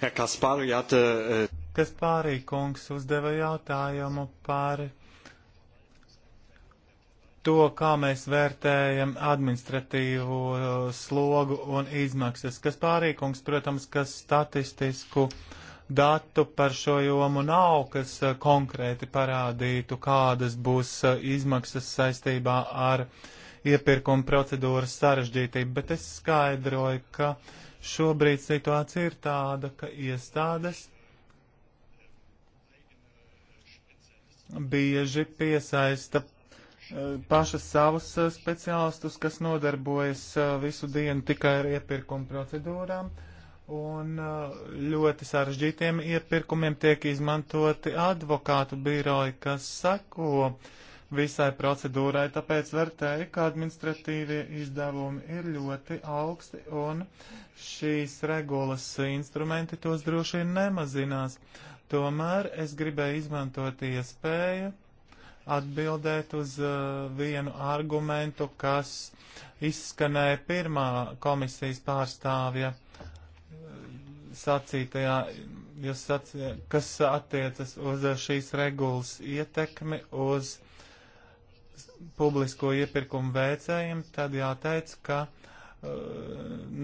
Herr Kaspari, jāte. Äh, Kaspari kungs uzdeva jautājumu par to, kā mēs vērtējam administratīvo uh, slogu un izmaksas, kas pārīkums, protams, kas statistisku datu par šo jomu nav, kas uh, konkrēti parādītu, kādas būs uh, izmaksas saistībā ar uh, iepirkuma procedūras sarežģītību, bet es skaidroju, ka šobrīd situācija ir tāda, ka iestādes bieži piesaista eh, pašas savus eh, speciālistus, kas nodarbojas eh, visu dienu tikai ar iepirkuma procedūrām un ļoti sarežģītiem iepirkumiem tiek izmantoti advokātu biroji, kas seko visai procedūrai, tāpēc var teikt, ka administratīvie izdevumi ir ļoti augsti un šīs regulas instrumenti tos droši vien nemazinās. Tomēr es gribēju izmantot iespēju atbildēt uz uh, vienu argumentu, kas izskanēja pirmā komisijas pārstāvja uh, sacītajā, jūs sacījāt, kas attiecas uz uh, šīs regulas ietekmi uz publisko iepirkumu veicējiem, tad jāteic, ka uh,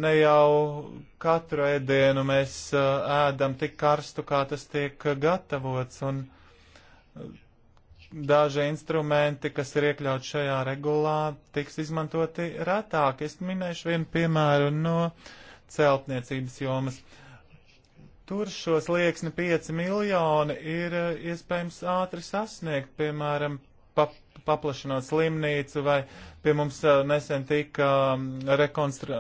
ne jau katru ēdienu mēs uh, ēdam tik karstu, kā tas tiek gatavots, un uh, daži instrumenti, kas ir iekļauts šajā regulā, tiks izmantoti retāk. Es minēšu vienu piemēru no celtniecības jomas. Tur šo slieksni 5 miljoni ir iespējams ātri sasniegt, piemēram, pa paplašinot slimnīcu, vai pie mums eh, nesen tika mm, rekonstru,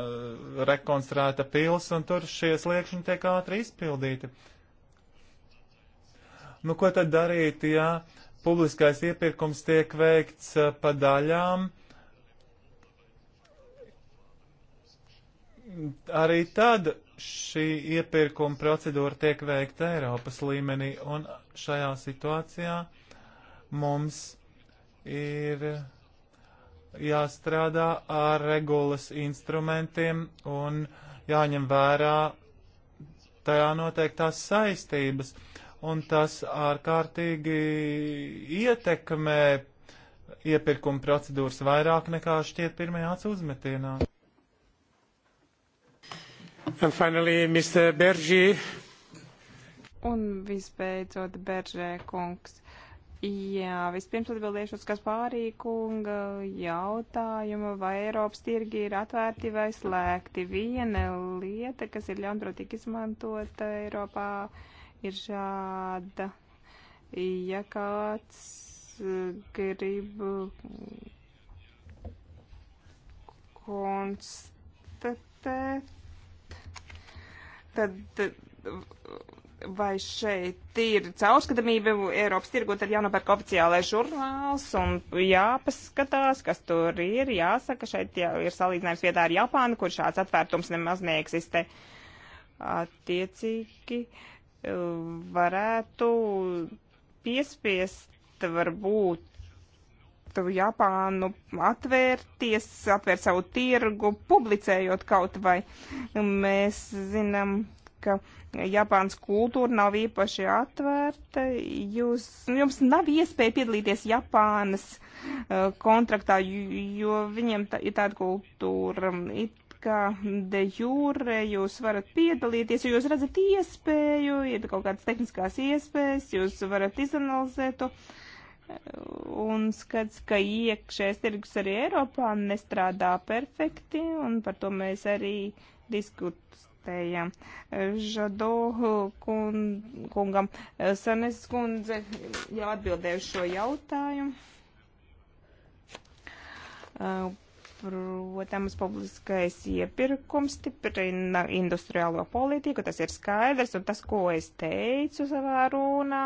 rekonstruēta pils, un tur šie sliekšņi tiek ātri izpildīti. Nu, ko tad darīt, ja publiskais iepirkums tiek veikts eh, pa daļām? Arī tad šī iepirkuma procedūra tiek veikta Eiropas līmenī, un šajā situācijā mums ir jāstrādā ar regulas instrumentiem un jāņem vērā tajā noteiktās saistības. Un tas ārkārtīgi ietekmē iepirkuma procedūras vairāk nekā šķiet pirmajās uzmetienā. And finally, Mr. Berži. Un visbeidzot, Beržē kungs. Jā, vispirms atbildēšu uz Kaspārī kunga jautājumu, vai Eiropas tirgi ir atvērti vai slēgti. Viena lieta, kas ir ļaunprātīgi izmantota Eiropā, ir šāda. Ja kāds eh, grib eh, konstatēt, tad vai šeit ir caurskatāmība Eiropas tirgu, tad jānopērk oficiālais žurnāls un jāpaskatās, kas tur ir, jāsaka, šeit jā, ir salīdzinājums vietā ar Japānu, kur šāds atvērtums nemaz neeksistē. Attiecīgi eh, varētu piespiest varbūt Japānu atvērties, atvērt savu tirgu, publicējot kaut vai. Mēs zinām, ka Japānas kultūra nav īpaši atvērta. Jūs, jums nav iespēja piedalīties Japānas uh, kontraktā, jo, jo viņiem tā, ir tāda kultūra. It kā de jure jūs varat piedalīties, jo jūs redzat iespēju, ir kaut kādas tehniskās iespējas, jūs varat izanalizēt to. Un skats, ka iekšējais tirgus arī Eiropā nestrādā perfekti, un par to mēs arī diskutējam vērtējam. Žado kungam Sanes kundze jau atbildēju šo jautājumu Protams, publiskais iepirkums stiprina industriālo politiku, tas ir skaidrs, un tas, ko es teicu savā runā,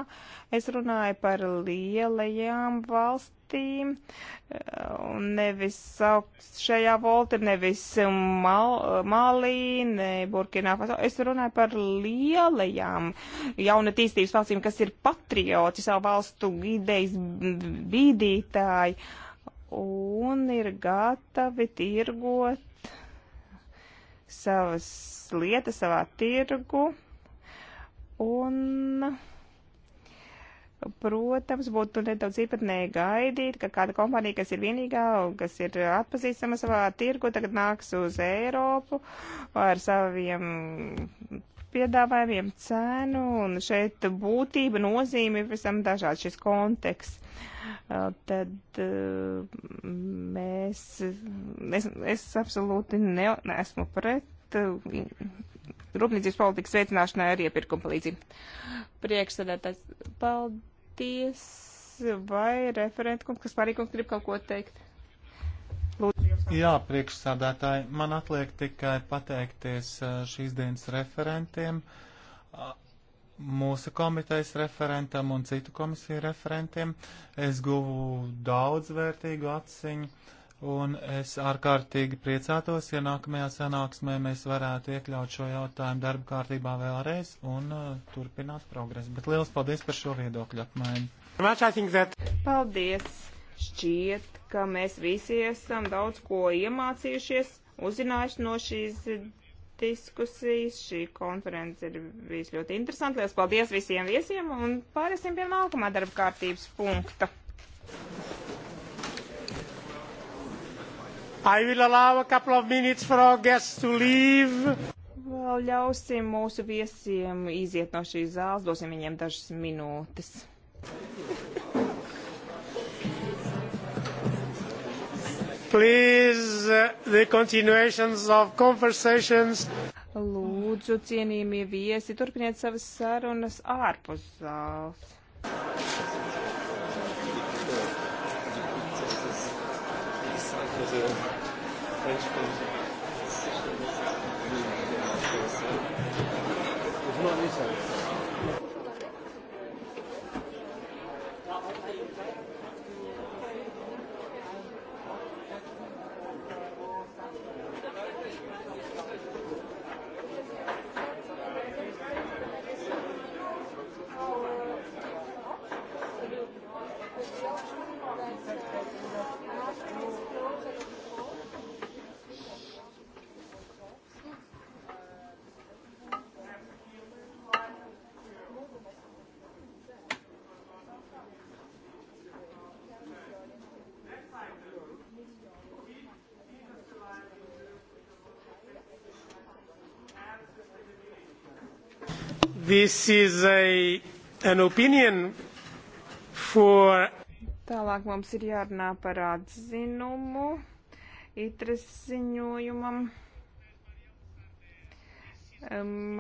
es runāju par lielajām valstīm, un nevis šajā volti, nevis Mal Malī, ne Burkinā Faso. Es runāju par lielajām jaunatīstības valstīm, kas ir patrioti, savu valstu idejas bīdītāji. Uh, un ir gatavi tirgot savas lietas savā tirgu. Un, protams, būtu nedaudz īpatnēji gaidīt, ka kāda kompānija, kas ir vienīgā un kas ir atpazīstama savā tirgu, tagad nāks uz Eiropu ar saviem piedāvājumiem cenu, un šeit būtība nozīme ir visam dažāds šis konteksts tad mēs, es, es absolūti ne, neesmu pret rūpniecības politikas veicināšanai ar iepirkumu palīdzību. Priekšsēdētājs, paldies. Vai referentkungs, kas pārīkums grib kaut ko teikt? Lūdzu. Jā, priekšsādātāji, man atliek tikai pateikties šīs dienas referentiem mūsu komitejas referentam un citu komisiju referentiem. Es guvu daudz vērtīgu atziņu, un es ārkārtīgi priecātos, ja nākamajā sanāksmē mēs varētu iekļaut šo jautājumu darba kārtībā vēlreiz un uh, turpināt progresu. Bet liels paldies par šo viedokļu apmaiņu. Paldies! Šķiet, ka mēs visi esam daudz ko iemācījušies, uzzinājuši no šīs diskusijas. Šī konference ir bijusi ļoti interesanta. Lielas paldies visiem viesiem un pārēsim pie nākamā darba kārtības punkta. I will allow a couple of minutes for our guests to leave. Vēl ļausim mūsu viesiem iziet no šīs zāles, dosim viņiem dažas minūtes. Please, uh, the continuations of conversations. Lūdzu, cienījamie viesi, turpiniet savas sarunas ārpus zāles. Thank you. This is a, an opinion for. Tālāk mums ir jārunā par atzinumu itres ziņojumam.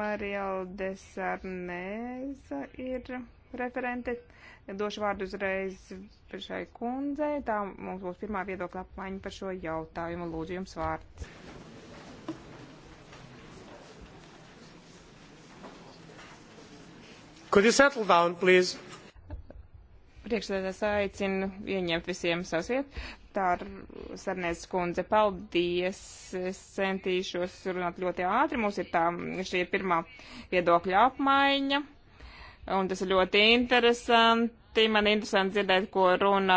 Marijal Desarnēza ir referente. Došu vārdu uzreiz šai kundzei. Tā mums būs pirmā viedokļa apmaiņa par šo jautājumu. Lūdzu, jums vārds. Could you settle down, please? Priekšsēdētājs aicina ieņemt visiem savas vietas. Tā ir Sarnēs skundze. Paldies. Es centīšos runāt ļoti ātri. Mums ir tā, šī ir pirmā viedokļa apmaiņa. Un tas ir ļoti interesanti debati. Man interesanti dzirdēt, ko runā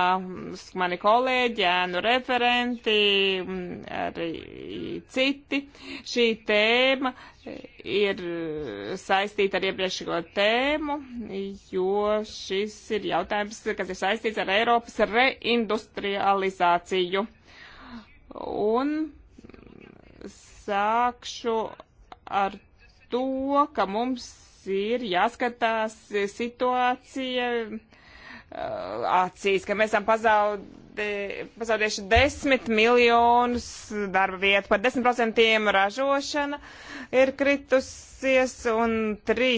mani kolēģi, ēnu referenti, arī citi. Šī tēma ir saistīta ar iepriekšējo tēmu, jo šis ir jautājums, kas ir saistīts ar Eiropas reindustrializāciju. Un sākšu ar to, ka mums ir jāskatās situācija Uh, acīs, ka mēs esam pazaudē, pazaudējuši 10 miljonus darba vietu, par 10% ražošana ir kritusies un 3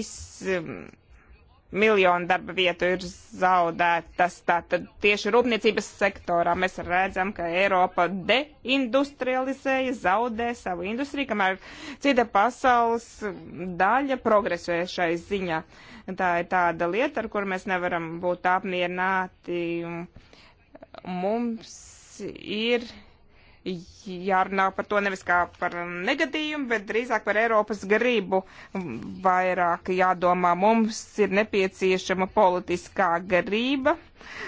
miljonu darba vietu ir zaudētas. Tātad tieši rūpniecības sektorā mēs redzam, ka Eiropa deindustrializēja, zaudē savu industriju, kamēr cita pasaules daļa progresē šai ziņā. Tā ir tāda lieta, ar kur mēs nevaram būt apmierināti. Mums ir jārunā par to nevis kā par negadījumu, bet drīzāk par Eiropas gribu. Vairāk jādomā, mums ir nepieciešama politiskā grība.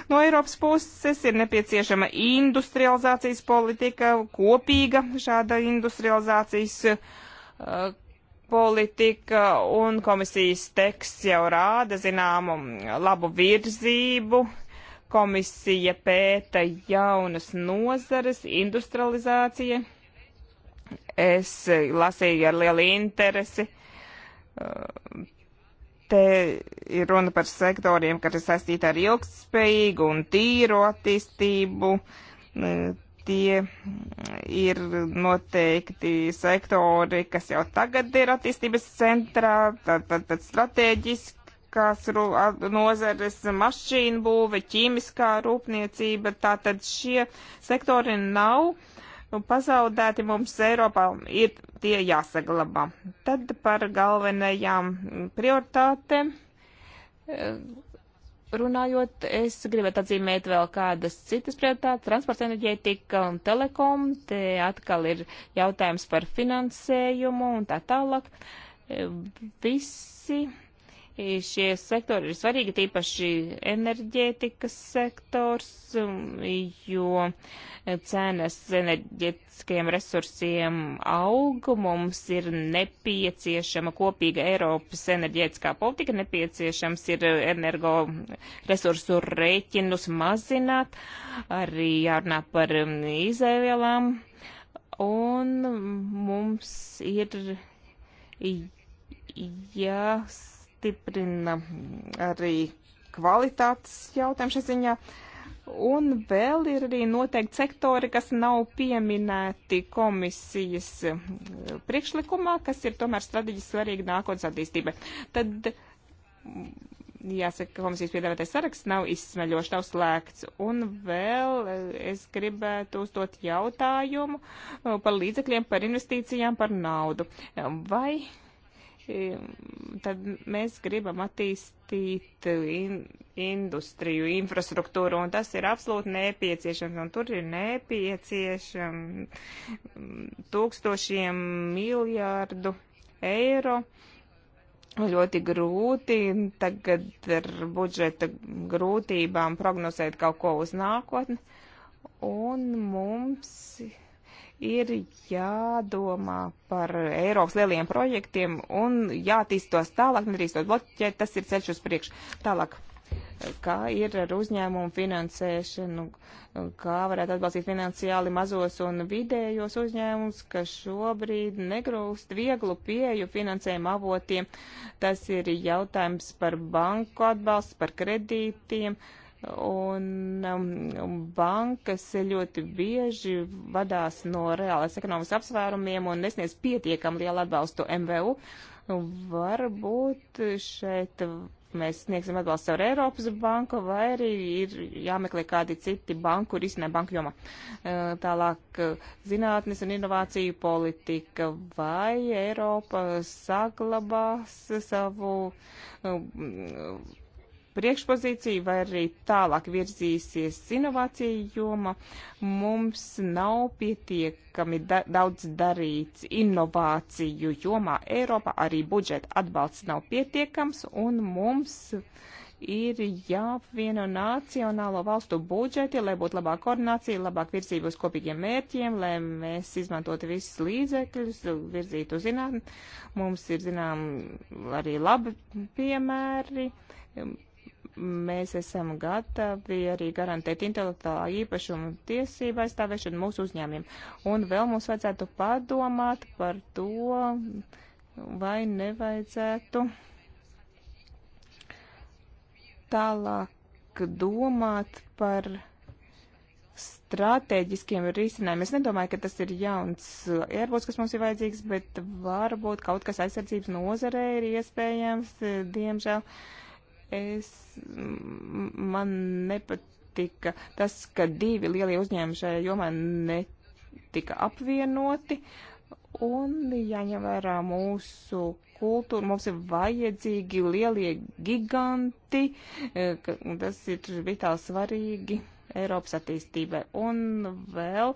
No Eiropas puses ir nepieciešama industrializācijas politika, kopīga šāda industrializācijas uh, politika un komisijas teksts jau rāda zināmu labu virzību Komisija pēta jaunas nozares, industrializācija. Es lasīju ar lielu interesi. Uh, te ir runa par sektoriem, kas ir saistīti ar ilgspējīgu un tīru attīstību uh, tie ir noteikti sektori, kas jau tagad ir attīstības centrā, tad, tad, tad strateģiski kas nozares mašīnu būve, ķīmiskā rūpniecība, tātad šie sektori nav pazaudēti mums Eiropā, ir tie jāsaglabā. Tad par galvenajām prioritātēm e, runājot, es gribētu atzīmēt vēl kādas citas prioritātes - transporta enerģētika un telekom. Te atkal ir jautājums par finansējumu un tā tālāk. E, visi Šie sektori ir svarīgi, tīpaši enerģētikas sektors, um, jo cenas enerģētiskajiem resursiem aug. Mums ir nepieciešama kopīga Eiropas enerģētiskā politika, nepieciešams ir energo resursu rēķinus mazināt, arī jārunā par um, izēvielām un mums ir jāsaka jāstiprina arī kvalitātes jautājums šajā ziņā. Un vēl ir arī noteikti sektori, kas nav pieminēti komisijas priekšlikumā, kas ir tomēr strateģiski svarīgi nākotnes attīstībai. Tad jāsaka, ka komisijas piedāvātais saraksts nav izsmeļošs, nav slēgts. Un vēl es gribētu uzdot jautājumu par līdzekļiem, par investīcijām, par naudu. Vai tad mēs gribam attīstīt in, industriju, infrastruktūru, un tas ir absolūti nepieciešams, un tur ir nepieciešams tūkstošiem miljārdu eiro. Ļoti grūti tagad ar budžeta grūtībām prognozēt kaut ko uz nākotni, un mums ir jādomā par Eiropas lieliem projektiem un jātīstos tālāk, nedrīkstot bloķēt, tas ir ceļš uz priekšu. Tālāk, kā ir ar uzņēmumu finansēšanu, kā varētu atbalstīt finansiāli mazos un vidējos uzņēmumus, kas šobrīd negrūst vieglu pieju finansējuma avotiem. Tas ir jautājums par banku atbalstu, par kredītiem. Uh, Un um, um, bankas ļoti bieži vadās no reālās ekonomikas apsvērumiem un nesniedz pietiekam lielu atbalstu MVU. Varbūt šeit mēs sniegsim atbalstu ar Eiropas banku, vai arī ir jāmeklē kādi citi banku risinājumi banku jomā. Uh, tālāk uh, zinātnes un inovāciju politika, vai Eiropa saglabās savu um, priekšpozīciju vai arī tālāk virzīsies inovāciju joma. Mums nav pietiekami da daudz darīts inovāciju jomā Eiropā, arī budžeta atbalsts nav pietiekams un mums ir jāapvieno nacionālo valstu budžeti, lai būtu labāka koordinācija, labāk virzība uz kopīgiem mērķiem, lai mēs izmantotu visus līdzekļus, virzītu zinātni. Mums ir, zinām, arī labi piemēri mēs esam gatavi arī garantēt intelektuālā īpašuma tiesību aizstāvēšanu mūsu uzņēmumiem. Un vēl mums vajadzētu padomāt par to, vai nevajadzētu tālāk domāt par stratēģiskiem risinājumiem. Es nedomāju, ka tas ir jauns ierobots, kas mums ir vajadzīgs, bet varbūt kaut kas aizsardzības nozarē ir iespējams, diemžēl. Uh, Es, man nepatika tas, ka divi lielie uzņēmumi šajā jomā netika apvienoti. Un jāņem vērā mūsu kultūru, mums ir vajadzīgi lielie giganti, e, tas ir vitāli svarīgi Eiropas attīstībai. Un vēl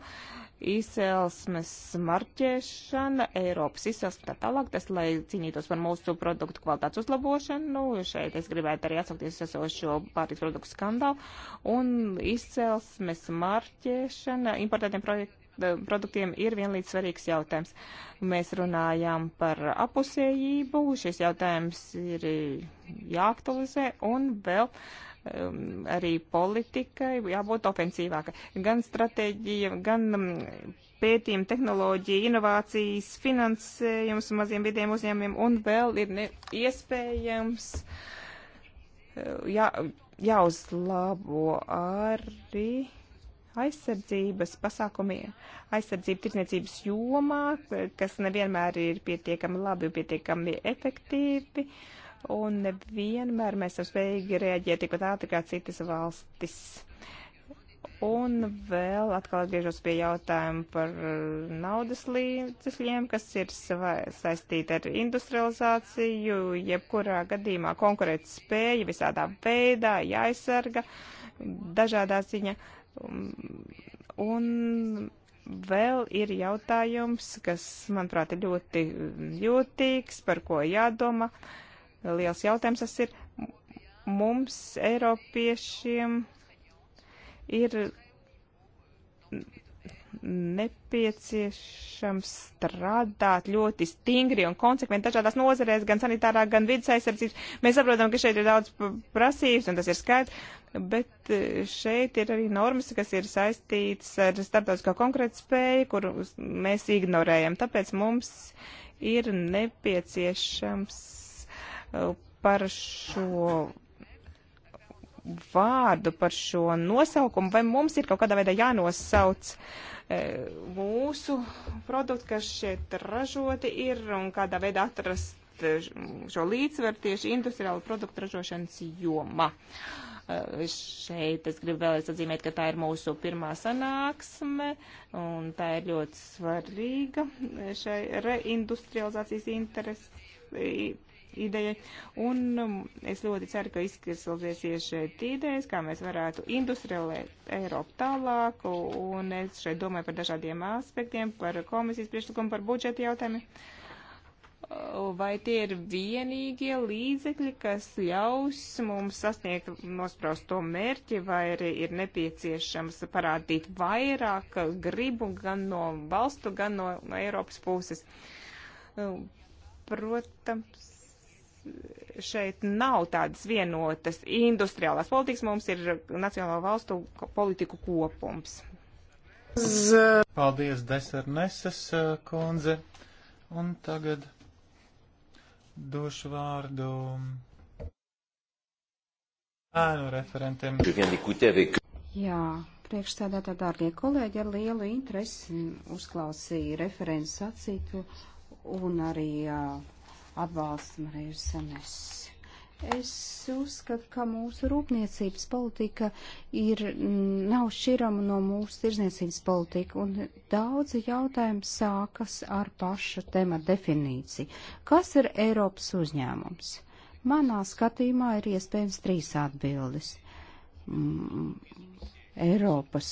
izcelsmes marķēšana, Eiropas izcelsme tā tālāk, tas, lai cīnītos par mūsu produktu kvalitātes uzlabošanu. Šeit es gribētu arī atsaukties uz esošo pārtiks produktu skandālu. Un izcelsmes marķēšana importētiem projektiem produktiem ir vienlīdz svarīgs jautājums. Mēs runājām par apusējību, šis jautājums ir jāaktualizē, un vēl Um, arī politikai jābūt ofensīvākai. Gan stratēģija, gan um, pētījuma tehnoloģija, inovācijas, finansējums maziem vidiem uzņēmumiem un vēl ir ne, iespējams uh, jā, jāuzlabo arī aizsardzības pasākumi, aizsardzība tirdzniecības jomā, kas nevienmēr ir pietiekami labi un pietiekami efektīvi. Uh, un nevienmēr mēs esam spējīgi reaģēt tikpat ātri kā citas valstis. Un vēl atkal atgriežos pie jautājuma par eh, naudas līdzekļiem, kas ir saistīti ar industrializāciju. Jebkurā gadījumā konkurēt spēja visādā veidā jāaizsarga dažādā ziņa. Un vēl ir jautājums, kas, manuprāt, ir ļoti eh, jūtīgs, par ko jādomā. Uh, liels jautājums tas ir. Mums, Eiropiešiem, ir nepieciešams strādāt ļoti stingri un konsekventi dažādās nozarēs, gan sanitārā, gan vidas aizsardzības. Mēs saprotam, ka šeit ir daudz prasības, un tas ir skaidrs, bet eh, šeit ir arī normas, kas ir saistītas ar starptautiskā konkrēta spēju, kur mēs ignorējam. Tāpēc mums ir nepieciešams par šo vārdu, par šo nosaukumu, vai mums ir kaut kādā veidā jānosauc e, mūsu produktu, kas šeit ražoti ir un kādā veidā atrast e, šo līdzsvaru tieši industriālu produktu ražošanas jomā. E, šeit es gribu vēlreiz atzīmēt, ka tā ir mūsu pirmā sanāksme, un tā ir ļoti svarīga šai reindustrializācijas interes, idejai. Un um, es ļoti ceru, ka izkristalizēsies šeit idejas, kā mēs varētu industrializēt Eiropu tālāk. Un es šeit domāju par dažādiem aspektiem, par komisijas priekšlikumu, par budžeta jautājumiem. Uh, vai tie ir vienīgie līdzekļi, kas ļaus mums sasniegt nospraustu mērķi, vai arī ir nepieciešams parādīt vairāk gribu gan no valstu, gan no Eiropas puses? Uh, protams, šeit nav tādas vienotas industriālās politikas, mums ir nacionālo valstu politiku kopums. Z... Paldies, Deserneses eh, kundze. Un tagad došu vārdu ēnu referentiem. Jā, priekšstādātā dārgie kolēģi ar lielu interesi uzklausīja referents sacītu un arī uh, atbalsts Marijas Sanes. Es uzskatu, ka mūsu rūpniecības politika ir, nav šķirama no mūsu tirzniecības politika, un daudzi jautājumi sākas ar paša tema definīciju. Kas ir Eiropas uzņēmums? Manā skatījumā ir iespējams trīs atbildes. Mm, Eiropas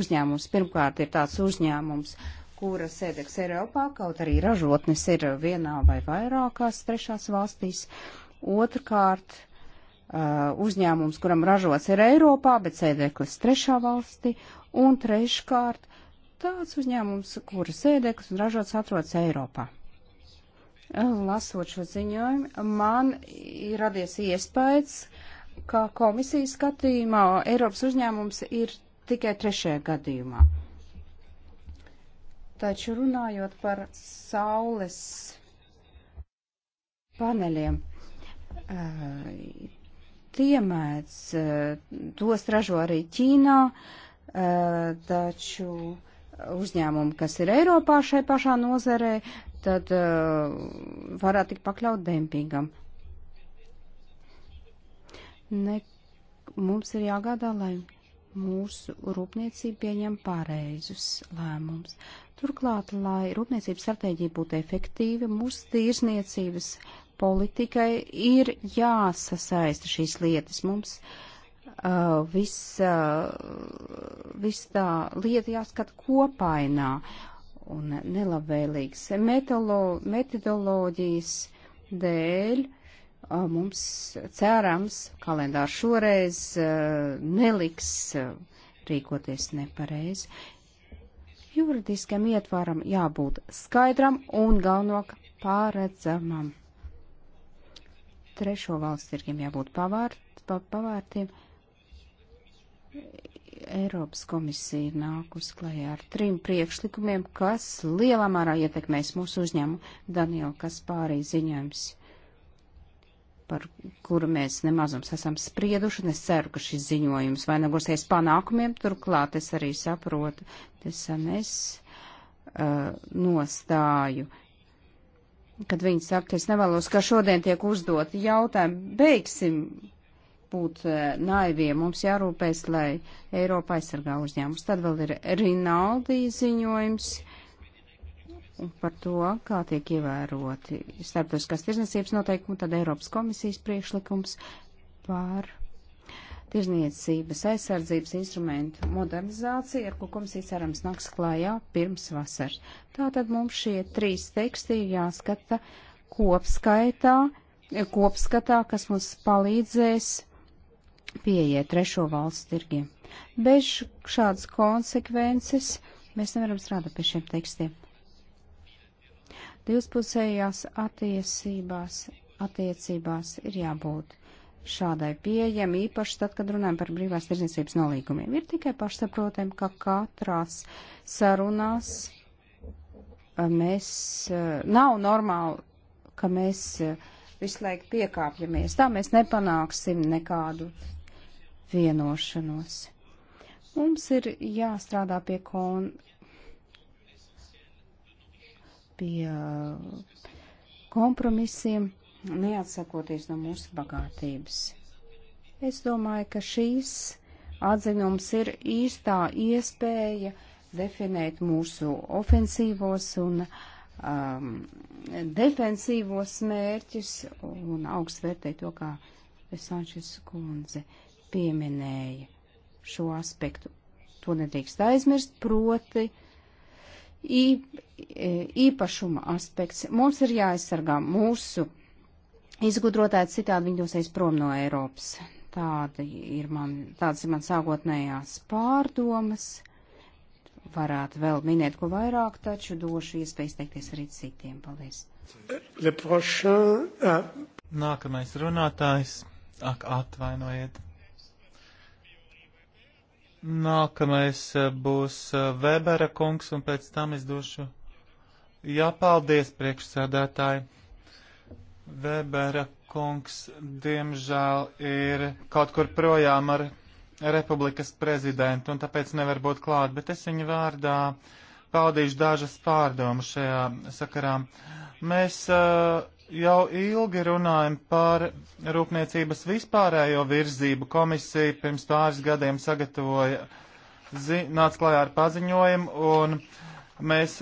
uzņēmums pirmkārt ir tāds uzņēmums, uh, kuras sēdeks Eiropā, kaut arī ražotnes ir vienā vai vairākās trešās valstīs. Otrkārt, uh, uzņēmums, kuram ražots ir Eiropā, bet sēdeklis trešā valstī. Un treškārt, tāds uzņēmums, kura sēdeklis un ražots atrodas Eiropā. Lasot šo ziņojumu, man ir radies iespējas, ka komisijas skatījumā Eiropas uzņēmums ir tikai trešajā gadījumā. Taču runājot par saules paneļiem, eh, tiemēts, eh, tos ražo arī Ķīnā, eh, taču uzņēmumi, kas ir Eiropā šai pašā nozarē, tad varētu tik pakļaut dempingam. Ne, mums ir jāgādā, lai mūsu rūpniecība pieņem pareizus lēmumus. Turklāt, lai rūpniecības stratēģija būtu efektīva, mūsu tirzniecības politikai ir jāsasaista šīs lietas. Mums uh, viss uh, vis tā lieta jāskata kopainā un nelabvēlīgas metodoloģijas dēļ. Uh, Mums cerams, kalendārs šoreiz neliks rīkoties nepareizi. Juridiskam ietvaram jābūt skaidram un galvenokārt pārredzamam. Trešo valstu tirgiem jābūt pavārt, pa, pavārtiem. Eiropas komisija ir nākus klajā ar trim priekšlikumiem, kas lielā mērā ietekmēs mūsu uzņēmumu Daniela Kaspārī ziņojums par kuru mēs nemazums esam sprieduši, un es ceru, ka šis ziņojums vainagosies panākumiem, turklāt es arī saprotu, tas es uh, nostāju. Kad viņi saka, es nevēlos, ka šodien tiek uzdoti jautājumi, beigsim būt uh, naiviem, mums jārūpēs, lai Eiropa aizsargā uzņēmumus. Tad vēl ir Rinaldi ziņojums. Uh, un par to, kā tiek ievēroti starptautiskās tirzniecības noteikumi, tad Eiropas komisijas priekšlikums par tirzniecības aizsardzības instrumentu modernizāciju, ar ko komisija cerams nāks klājā pirms vasaras. Tātad mums šie trīs teksti ir jāskata kopskaitā, kopskatā, kas mums palīdzēs pieeja trešo valstu tirgiem. Bez šādas konsekvences mēs nevaram strādāt pie šiem tekstiem. Divpusējās attiecībās, attiecībās ir jābūt šādai pieejam, īpaši tad, kad runājam par brīvās tirdzniecības nolīgumiem. Ir tikai pašsaprotami, ka katrās sarunās eh, mēs, eh, nav normāli, ka mēs eh, visu laiku piekāpjamies. Tā mēs nepanāksim nekādu vienošanos. Mums ir jāstrādā pie kon pie uh, kompromisiem, neatsakoties no mūsu bagātības. Es domāju, ka šīs atzinums ir īstā iespēja definēt mūsu ofensīvos un um, defensīvos mērķus un augstvērtēt to, kā Sančes kundze pieminēja šo aspektu. To nedrīkst aizmirst, proti E, īpašuma aspekts. Mums ir jāaizsargā mūsu izgudrotāji, citādi viņi dosies prom no Eiropas. Tāda ir man, tādas ir man sākotnējās pārdomas. Varētu vēl minēt ko vairāk, taču došu iespēju izteikties arī citiem. Paldies. Prochain, uh... Nākamais runātājs. Ak, atvainojiet. Nākamais eh, būs eh, Webera kungs, un pēc tam es došu jāpaldies priekšsēdētāji. Webera kungs, diemžēl, ir kaut kur projām ar republikas prezidentu, un tāpēc nevar būt klāt, bet es viņa vārdā paudīšu dažas pārdomas šajā sakarā. Mēs uh, Jau ilgi runājam par rūpniecības vispārējo virzību. Komisija pirms pāris gadiem sagatavoja, nāca klajā ar paziņojumu, un mēs,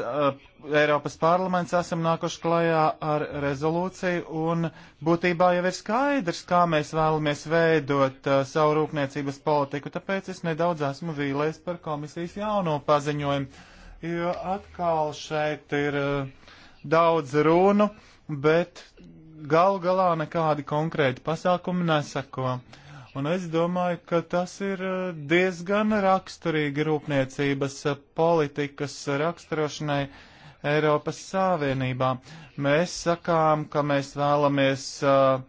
Eiropas parlaments, esam nākuši klajā ar rezolūciju, un būtībā jau ir skaidrs, kā mēs vēlamies veidot uh, savu rūpniecības politiku, tāpēc es nedaudz esmu vīlējis par komisijas jauno paziņojumu, jo atkal šeit ir uh, daudz runu. Uh, bet galu galā nekādi konkrēti pasākumi nesako. Un es domāju, ka tas ir e, diezgan raksturīgi rūpniecības e, politikas raksturošanai Eiropas Savienībā. Mēs sakām, ka mēs vēlamies uh,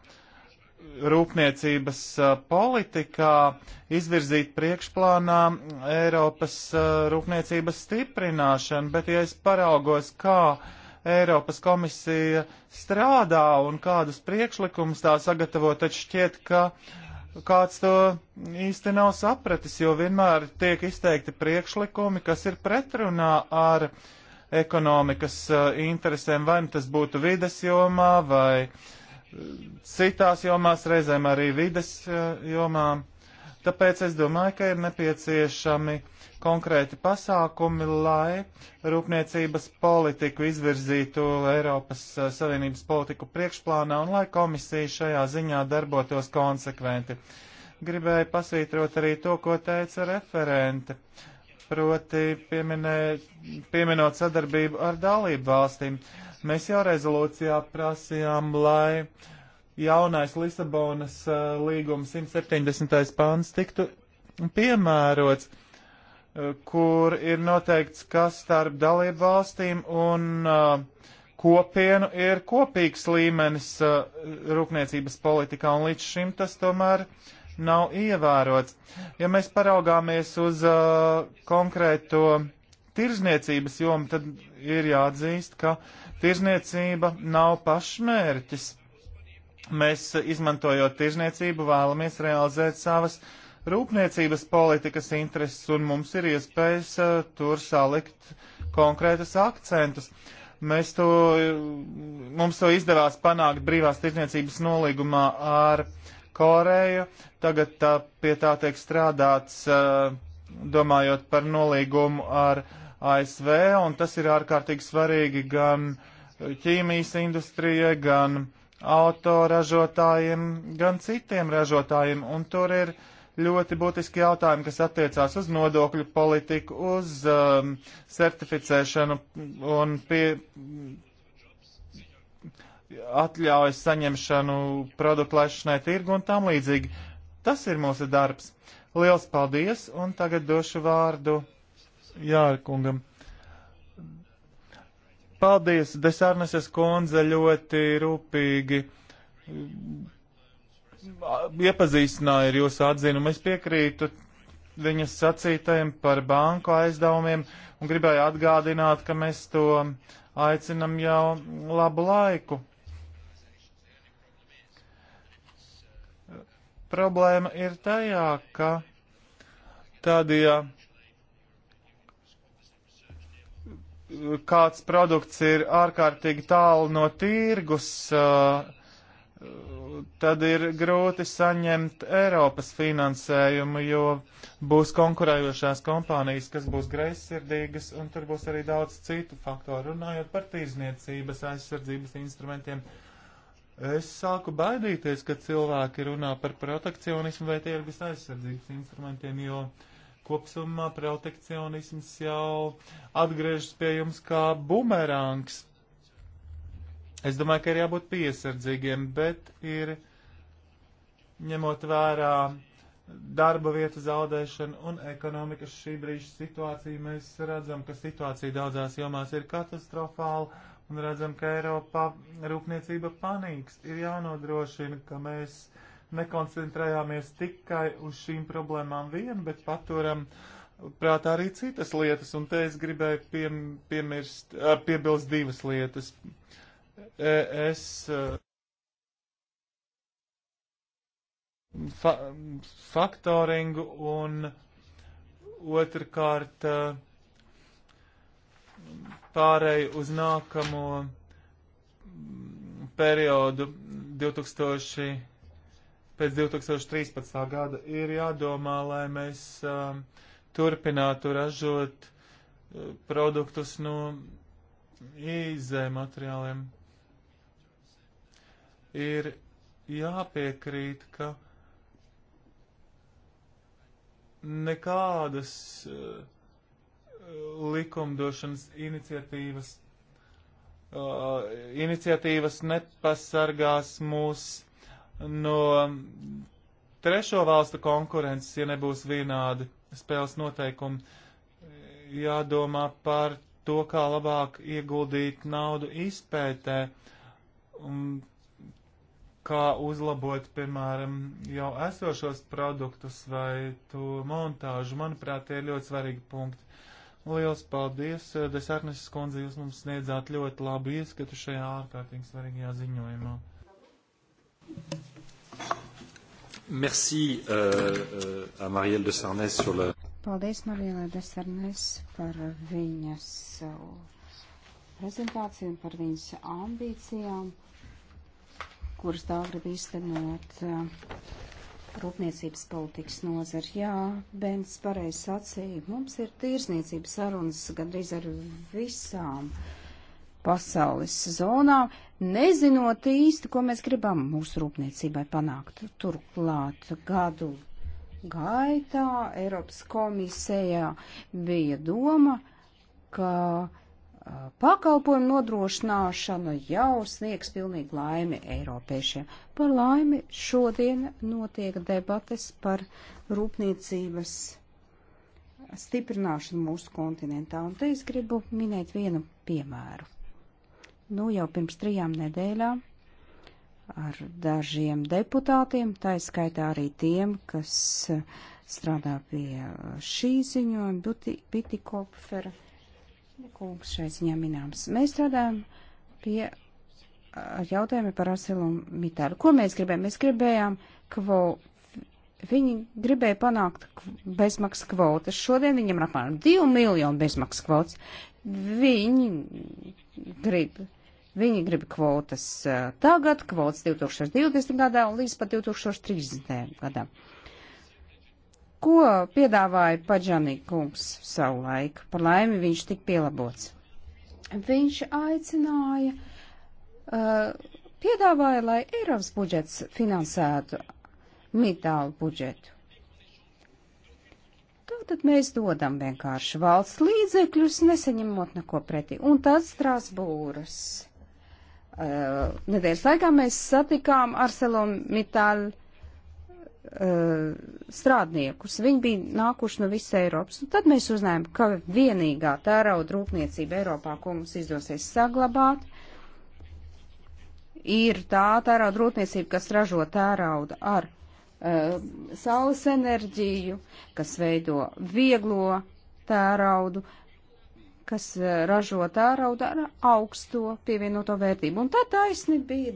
rūpniecības uh, politikā izvirzīt priekšplānā Eiropas uh, rūpniecības stiprināšanu, bet ja es paraugos, kā uh, Eiropas komisija strādā un kādus priekšlikumus tā sagatavo, taču šķiet, ka kāds to īsti nav sapratis, jo vienmēr tiek izteikti priekšlikumi, kas ir pretrunā ar ekonomikas eh, interesēm, vai nu tas būtu vides jomā vai eh, citās jomās, reizēm arī vides eh, jomā. Tāpēc es domāju, ka ir nepieciešami konkrēti pasākumi, lai rūpniecības politiku izvirzītu Eiropas eh, Savienības politiku priekšplānā un lai komisija šajā ziņā darbotos konsekventi. Gribēju pasvītrot arī to, ko teica referente, proti pieminē, pieminot sadarbību ar dalību valstīm. Mēs jau rezolūcijā prasījām, lai jaunais Lisabonas eh, līgums 170. pāns tiktu piemērots kur ir noteikts, kas starp dalību valstīm un uh, kopienu ir kopīgs līmenis uh, rūpniecības politikā, un līdz šim tas tomēr nav ievērots. Ja mēs paraugāmies uz uh, konkrēto tirzniecības jomu, tad ir jāatzīst, ka tirzniecība nav pašmērķis. Mēs, izmantojot tirzniecību, vēlamies realizēt savas uh, rūpniecības politikas intereses, un mums ir iespējas uh, tur salikt konkrētus akcentus. Mēs to, uh, mums to izdevās panākt brīvās tirdzniecības nolīgumā ar Koreju. Tagad tā, pie tā tiek strādāts, uh, domājot par nolīgumu ar ASV, un tas ir ārkārtīgi svarīgi gan ķīmijas industrijai, gan autoražotājiem, gan citiem ražotājiem, un tur ir uh, ļoti būtiski jautājumi, kas attiecās uz nodokļu politiku, uz um, certificēšanu un pie atļaujas saņemšanu produktu laišanai tirgu un tam līdzīgi. Tas ir mūsu darbs. Liels paldies, un tagad došu vārdu Jārkungam. Paldies, Desarneses kundze ļoti rūpīgi iepazīstināja ar jūsu atzinumu. Es piekrītu viņas sacītajiem par banku aizdevumiem un gribēju atgādināt, ka mēs to aicinam jau labu laiku. Problēma ir tajā, ka tad, ja kāds produkts ir ārkārtīgi tālu no tirgus, uh, tad ir grūti saņemt Eiropas finansējumu, jo būs konkurējošās kompānijas, kas būs greizsirdīgas, un tur būs arī daudz citu faktoru. Runājot par tīrzniecības aizsardzības instrumentiem, es sāku baidīties, ka cilvēki runā par protekcionismu vai tirgus aizsardzības instrumentiem, jo kopsumā protekcionisms jau atgriežas pie jums kā bumerāns Es domāju, ka ir jābūt piesardzīgiem, bet ir ņemot vērā darba vietu zaudēšanu un ekonomikas šī brīža situāciju, mēs redzam, ka situācija daudzās jomās ir katastrofāla un redzam, ka Eiropā rūpniecība panīkst. Ir jānodrošina, ka mēs nekoncentrējāmies tikai uz šīm problēmām vien, bet paturam prātā arī citas lietas, un te es gribēju piem, piemirst, piebilst divas lietas. Uh, ES e, fa faktoringu un otrkārt e, pārēju uz nākamo periodu 2000, pēc 2013. gada ir jādomā, lai mēs uh, turpinātu ražot uh, produktus no izē materiāliem ir jāpiekrīt, ka nekādas uh, likumdošanas iniciatīvas, uh, iniciatīvas nepasargās mūs no trešo valstu konkurences, ja nebūs vienādi spēles noteikumi. Jādomā par to, kā labāk ieguldīt naudu izpētē. Un kā uzlabot, piemēram, jau esošos produktus vai to montāžu. Manuprāt, tie ir ļoti svarīgi punkti. Liels paldies, eh, Desarneses kundze, jūs mums sniedzāt ļoti labu ieskatu šajā ārkārtīgi svarīgajā ziņojumā. Merci euh, euh, à Marielle de Sarnes sur le. Paldies Marielai de Sarnes par viņas euh, prezentāciju un par viņas ambīcijām kuras tā grib īstenot rūpniecības politikas nozari. Jā, Bens pareizi sacīja, mums ir tirsniecības sarunas gandrīz ar visām pasaules zonām, nezinot īsti, ko mēs gribam mūsu rūpniecībai panākt. Turklāt gadu gaitā Eiropas komisijā bija doma, ka uh, pakalpojumu nodrošināšana jau sniegs pilnīgi laimi Eiropiešiem. Par laimi šodien notiek debates par rūpniecības stiprināšanu mūsu kontinentā. Un te es gribu minēt vienu piemēru. Nu, jau pirms trijām nedēļām ar dažiem deputātiem, tā izskaitā arī tiem, kas strādā pie šī ziņojuma, Bitikopfera kungs šeit viņam mināms. Mēs strādājam pie jautājumi par asilu mitāru. Ko mēs gribējām? Mēs gribējām, kvo, viņi gribēja panākt bezmaksas kvotas. Šodien viņam ir apmēram 2 miljoni bezmaksas kvotas. Viņi grib, viņi grib kvotas tagad, kvotas 2020. gadā un līdz pat 2030. gadam. Ko piedāvāja Paģanī kungs savu laiku? Par laimi viņš tik pielabots. Viņš aicināja, uh, piedāvāja, lai Eiropas budžets finansētu mitālu budžetu. Tātad mēs dodam vienkārši valsts līdzekļus, neseņemot neko pretī. Un tad Strasbūras. Uh, nedēļas laikā mēs satikām Arcelor Mitālu Uh, strādniekus. Viņi bija nākuši no visas Eiropas. Un tad mēs uzzinājām, ka vienīgā tērauda rūpniecība Eiropā, ko mums izdosies saglabāt, ir tā tērauda rūpniecība, kas ražo tērauda ar uh, saules enerģiju, kas veido vieglo tēraudu, kas uh, ražo tērauda ar augsto pievienoto vērtību. Un tad taisni bija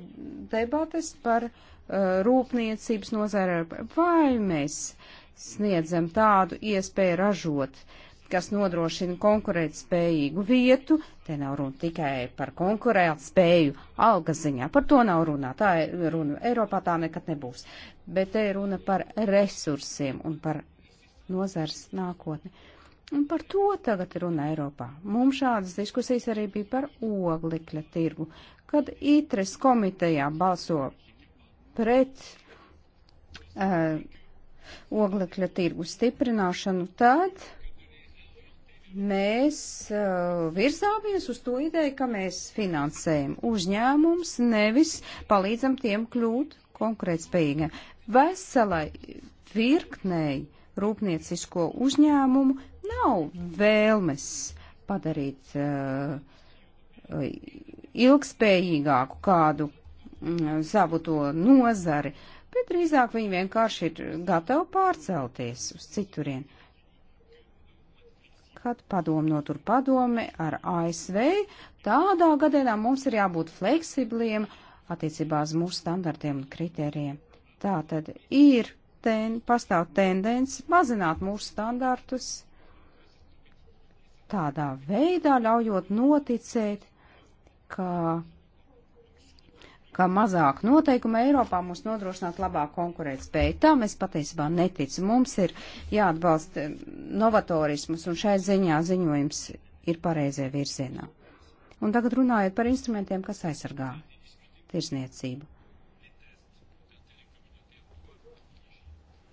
debates par uh, Uh, rūpniecības nozara, vai mēs sniedzam tādu iespēju ražot, kas nodrošina konkurēt spējīgu vietu. Te nav runa tikai par konkurēt spēju alga ziņā, par to nav runā, tā ir runa, Eiropā tā nekad nebūs, bet te ir runa par resursiem un par nozars nākotni. Un par to tagad ir runa Eiropā. Mums šādas diskusijas arī bija par oglekļa tirgu, kad ITRES komitejā balso pret uh, oglekļa tirgu stiprināšanu, tad mēs uh, virzāmies uz to ideju, ka mēs finansējam uzņēmums, nevis palīdzam tiem kļūt konkurētspējīgiem. Veselai virknei rūpniecisko uzņēmumu nav vēlmes padarīt uh, ilgspējīgāku kādu Mm, savu to nozari, bet drīzāk viņi vienkārši ir gatavi pārcelties uz citurien. Kad padomu notur padome ar ASV, tādā gadījumā mums ir jābūt fleksibliem attiecībā uz mūsu standartiem un kritērijiem. Tā tad ir, ten, pastāv tendence mazināt mūsu standartus, tādā veidā ļaujot noticēt, ka ka mazāk noteikuma Eiropā mums nodrošināt labāk konkurētspēju. Tā mēs patiesībā neticam. Mums ir jāatbalsta eh, novatorismus, un šai ziņā ziņojums ir pareizē virzienā. Un tagad runājot par instrumentiem, kas aizsargā tirzniecību.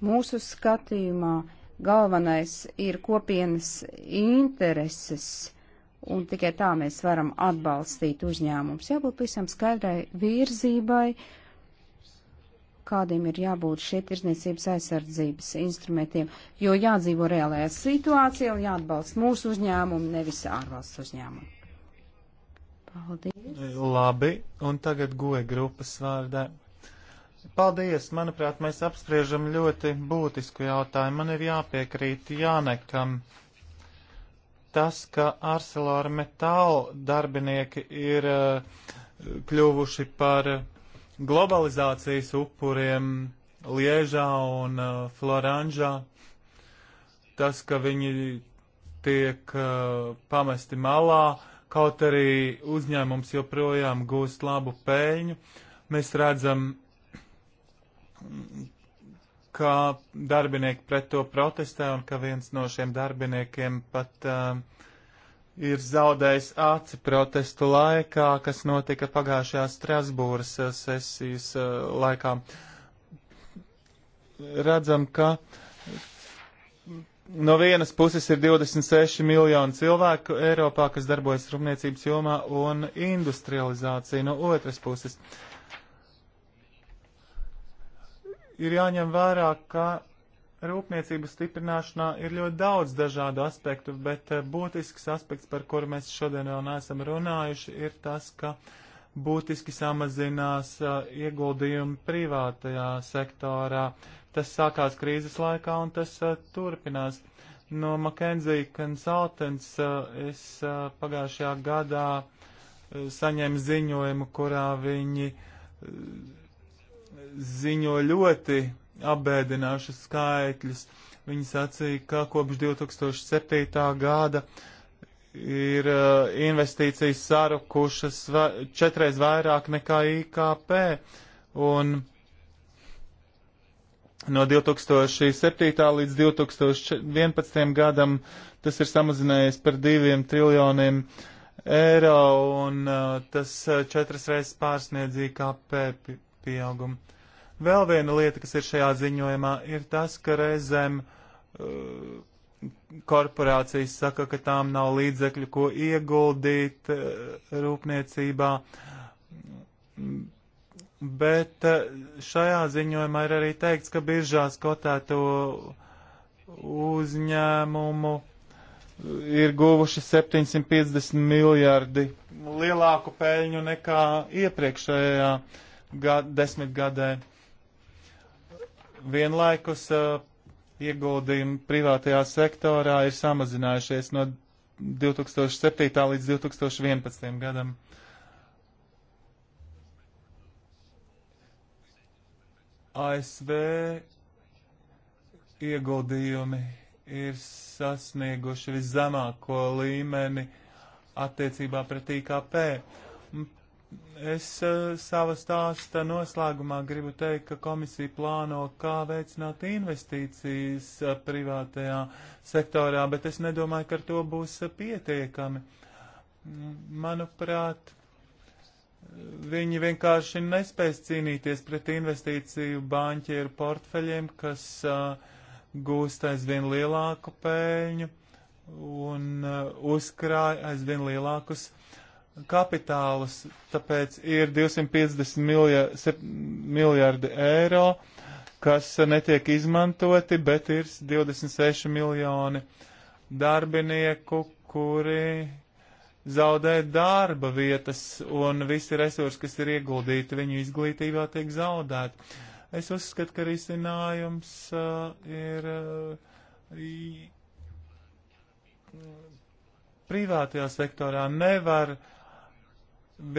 Mūsu skatījumā galvenais ir kopienas intereses un tikai tā mēs varam atbalstīt uzņēmumus. Jābūt visam skaidrai virzībai, kādiem ir jābūt šie tirzniecības aizsardzības instrumentiem, jo jādzīvo reālajā situācijā un jāatbalsta mūsu uzņēmumu, nevis ārvalsts uzņēmumu. Paldies. Labi, un tagad goja grupas vārdā. Paldies, manuprāt, mēs apspriežam ļoti būtisku jautājumu. Man ir jāpiekrīt Jānekam. Um, tas, ka Arcelor metālu darbinieki ir eh, kļuvuši par eh, globalizācijas upuriem Liežā un eh, Floranžā. Tas, ka viņi tiek pamesti malā, kaut arī uzņēmums joprojām gūst labu pēļņu. Mēs redzam, ka darbinieki pret to protestē un ka viens no šiem darbiniekiem pat uh, ir zaudējis aci protestu laikā, kas notika pagājušajā Strasbūras uh, sesijas uh, laikā. Redzam, ka no vienas puses ir 26 miljoni cilvēku Eiropā, kas darbojas rūpniecības jomā un industrializācija no otras puses. Uh, ir jāņem vērā, ka rūpniecības stiprināšanā ir ļoti daudz dažādu aspektu, bet eh, būtisks aspekts, par kuru mēs šodien vēl neesam runājuši, ir tas, ka būtiski samazinās eh, ieguldījumi privātajā sektorā. Tas sākās krīzes laikā un tas a, eh, turpinās. No McKenzie Consultants a, es a, pagājušajā gadā saņēmu ziņojumu, kurā viņi ziņo ļoti apbēdināšu skaitļus. Viņi sacīja, ka kopš 2007. gada ir uh, investīcijas sarukušas četreiz vairāk nekā IKP. Un no 2007. līdz 2011. gadam tas ir samazinājies par diviem triljoniem eiro, un uh, tas uh, četras reizes pārsniedz IKP pieaugumu. Vēl viena lieta, kas ir šajā ziņojumā, ir tas, ka reizēm uh, korporācijas saka, ka tām nav līdzekļu, ko ieguldīt uh, rūpniecībā. Bet uh, šajā ziņojumā ir arī teikts, ka biržās kotēto uzņēmumu uh, ir guvuši 750 miljardi lielāku peļņu nekā iepriekšējā gad, desmitgadē vienlaikus uh, ieguldījumi privātajā sektorā ir samazinājušies no 2007. līdz 2011. gadam. ASV ieguldījumi ir sasnieguši viszemāko līmeni attiecībā pret IKP. Es eh, savas stāsta noslēgumā gribu teikt, ka komisija plāno, kā veicināt investīcijas eh, privātajā sektorā, bet es nedomāju, ka ar to būs eh, pietiekami. Mm, manuprāt, viņi vienkārši nespēs cīnīties pret investīciju banķieru portfeļiem, kas gūst aizvien lielāku pēļņu un uzkrāj aizvien lielākus kapitālus, tāpēc ir 250 milja, miljardi eiro, kas netiek izmantoti, bet ir 26 miljoni darbinieku, kuri zaudē darba vietas, un visi resursi, kas ir ieguldīti viņu izglītībā, tiek zaudēti. Es uzskatu, ka risinājums uh, ir uh, privātajā sektorā nevar uh,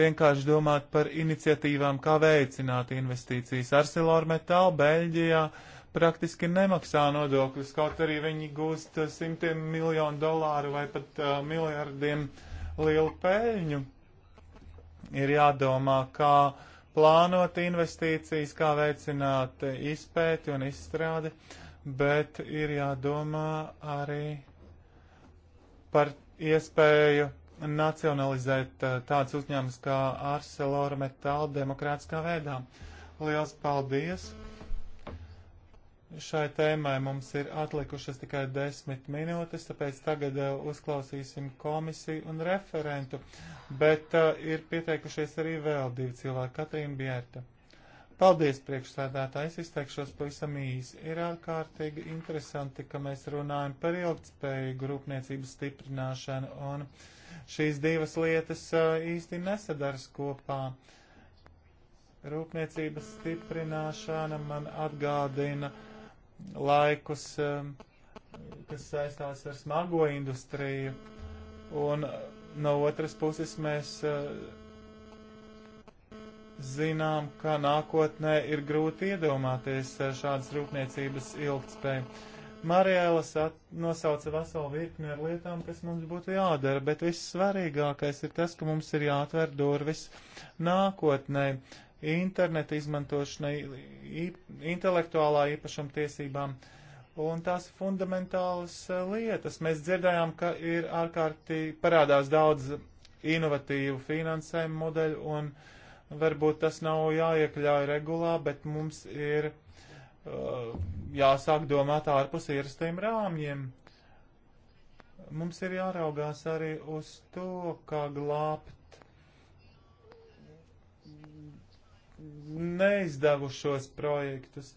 vienkārši domāt par iniciatīvām, kā veicināt investīcijas. ArcelorMetal Beļģijā praktiski nemaksā nodokļus, kaut arī viņi gūst eh, simtiem miljonu dolāru vai pat uh, miljardiem lielu peļņu. Ir jādomā, kā plānot investīcijas, kā veicināt eh, izpēti un izstrādi, bet ir jādomā arī par iespēju nacionalizēt eh, tāds uzņēmums kā Arcelor Metal demokrātiskā veidā. Liels paldies! Šai tēmai mums ir atlikušas tikai desmit minūtes, tāpēc tagad uh, uzklausīsim komisiju un referentu, bet uh, ir pieteikušies arī vēl divi cilvēki, Katrīna Bierta. Paldies, priekšsēdētāji, es izteikšos pavisam īsi. Ir ārkārtīgi interesanti, ka mēs runājam par ilgtspēju, rūpniecības stiprināšanu un uh, šīs divas lietas īsti nesadars kopā. Rūpniecības stiprināšana man atgādina laikus, kas saistās ar smago industriju, un no otras puses mēs zinām, ka nākotnē ir grūti iedomāties šādas rūpniecības ilgtspēju Mariela nosauca veselu virkni ar lietām, kas mums būtu jādara, bet vissvarīgākais ir tas, ka mums ir jāatver durvis nākotnē, interneta izmantošanai, intelektuālā īpašuma tiesībām. Un tās fundamentālas eh, lietas. Mēs dzirdējām, ka ir ārkārtīgi parādās daudz inovatīvu finansējumu modeļu, un varbūt tas nav jāiekļauj regulā, bet mums ir Eh, jāsāk domāt ārpus ierastiem rāmjiem. Mums ir jāraugās arī uz to, kā glābt neizdevušos projektus.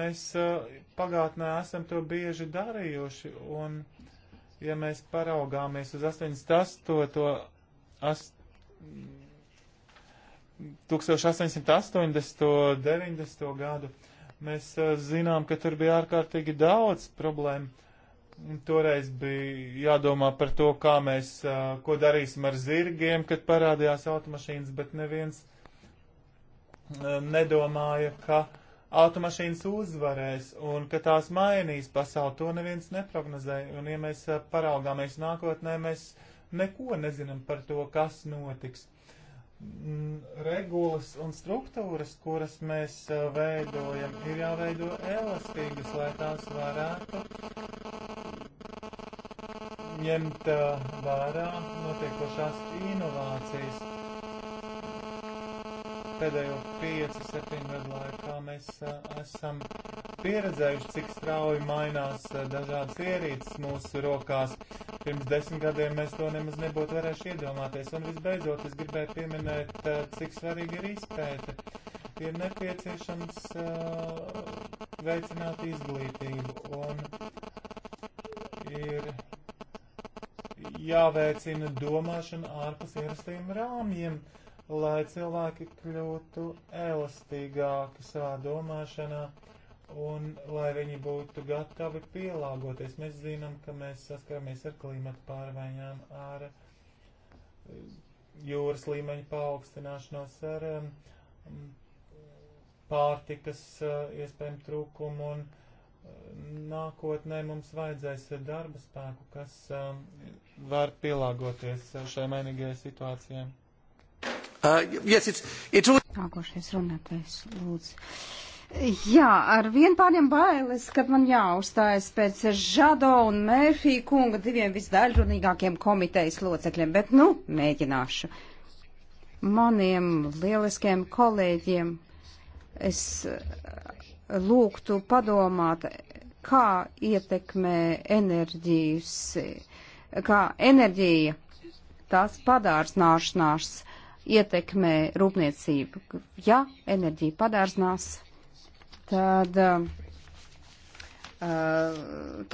Mēs uh, pagātnē esam to bieži darījuši, un ja mēs paraugāmies uz 88. 1880. 90. gadu, Mēs uh, zinām, ka tur bija ārkārtīgi daudz problēmu. Toreiz bija jādomā par to, kā mēs, uh, ko darīsim ar zirgiem, kad parādījās automašīnas, bet neviens uh, nedomāja, ka automašīnas uzvarēs un ka tās mainīs pasauli, to neviens neprognozēja. Un ja mēs paraugāmies nākotnē, mēs neko nezinām par to, kas notiks. Mm, regulas un struktūras, kuras mēs veidojam, ir jāveido elastīgas, lai tās varētu ņemt vērā notiekošās inovācijas pēdējo 5-7 gadu laikā mēs a, esam pieredzējuši, cik strauji mainās a, dažādas ierīces mūsu rokās. Pirms desmit gadiem mēs to nemaz nebūtu varējuši iedomāties. Un visbeidzot, es gribēju pieminēt, a, cik svarīgi ir izpēte. Ir nepieciešams veicināt izglītību un ir jāveicina domāšana ārpus ierastiem rāmjiem. Uh, lai cilvēki kļūtu elastīgāki savā domāšanā un lai viņi būtu gatavi pielāgoties. Mēs zinām, ka mēs saskaramies ar klimatu pārmaiņām, ar eh, jūras līmeņa paaugstināšanos, ar um, pārtikas uh, eh, iespējumu trūkumu un nākotnē mums vajadzēs darba spēku, kas um, var pielāgoties šai mainīgajai situācijai. Uh, yes, it's, it's... Nākošais runātais, lūdzu. Jā, ar vien pārņem bailes, kad man jāuzstājas pēc Žado un Mērfī kunga diviem visdaļrunīgākiem komitejas locekļiem, bet nu, mēģināšu. Maniem lieliskiem kolēģiem es uh, lūgtu padomāt, kā ietekmē enerģijas, kā enerģija tās padārsnāšanās. Uh, ietekmē rūpniecību. Ja enerģija padārznās, tad uh,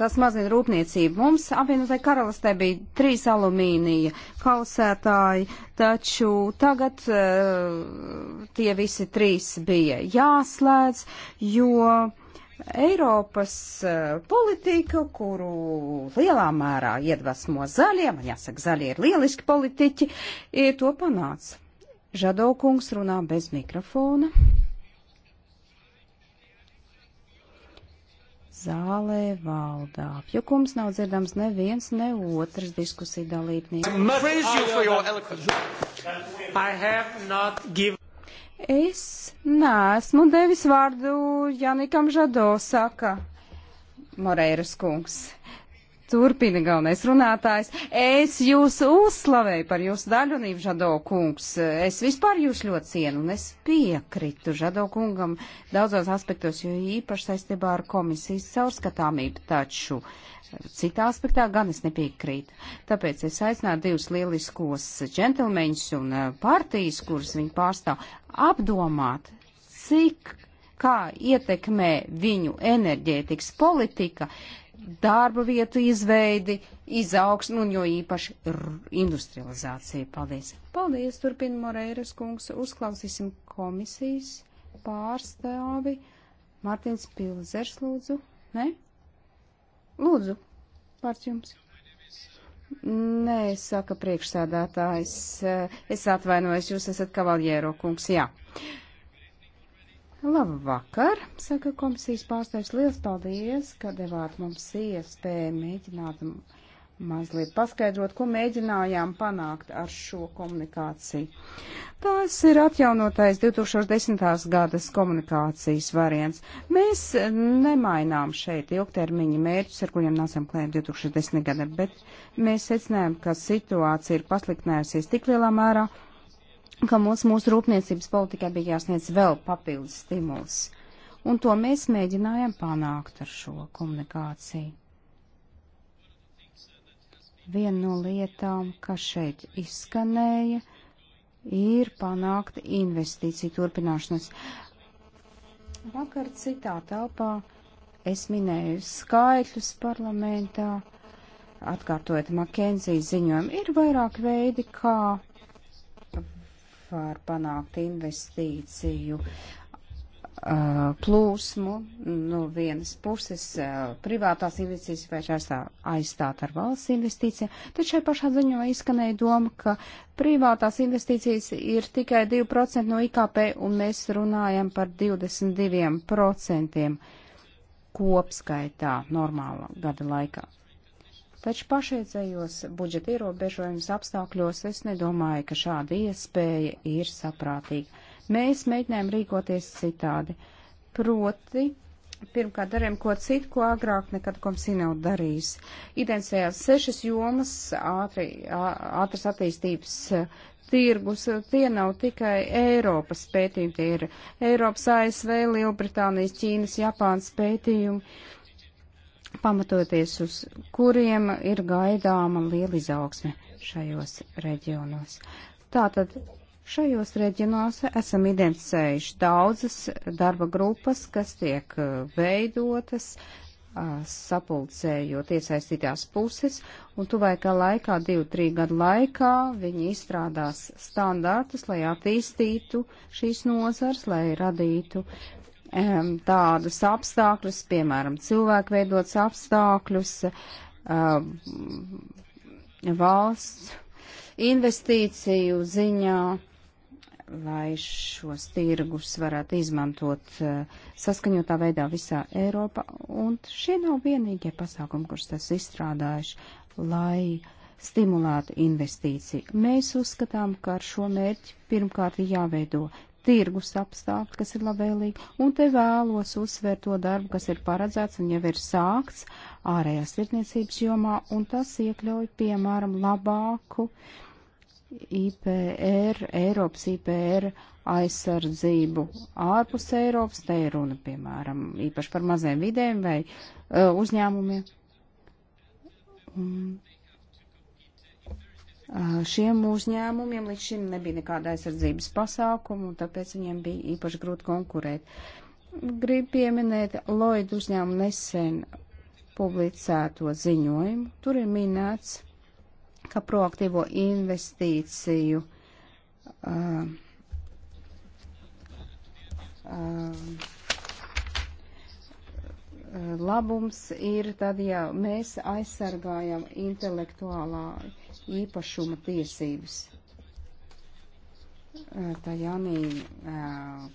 tas mazina rūpniecību. Mums apvienotai karalistē bija trīs alumīnija kausētāji, taču tagad uh, tie visi trīs bija jāslēdz, jo Eiropas eh, politiku, kuru lielā mērā iedvesmo zaļie, man jāsaka, zaļie ir lieliski politiķi, ir e, to panāca. Žadokungs runā bez mikrofona. Zālē valdā. Apjukums nav dzirdams neviens, ne otrs diskusija dalībnieks. Es neesmu devis vārdu Janikam Žado, saka Moreiras kungs. Turpina galvenais runātājs. Es jūs uzslavēju par jūsu daļunību, Žado kungs. Es vispār jūs ļoti cienu un es piekritu Žado kungam daudzos aspektos, jo īpaši saistībā ar komisijas caurskatāmību taču. Uh, Citā aspektā gan es nepiekrītu. Tāpēc es aicinātu divus lieliskos džentelmeņus un eh, partijas, kuras viņi pārstāv, apdomāt, cik kā ietekmē viņu enerģētikas politika, darba vietu izveidi, izaugsmu un jo īpaši industrializāciju. Paldies! Paldies, turpina Moreiras kungs. Uzklausīsim komisijas pārstāvi. Mārtiņš Pilzers, lūdzu. Ne? Lūdzu, pārts jums. Nē, saka priekšsēdētājs. Es atvainojos, jūs esat kavaljēro kungs, jā. Labvakar, saka komisijas pārstāvis. Liels paldies, ka devāt mums iespēju mēģināt mazliet paskaidrot, ko mēģinājām panākt ar šo komunikāciju. Tās ir atjaunotais 2010. gadas komunikācijas variants. Mēs nemainām šeit ilgtermiņa mērķus, ar kuriem nācām klējām 2010. gada, bet mēs secinājām, ka situācija ir pasliktinājusies tik lielā mērā, ka mums mūsu rūpniecības politikā bija jāsniedz vēl papildus stimuls. Un to mēs mēģinājām panākt ar šo komunikāciju Viena no lietām, kas šeit izskanēja, ir panākt investīciju turpināšanas. Vakar citā telpā es minēju skaitļus parlamentā, atkārtojot Makenzijas ziņojumu. Ir vairāk veidi, kā var panākt investīciju Uh, plūsmu no vienas puses uh, privātās investīcijas vajag aizstāt ar valsts investīcijām, taču šai pašā ziņā izskanēja doma, ka privātās investīcijas ir tikai 2% no IKP un mēs runājam par 22% kopskaitā normāla gada laikā. Taču pašreizējos budžeta ierobežojums apstākļos es nedomāju, ka šāda iespēja ir saprātīga Mēs mēģinājām rīkoties citādi. Proti, pirmkārt darījām ko citu, ko agrāk nekad komisija nav darījusi. Identificējās sešas jomas ātri, ātras attīstības tirgus. Tie nav tikai Eiropas pētījumi, tie ir Eiropas, ASV, Lielbritānijas, Ķīnas, Japānas pētījumi pamatoties uz kuriem ir gaidāma liela izaugsme šajos reģionos. Tātad Šajos reģionos esam identificējuši daudzas darba grupas, kas tiek uh, veidotas, uh, sapulcējot iesaistītās puses, un tuvākā laikā, divu, trīs gadu laikā, viņi izstrādās standārtus, lai attīstītu šīs nozars, lai radītu um, tādus apstākļus, piemēram, cilvēku veidots apstākļus, um, valsts investīciju ziņā lai šos tirgus varētu izmantot eh, saskaņotā veidā visā Eiropā. Un šie nav vienīgie pasākumi, kurus tas izstrādājuši, lai stimulētu investīciju. Mēs uzskatām, ka ar šo mērķi pirmkārt jāveido tirgus apstākļi, kas ir labvēlīgi, un te vēlos uzsvērt to darbu, kas ir paredzēts un jau ir sākts ārējās tirdzniecības jomā, un tas iekļauj, piemēram, labāku uh, IPR, Eiropas IPR aizsardzību ārpus Eiropas, te ir runa, piemēram, īpaši par maziem vidēm vai uh, uzņēmumiem. Un, uh, šiem uzņēmumiem līdz šim nebija nekāda aizsardzības pasākuma, un tāpēc viņiem bija īpaši grūti konkurēt. Gribu pieminēt Lloyd uzņēmumu nesen publicēto ziņojumu. Tur ir minēts ka proaktīvo investīciju uh, uh, labums ir tad, ja mēs aizsargājam intelektuālā īpašuma tiesības. Tā Janī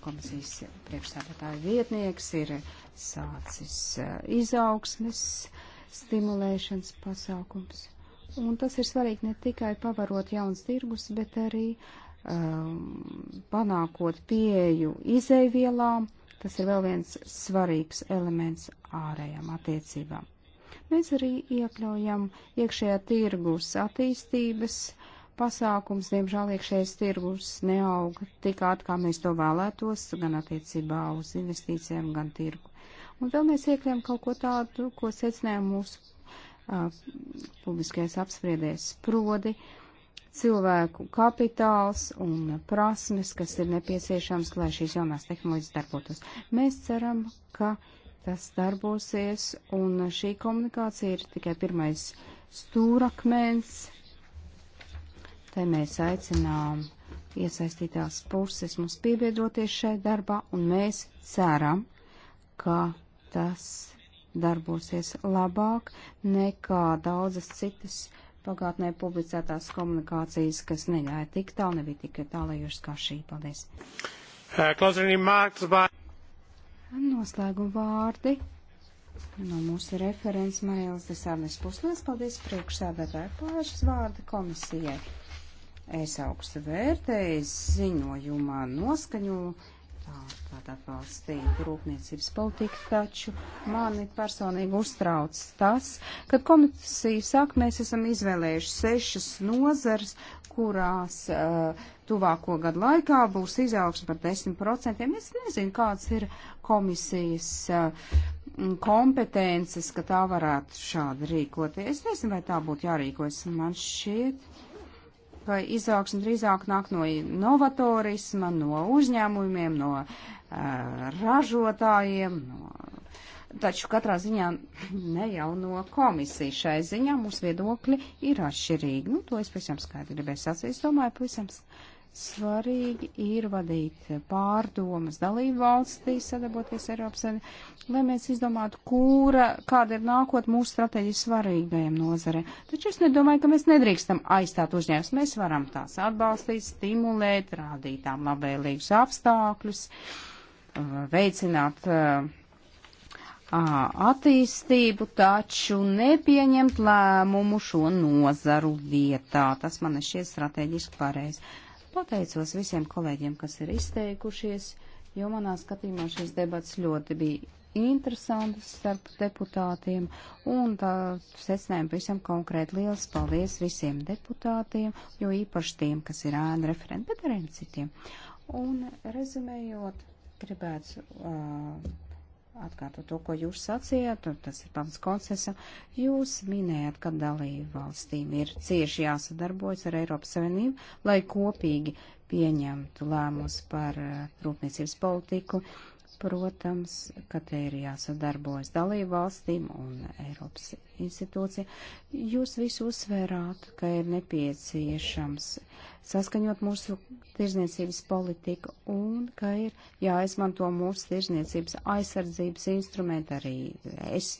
komisijas priekšsēdētāja vietnieks ir sācis izaugsmes stimulēšanas pasākums. Un tas ir svarīgi ne tikai pavarot jauns tirgus, bet arī um, panākot pieeju izēvielām. Tas ir vēl viens svarīgs elements ārējām attiecībām. Mēs arī iekļaujam iekšējā tirgus attīstības pasākums. Diemžēl iekšējais tirgus neaug tik ātri, kā mēs to vēlētos, gan attiecībā uz investīcijām, gan tirgu. Un vēl mēs iekļaujam kaut ko tādu, ko secinājām mūsu publiskajās apspriedēs sprodi, cilvēku kapitāls un prasmes, kas ir nepieciešams, lai šīs jaunās tehnoloģijas darbotos. Mēs ceram, ka tas darbosies, un šī komunikācija ir tikai pirmais stūrakmens. Te mēs aicinām iesaistītās puses mums pievienoties šai darbā, un mēs ceram, ka tas darbosies labāk nekā daudzas citas pagātnē publicētās komunikācijas, kas neļāja tik tālu, nebija tik tālējušas kā šī. Paldies. Uh, Noslēguma vārdi no mūsu referents Marielas Desārnes puslēs. Paldies priekšsēdētāju pāršas vārdu komisijai. Es augstu vērtēju ziņojumā noskaņojumu tātad atbalstīt rūpniecības politiku, taču mani personīgi uztrauc tas, kad komisija saka, mēs esam izvēlējuši sešas nozars, kurās uh, tuvāko gadu laikā būs izaugsme par 10%. Es nezinu, kāds ir komisijas uh, kompetences, ka tā varētu šādi rīkoties. Es nezinu, vai tā būtu jārīkojas. Man šķiet, ka izaugsme drīzāk nāk no novatorisma, no uzņēmumiem, no uh, ražotājiem, no, taču katrā ziņā ne jau no komisijas šai ziņā mūsu viedokļi ir atšķirīgi. Nu, to es pavisam skaidri gribēju sacīt, es domāju, pavisam skaidri Svarīgi ir vadīt pārdomas dalību valstīs, sadarboties Eiropas Savienībā, lai mēs izdomātu, kura, kāda ir nākot mūsu strateģiski svarīgajiem nozare. Taču es nedomāju, ka mēs nedrīkstam aizstāt uzņēmus. Mēs varam tās atbalstīt, stimulēt, rādīt tām labvēlīgus apstākļus, eh, veicināt uh, attīstību, taču nepieņemt lēmumu šo nozaru vietā. Tas man šķiet strateģiski pareizi. Pateicos visiem kolēģiem, kas ir izteikušies, jo manā skatījumā šīs debats ļoti bija interesantas starp deputātiem, un tā secinājumu visam konkrēti liels paldies visiem deputātiem, jo īpaši tiem, kas ir ēna referenti, bet arī citiem. Un rezumējot, gribētu. Uh, atkārtot to, ko jūs sacījāt, un tas ir pamats koncesa. Jūs minējat, ka dalību valstīm ir cieši jāsadarbojas ar Eiropas Savienību, lai kopīgi pieņemtu lēmumus par uh, rūpniecības politiku, Protams, ka te ir jāsadarbojas dalību valstīm un Eiropas institūcija. Jūs visu uzsvērāt, ka ir nepieciešams saskaņot mūsu tirzniecības politiku un ka ir jāizmanto mūsu tirzniecības aizsardzības instrumenti arī es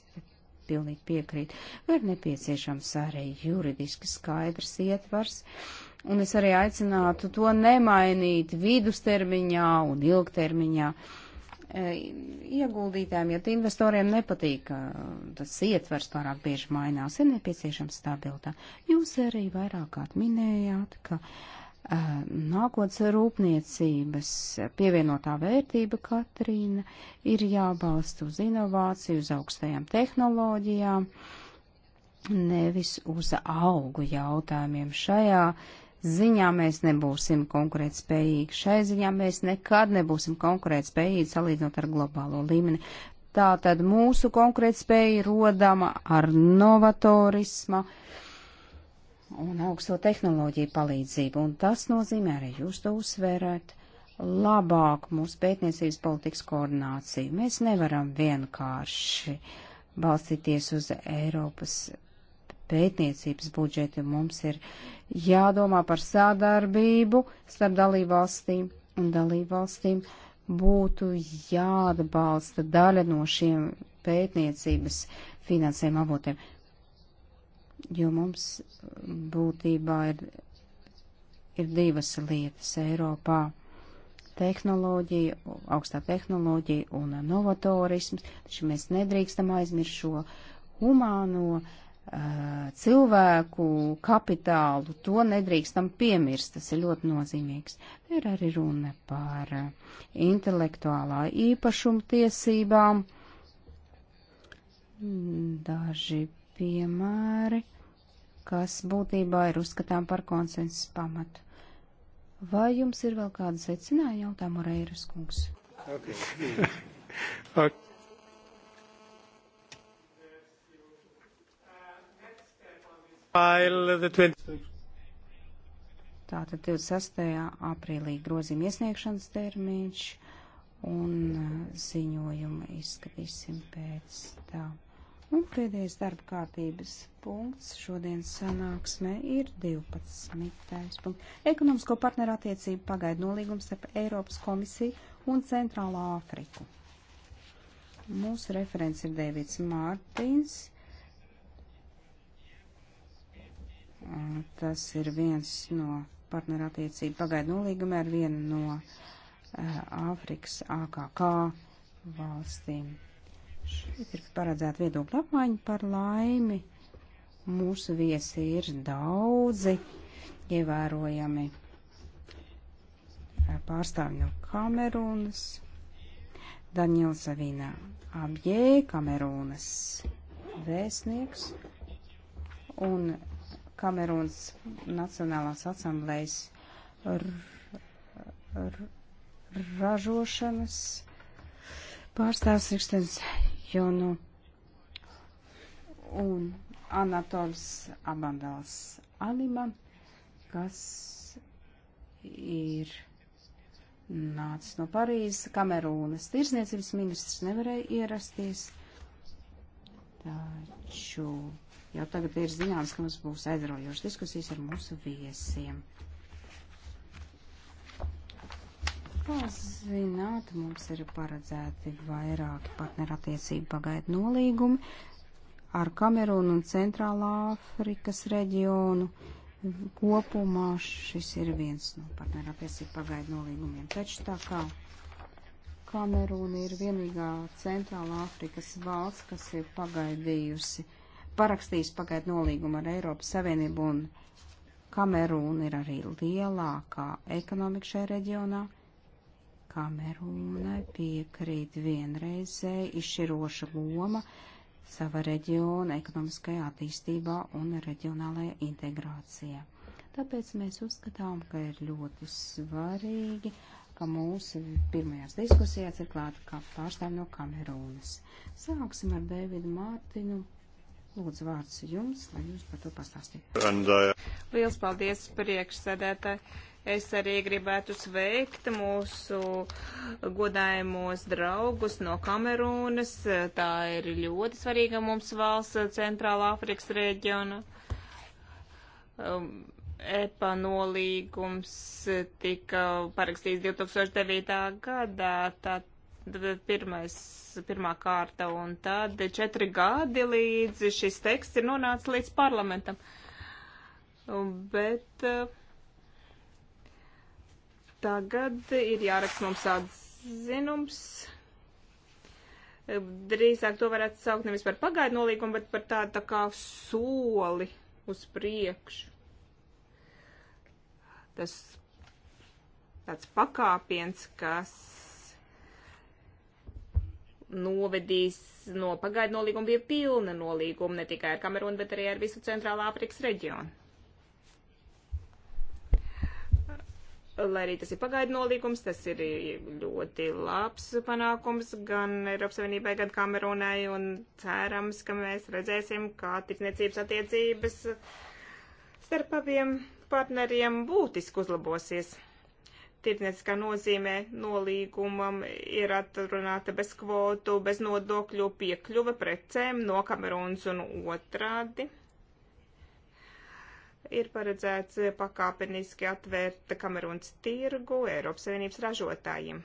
pilnīgi piekrītu. Ir nepieciešams arī juridiski skaidrs ietvars. Un es arī aicinātu to nemainīt vidustermiņā un ilgtermiņā. Uh, E, ieguldītājiem, ja investoriem nepatīk, ka tas ietvers pārāk bieži mainās, ir nepieciešams stabilitāte. Jūs arī vairāk kārt minējāt, ka uh, nākotnes rūpniecības pievienotā vērtība Katrīna ir jābalsta uz inovāciju, uz augstajām tehnoloģijām, nevis uz augu jautājumiem šajā uh, ziņā mēs nebūsim konkurētspējīgi. Šai ziņā mēs nekad nebūsim konkurētspējīgi salīdzinot ar globālo līmeni. Tātad mūsu konkurētspēja rodama ar novatorisma un augsto tehnoloģiju palīdzību, un tas nozīmē arī jūs to uzsvērēt labāku mūsu pētniecības politikas koordināciju. Mēs nevaram vienkārši balstīties uz Eiropas pētniecības budžeti. Mums ir jādomā par sādarbību starp dalībvalstīm un dalībvalstīm būtu jāatbalsta daļa no šiem pētniecības finansējuma avotiem. Jo mums būtībā ir, ir divas lietas Eiropā tehnoloģija, augstā tehnoloģija un novatorisms, taču mēs nedrīkstam aizmirst šo humāno Eh, cilvēku kapitālu, to nedrīkstam piemirst, tas ir ļoti nozīmīgs. Te ir arī runa par eh, intelektuālā īpašuma tiesībām, daži piemēri, kas būtībā ir uzskatām par konsensus pamatu. Vai jums ir vēl kāda secinājuma jautājumu, Reiras kungs? Okay. okay. Tātad 26. aprīlī grozījuma iesniegšanas termiņš un ziņojumu izskatīsim pēc tā. Un pēdējais darba kārtības punkts šodienas sanāksmē ir 12. punkts. Ekonomisko partneru attiecību pagaidu nolīgums starp Eiropas komisiju un Centrālā Āfriku. Mūsu referents ir Dēvids Mārtiņs. Tas ir viens no partnerattiecību pagaidu nolīgumiem ar vienu no eh, Āfrikas AKK valstīm. Šeit ir paredzēta viedokļa apmaiņa par laimi. Mūsu viesi ir daudzi, ievērojami eh, pārstāvji no Kamerūnas, Daniels Savina Abjē, Kamerūnas vēstnieks, un Kamerūnas Nacionālās asamblējas ražošanas pārstāvs Rikstens Jonu un Anatols Abandals Alima, kas ir nācis no Parīzes, Kamerūnas tirsniecības ministrs nevarēja ierasties, taču jau tagad ir zināms, ka mums būs aizraujošas diskusijas ar mūsu viesiem. Kā zināt, mums ir paredzēti vairāki partnerattiecību pagaidu nolīgumi ar Kamerunu un Centrālā Āfrikas reģionu. Kopumā šis ir viens no partnerattiecību pagaidu nolīgumiem. Taču tā kā Kamerūna ir vienīgā Centrālā Āfrikas valsts, kas ir pagaidījusi uh, parakstījis pagaidu nolīgumu ar Eiropas Savienību un Kamerūna ir arī lielākā ekonomika šajā reģionā. Kamerūnai piekrīt vienreizēji izšķiroša loma sava reģiona ekonomiskajā attīstībā un reģionālajā integrācijā. Tāpēc mēs uzskatām, ka ir ļoti svarīgi, ka mūsu pirmajās diskusijās ir klāta kā pārstāv no Kamerūnas. Sāksim ar Davidu Mārtiņu Lūdzu, vārds jums, lai jūs par to pastāstītu. Uh... Liels paldies priekšsēdētāji. Es arī gribētu sveikt mūsu godājumos draugus no Kamerūnas. Tā ir ļoti svarīga mums valsts centrāla Afrikas reģiona. Um, EPA nolīgums tika parakstīts 2009. gadā. Tad pirmais, pirmā kārta, un tad četri gadi līdz šis teksts ir nonācis līdz parlamentam. Bet eh, tagad ir jāraksta mums atzinums. Eh, drīzāk to varētu saukt nevis par pagaidu nolīgumu, bet par tādu tā kā soli uz priekšu. Tas tāds pakāpiens, kas novedīs no pagaidu nolīguma pie pilna nolīguma ne tikai ar Kamerunu, bet arī ar visu Centrālā Afrikas reģionu. Lai arī tas ir pagaidu nolīgums, tas ir ļoti labs panākums gan Eiropas Savienībai, gan Kamerunai, un cerams, ka mēs redzēsim, kā ticniecības attiecības starp abiem partneriem būtiski uzlabosies tirdznieckā nozīmē nolīgumam ir atrunāta bez kvotu, bez nodokļu piekļuve precēm no Kamerūnas un otrādi. Ir paredzēts pakāpeniski atvērt Kamerūnas tirgu Eiropas Savienības ražotājiem.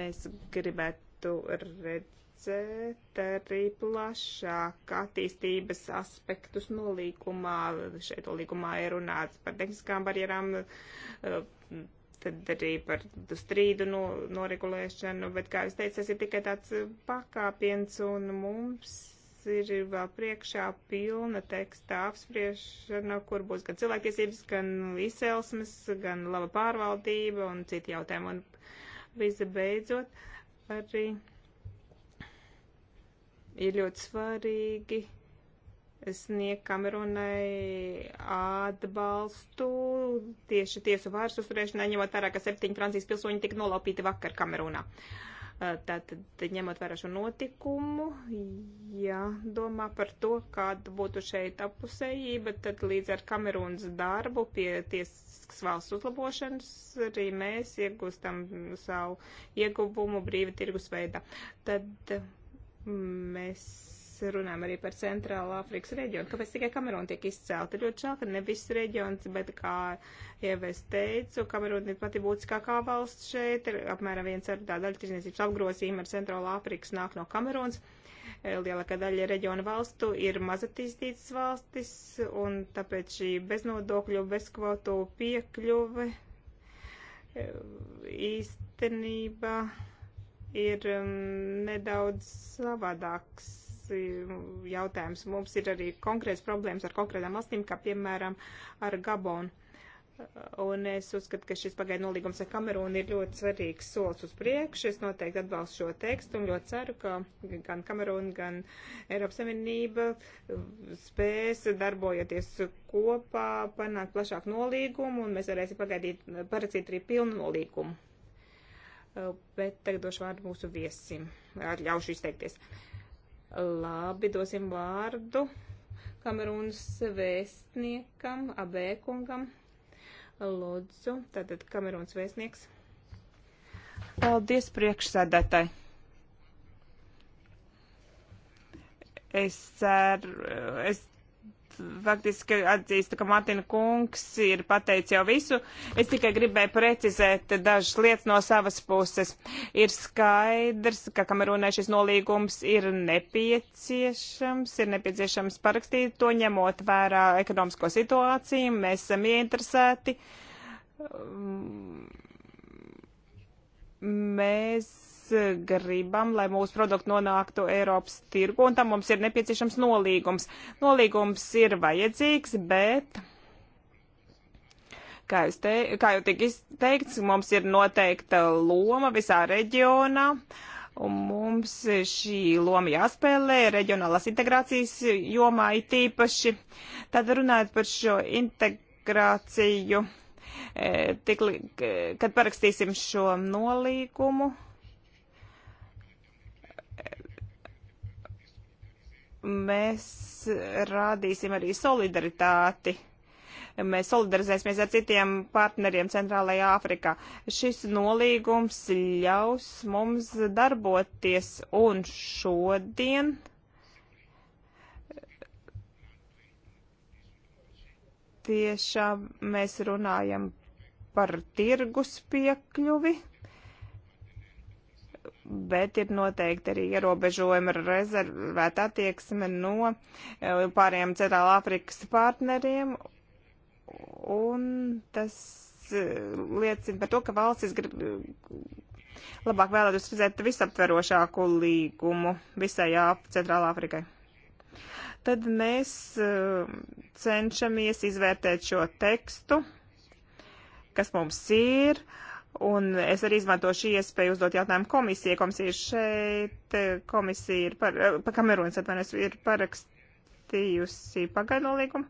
Mēs gribētu redzēt redzēt arī plašāk attīstības aspektus nolīgumā. Šeit nolīgumā ir runāts par tehniskām barjerām, tad arī par strīdu no, noregulēšanu, bet, kā jūs teicat, tas ir tikai tāds pakāpiens un mums ir vēl priekšā pilna teksta apspriešana, kur būs gan cilvēktiesības, gan izcelsmes, gan laba pārvaldība un citi jautājumi. Un visa beidzot arī ir ļoti svarīgi sniegt Kamerunai atbalstu tieši tiesu vairs uzturēšanai, ņemot vērā, ka septiņi Francijas pilsoņi tika nolaupīti vakar Kamerunā. Tātad, ņemot vērā šo notikumu, jādomā par to, kāda būtu šeit apusējība, tad līdz ar Kamerūnas darbu pie tiesas valsts uzlabošanas arī mēs iegūstam savu ieguvumu brīva tirgus veidā. Tad Mēs runājam arī par Centrālā Afrikas reģionu. Kāpēc tikai Kamerūna tiek izcelta? Ļoti žēl, ka ne viss reģions, bet kā jau es teicu, Kamerūna ir pati būtiskākā valsts šeit. Ir apmēram viens ar tā daļa tirzniecības apgrozījuma ar Centrālā Afrikas nāk no Kamerūnas. Lielākā daļa reģiona valstu ir mazatīstītas valstis, un tāpēc šī beznodokļu, bezkvotu piekļuve e, īstenībā. E, ir um, nedaudz savādāks um, jautājums. Mums ir arī konkrēts problēmas ar konkrētām valstīm, kā piemēram ar Gabonu. Un es uzskatu, ka šis pagaidu nolīgums ar Kamerūnu ir ļoti svarīgs solis uz priekšu. Es noteikti atbalstu šo tekstu un ļoti ceru, ka gan Kamerūna, gan Eiropas Savienība spēs darbojoties kopā panākt plašāku nolīgumu un mēs varēsim pagaidīt, paracīt arī pilnu nolīgumu. Eh, bet tagad došu vārdu mūsu viesim. Ļaušu izteikties. Labi, dosim vārdu Kamerūnas vēstniekam, abēkungam. Lūdzu, tātad Kamerūnas vēstnieks. Paldies priekšsēdētāji. Es ceru, es faktiski atzīstu, ka Matina kungs ir pateicis jau visu. Es tikai gribēju precizēt dažas lietas no savas puses. Ir skaidrs, ka Kamerūnai šis nolīgums ir nepieciešams, ir nepieciešams parakstīt to ņemot vērā ekonomisko situāciju. Mēs esam ieinteresēti. Mēs gribam, lai mūsu produkti nonāktu Eiropas tirgu, un tam mums ir nepieciešams nolīgums. Nolīgums ir vajadzīgs, bet. Kā, te, kā jau tika izteikts, mums ir noteikta loma visā reģionā, un mums šī loma jāspēlē reģionālās integrācijas jomā it īpaši. Tad runājot par šo integrāciju eh, tik, kad parakstīsim šo nolīgumu, mēs rādīsim arī solidaritāti. Mēs solidarizēsimies ar citiem partneriem Centrālajā Āfrikā. Šis nolīgums ļaus mums darboties un šodien. Tiešām mēs runājam par tirgus piekļuvi bet ir noteikti arī ierobežojumi ar rezervēt attieksmi no eh, pārējiem Centrāla Afrikas partneriem, un tas eh, liecina par to, ka valstis grib labāk vēlētos redzēt visaptverošāku līgumu visai Centrāla Afrikai. Tad mēs eh, cenšamies izvērtēt šo tekstu, kas mums ir, uh, Un es arī izmantošu iespēju uzdot jautājumu komisijai. Komisija ir šeit, komisija ir, par, pa Kamerūnas atvainojas, ir parakstījusi pagaidnolīgumu.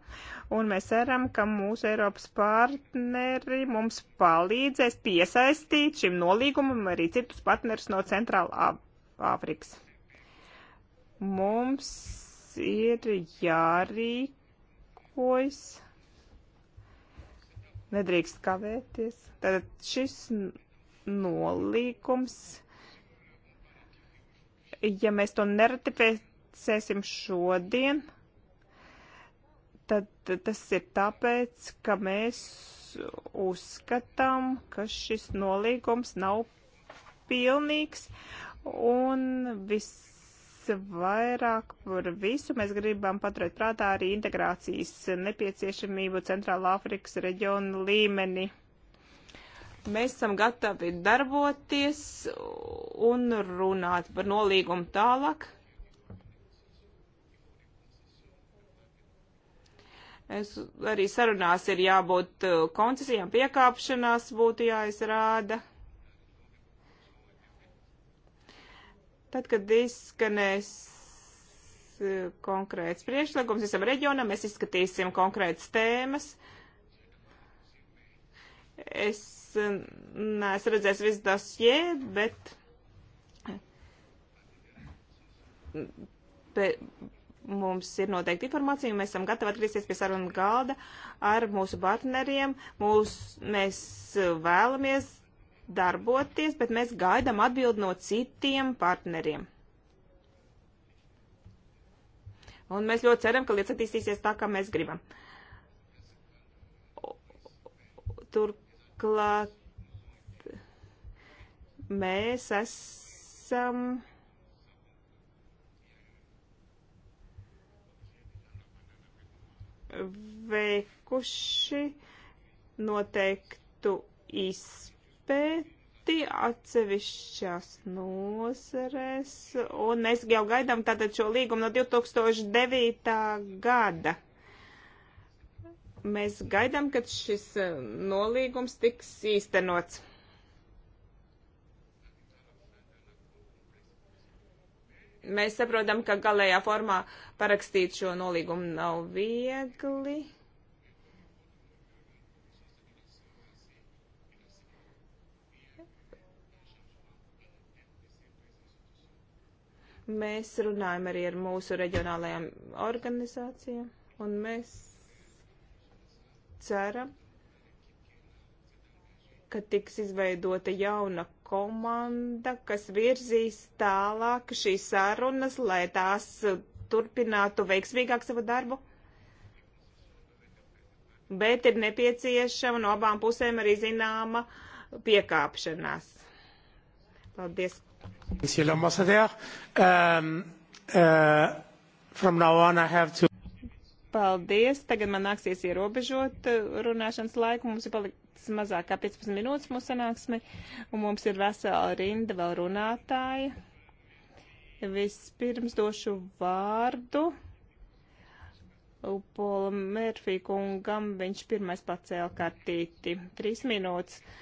Un mēs ceram, ka mūsu Eiropas partneri mums palīdzēs piesaistīt šim nolīgumam arī citus partnerus no Centrāla Āfrikas. Mums ir jārīkojas nedrīkst kavēties. Tātad šis nolīkums, ja mēs to neratificēsim šodien, tad tas ir tāpēc, ka mēs uzskatām, ka šis nolīgums nav pilnīgs un viss vairāk par visu mēs gribam paturēt prātā arī integrācijas nepieciešamību Centrāla Afrikas reģiona līmenī. Mēs esam gatavi darboties un runāt par nolīgumu tālāk. Es arī sarunās ir jābūt eh, koncesijām, piekāpšanās būtu jāizrāda. Tad, kad izskanēs e, konkrēts priekšlikums visam reģionam, mēs izskatīsim konkrētas tēmas. Es e, neesmu redzējis visu dosjē, bet Pe, mums ir noteikti informācija, mēs esam gatavi atgriezties pie sarunu galda ar mūsu partneriem. Mūs, mēs vēlamies darboties, bet mēs gaidām atbild no citiem partneriem. Un mēs ļoti ceram, ka lietas attīstīsies tā, kā mēs gribam. Turklāt mēs esam. veikuši noteiktu izpētību pēti atsevišķās nozerēs, un mēs jau gaidām tātad šo līgumu no 2009. gada. Mēs gaidām, kad šis e, nolīgums tiks īstenots. mēs saprotam, ka galējā formā parakstīt šo nolīgumu nav viegli. Mēs runājam arī ar mūsu reģionālajām organizācijām, un mēs ceram, ka tiks izveidota jauna komanda, kas virzīs tālāk šīs sarunas, lai tās turpinātu veiksmīgāk savu darbu. Bet ir nepieciešama no abām pusēm arī zināma piekāpšanās. Paldies Monsieur l'ambassadeur, um, uh, from now on I have to... Paldies. Tagad man nāksies ierobežot uh, runāšanas laiku. Mums ir palicis mazāk kā 15 minūtes mūsu sanāksme, un mums ir vesela rinda vēl runātāja. Vispirms došu vārdu Upola Mērfī kungam. Viņš pirmais pacēla kartīti. Trīs minūtes. Uh,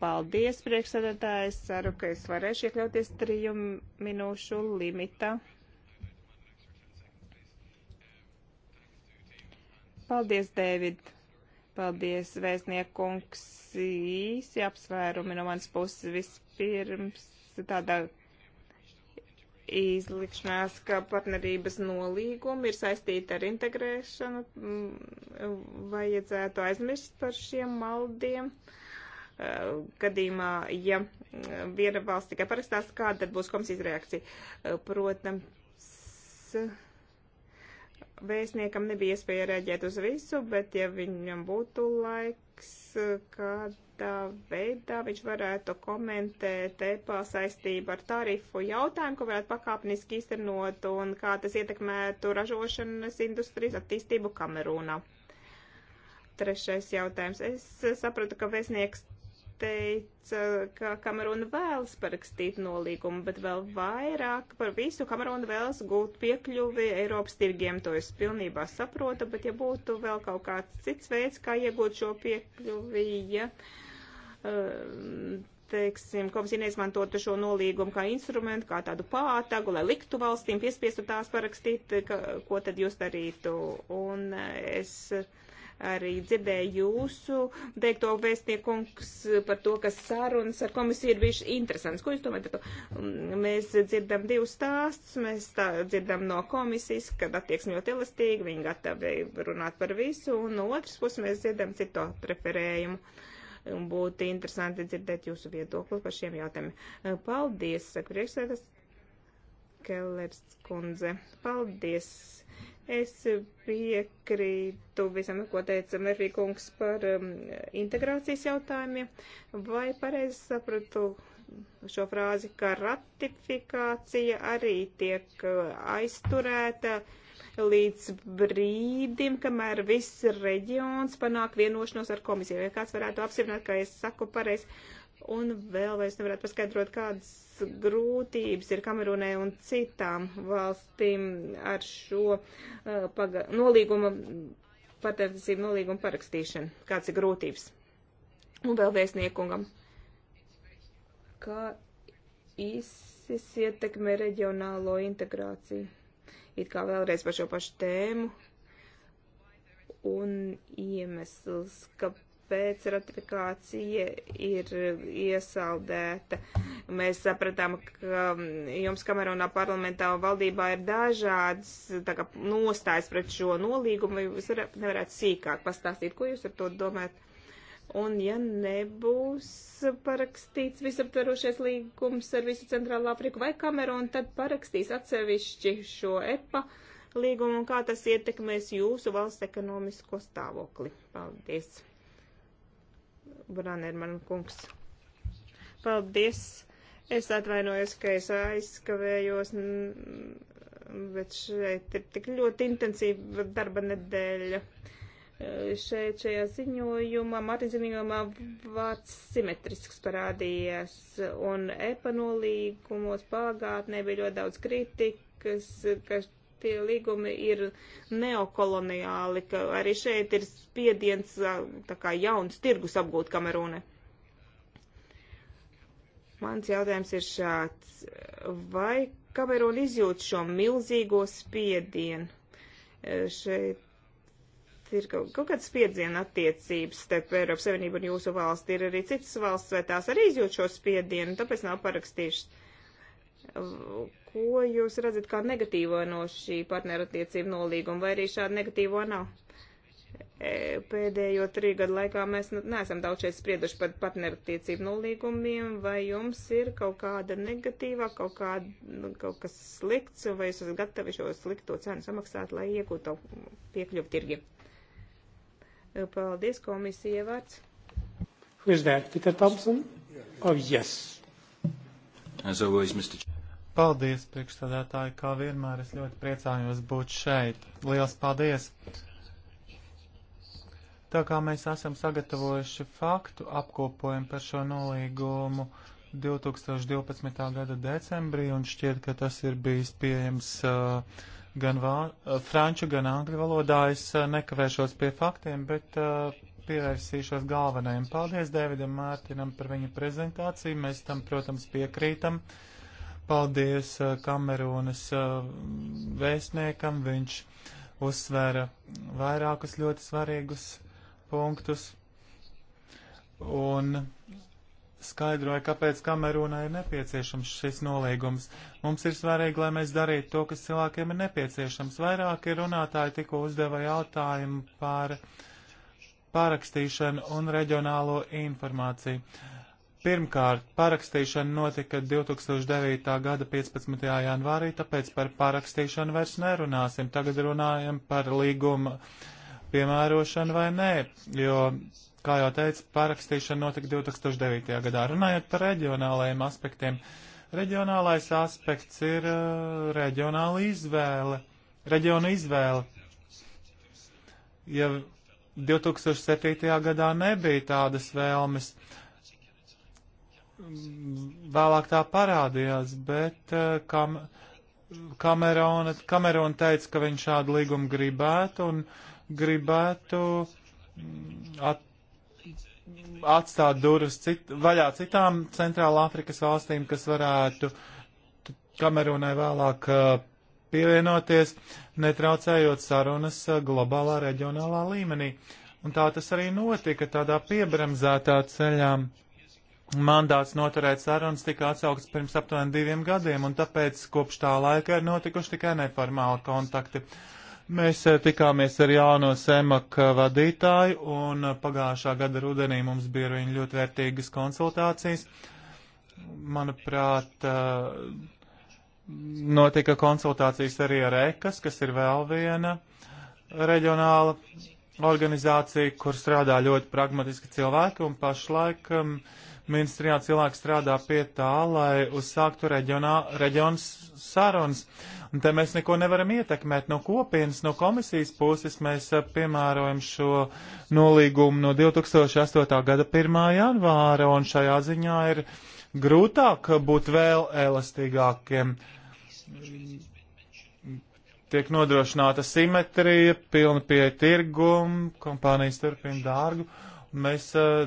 Paldies, priekšsēdētāji. Es ceru, ka es varēšu iekļauties triju minūšu limitā. Paldies, Dēvid. Paldies, vēstniekungs. Īsi apsvērumi no manas puses vispirms tādā izlikšanās, ka partnerības nolīgumi ir saistīti ar integrēšanu. Mm, vajadzētu aizmirst par šiem maldiem. Uh, Eh, gadījumā, ja eh, viena valsts tikai parakstās, kāda tad būs komisijas reakcija. Eh, protams, vēstniekam nebija iespēja reaģēt uz visu, bet ja viņam būtu laiks, kādā veidā viņš varētu komentēt EPA saistību ar tarifu jautājumu, ko varētu pakāpeniski īstenot un kā tas ietekmētu ražošanas industrijas attīstību Kamerūnā. Trešais jautājums. Es sapratu, ka vēstnieks teica, ka Kameruna vēlas parakstīt nolīgumu, bet vēl vairāk par visu Kameruna vēlas gūt piekļuvi Eiropas tirgiem. To es pilnībā saprotu, bet ja būtu vēl kaut kāds cits veids, kā iegūt šo piekļuvi, ja, um, teiksim, komisija neizmantotu šo nolīgumu kā instrumentu, kā tādu pātagu, lai liktu valstīm piespiestu tās parakstīt, ka, ko tad jūs darītu. Un uh, es. Uh, arī dzirdēju jūsu teikto vēstniekungs par to, ka sarunas ar komisiju ir bijušas interesants. Ko jūs domājat? Mēs dzirdam divus stāstus, mēs tā dzirdam no komisijas, kad attieksmi ļoti elastīgi, viņi gatavi runāt par visu, un no otras puses mēs dzirdam citu referējumu. Un būtu interesanti dzirdēt jūsu viedokli par šiem jautājumiem. Paldies, saka priekšsēdētājs Kellers kundze. Paldies Es piekrītu visam, ko teica Merfī kungs par um, integrācijas jautājumiem. Vai pareizi sapratu šo frāzi, ka ratifikācija arī tiek uh, aizturēta līdz brīdim, kamēr viss reģions panāk vienošanos ar komisiju? Vai kāds varētu apstiprināt, ka es saku pareizi? Un vēl vai es nevarētu paskaidrot, kādas grūtības ir Kamerunai un citām valstīm ar šo uh, paga, nolīguma, patērtiesību nolīguma parakstīšanu. Kāds ir grūtības? Un vēl vēstniekungam. Kā ISIS ietekmē reģionālo integrāciju? It kā vēlreiz par šo pašu tēmu. Un iemesls, kāpēc pēc ratifikācija ir iesaldēta. Mēs sapratām, ka um, jums Kamerunā parlamentā un valdībā ir dažādas kā, nostājas pret šo nolīgumu, vai jūs nevarētu sīkāk pastāstīt, ko jūs ar to domājat? Un ja nebūs parakstīts visaptverošais līgums ar visu Centrālā Afriku vai Kamerunu, tad parakstīs atsevišķi šo EPA līgumu un kā tas ietekmēs jūsu valsts ekonomisko stāvokli. Paldies! Branerman kungs. Paldies! Es atvainojos, ka es aizkavējos, bet šeit ir tik ļoti intensīva darba nedēļa. E, šeit šajā ziņojumā, Mārtiņa ziņojumā, vārds simetrisks parādījās, un epanolīgumos pagātnē bija ļoti daudz kritikas, kas tie līgumi ir neokoloniāli, ka arī šeit ir spiediens tā kā jauns tirgus apgūt Kamerūne. Mans jautājums ir šāds. Vai Kamerūna izjūt šo milzīgo spiedienu? Šeit ir kaut, kaut kāds spiedziena attiecības starp Eiropas Savienību un jūsu valsti. Ir arī citas valsts, vai tās arī izjūt šo spiedienu, tāpēc nav parakstījušas. Ko jūs redzat kā negatīvo no šī partnerattiecību nolīguma, vai arī šāda negatīvo nav? E, pēdējo trīs gadu laikā mēs nu, neesam daudz šeit sprieduši par partnerattiecību nolīgumiem, vai jums ir kaut kāda negatīva, kaut, kāda, nu, kaut kas slikts, vai jūs esat gatavi šo slikto cenu samaksāt, lai iegūtu piekļuvu tirgiem? E, paldies, komisija vārds. Who is that? Peter Thompson? Oh, yes. As always, Mr. Paldies, priekšstādātāji, kā vienmēr es ļoti priecājos būt šeit. Liels paldies! Tā kā mēs esam sagatavojuši faktu apkopojumu par šo nolīgumu 2012. gada decembrī, un šķiet, ka tas ir bijis pieejams uh, gan vā, uh, franču, gan angļu valodā, es uh, nekavēšos pie faktiem, bet uh, pievērsīšos galvenajiem. Paldies Davidam Mārtinam par viņa prezentāciju, mēs tam, protams, piekrītam. Uh, Paldies uh, Kamerūnas uh, vēstniekam. Viņš uzsvēra vairākus ļoti svarīgus punktus un skaidroja, kāpēc Kamerūnai ir nepieciešams šis nolīgums. Mums ir svarīgi, lai mēs darītu to, kas cilvēkiem ir nepieciešams. Vairāki runātāji tikko uzdeva jautājumu par pārakstīšanu un reģionālo informāciju. Pirmkārt, parakstīšana notika 2009. gada 15. janvārī, tāpēc par parakstīšanu vairs nerunāsim. Tagad runājam par līguma piemērošanu vai nē, jo, kā jau teicu, parakstīšana notika 2009. gadā. Runājot par reģionālajiem aspektiem, reģionālais aspekts ir uh, reģionāla izvēle, reģiona izvēle. Ja 2007. gadā nebija tādas vēlmes, vēlāk tā parādījās, bet eh, kam, Kamerona, Kamerona teica, ka viņš šādu līgumu gribētu un gribētu mm, at, atstāt durvis cit, vaļā citām Centrāla Afrikas valstīm, kas varētu Kamerunai vēlāk eh, pievienoties, netraucējot sarunas eh, globālā reģionālā līmenī. Un tā tas arī notika tādā piebremzētā ceļā mandāts noturēt sarunas tika atsaukts pirms aptuveni diviem gadiem, un tāpēc kopš tā laika ir notikuši tikai neformāli kontakti. Mēs eh, tikāmies ar jauno SEMAK eh, vadītāju, un eh, pagājušā gada rudenī mums bija ar viņu ļoti vērtīgas konsultācijas. Manuprāt, notika konsultācijas arī ar EKAS, kas ir vēl viena reģionāla organizācija, kur strādā ļoti pragmatiski cilvēki, un pašlaik um, uh, ministrijā cilvēki strādā pie tā, lai uzsāktu reģionā, reģions sarunas. Un te mēs neko nevaram ietekmēt no kopienas, no komisijas puses. Mēs eh, piemērojam šo nolīgumu no 2008. gada 1. janvāra, un šajā ziņā ir grūtāk būt vēl elastīgākiem tiek nodrošināta simetrija, pilna pieeja tirgumu, kompānijas turpina dārgu. Mēs uh,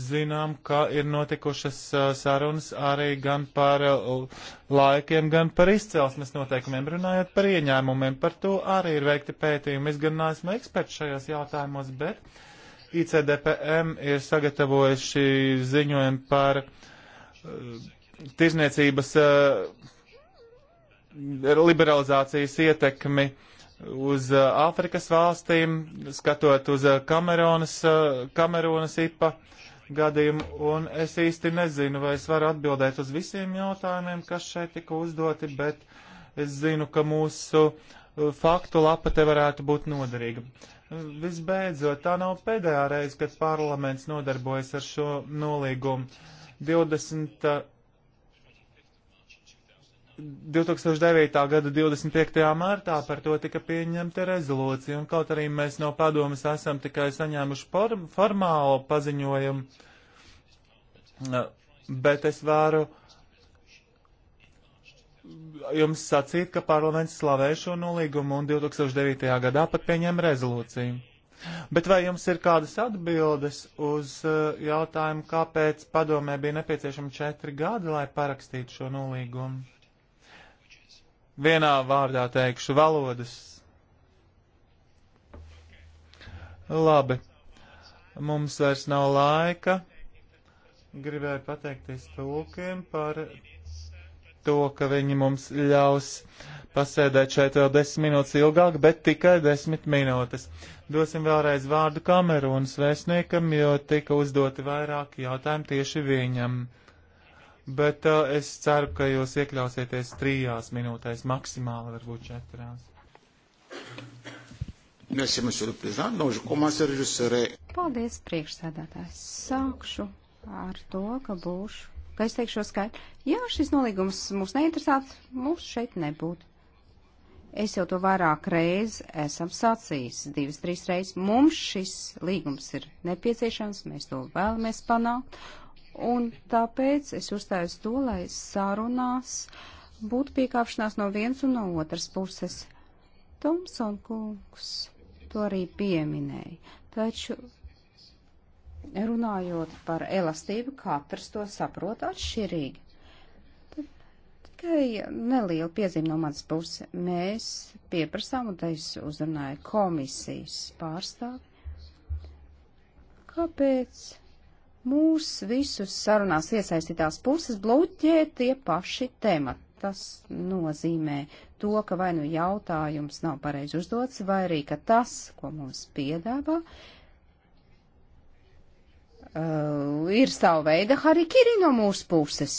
zinām, ka ir notikušas uh, sarunas arī gan par uh, laikiem, gan par izcelsmes noteikumiem, runājot par ieņēmumiem. Par to arī ir veikti pētījumi. Es gan neesmu eksperts šajos jautājumos, bet ICDPM ir sagatavojuši ziņojumu par uh, tirzniecības uh, liberalizācijas ietekmi uz uh, Āfrikas valstīm, skatot uz Kameronas, Kameronas IPA. Uh, gadījumu, un es īsti nezinu, vai es varu atbildēt uz visiem jautājumiem, kas šeit tika uzdoti, bet es zinu, ka mūsu uh, faktu lapa te varētu būt noderīga. Uh, visbeidzot, tā nav pēdējā reize, kad parlaments nodarbojas ar šo nolīgumu. 20. 2009. gada 25. martā par to tika pieņemta rezolūcija, un kaut arī mēs no padomas esam tikai saņēmuši form formālu paziņojumu, bet es varu jums sacīt, ka parlaments slavē šo nolīgumu un 2009. gadā pat pieņem rezolūciju. Bet vai jums ir kādas atbildes uz jautājumu, kāpēc padomē bija nepieciešama četri gadi, lai parakstītu šo nolīgumu? vienā vārdā teikšu valodas. Labi, mums vairs nav laika. Gribēju pateikties tūkiem par to, ka viņi mums ļaus pasēdēt šeit vēl desmit minūtes ilgāk, bet tikai desmit minūtes. Dosim vēlreiz vārdu kamerūnas vēstniekam, jo tika uzdoti vairāki jautājumi tieši viņam bet uh, es ceru, ka jūs iekļausieties trijās minūtēs, maksimāli varbūt četrās. Paldies, priekšsēdētājs. Sākšu ar to, ka būšu, ka es teikšu skaidri, jā, šis nolīgums mūs neinteresētu, mūs šeit nebūtu. Es jau to vairāk reiz esam sacījis, divas, trīs reizes. Mums šis līgums ir nepieciešams, mēs to vēlamies panākt, Un tāpēc es uzstājos to, lai sarunās būtu piekāpšanās no viens un no otras puses. Tomson kungs to arī pieminēja. Taču runājot par elastību, katrs to saprot atšķirīgi. Tad, tikai neliela piezīme no manas puses. Mēs pieprasām, un te es uzrunāju komisijas pārstāvi. Kāpēc? Mūs visus sarunās iesaistītās puses bloķē tie paši temati. Tas nozīmē to, ka vai nu jautājums nav pareizi uzdots, vai arī, ka tas, ko mums piedāvā, uh, ir savu veidu harikiri no mūsu puses.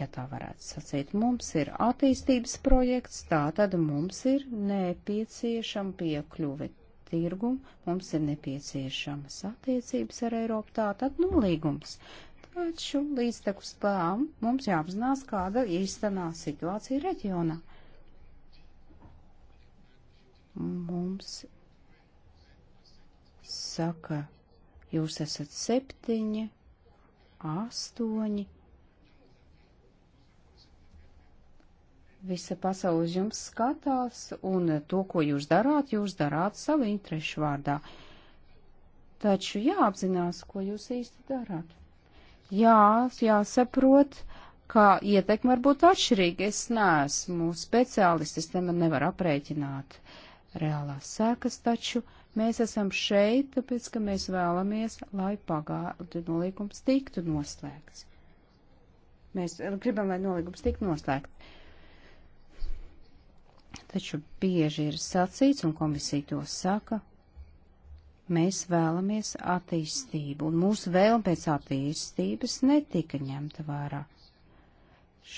Ja tā varētu sacīt, mums ir attīstības projekts, tā tad mums ir nepieciešama piekļuve tirgu, mums ir nepieciešamas attiecības ar Eiropu, tātad nolīgums. Taču līdztekus tām mums jāapzinās, kāda īstenā situācija reģionā. Mums saka, jūs esat septiņi, astoņi, Visa pasaule uz jums skatās, un to, ko jūs darāt, jūs darāt savu interešu vārdā. Taču jāapzinās, ko jūs īsti darāt. Jā, jāsaprot, ka ietekme var būt atšķirīga. Es neesmu speciālists, es te man nevaru aprēķināt reālās sēkas, taču mēs esam šeit, tāpēc, ka mēs vēlamies, lai pagādu nolīgums tiktu noslēgts. Mēs gribam, lai nolīgums tiktu noslēgts. Taču bieži ir sacīts, un komisija to saka, mēs vēlamies attīstību, un mūsu vēlme pēc attīstības netika ņemta vērā.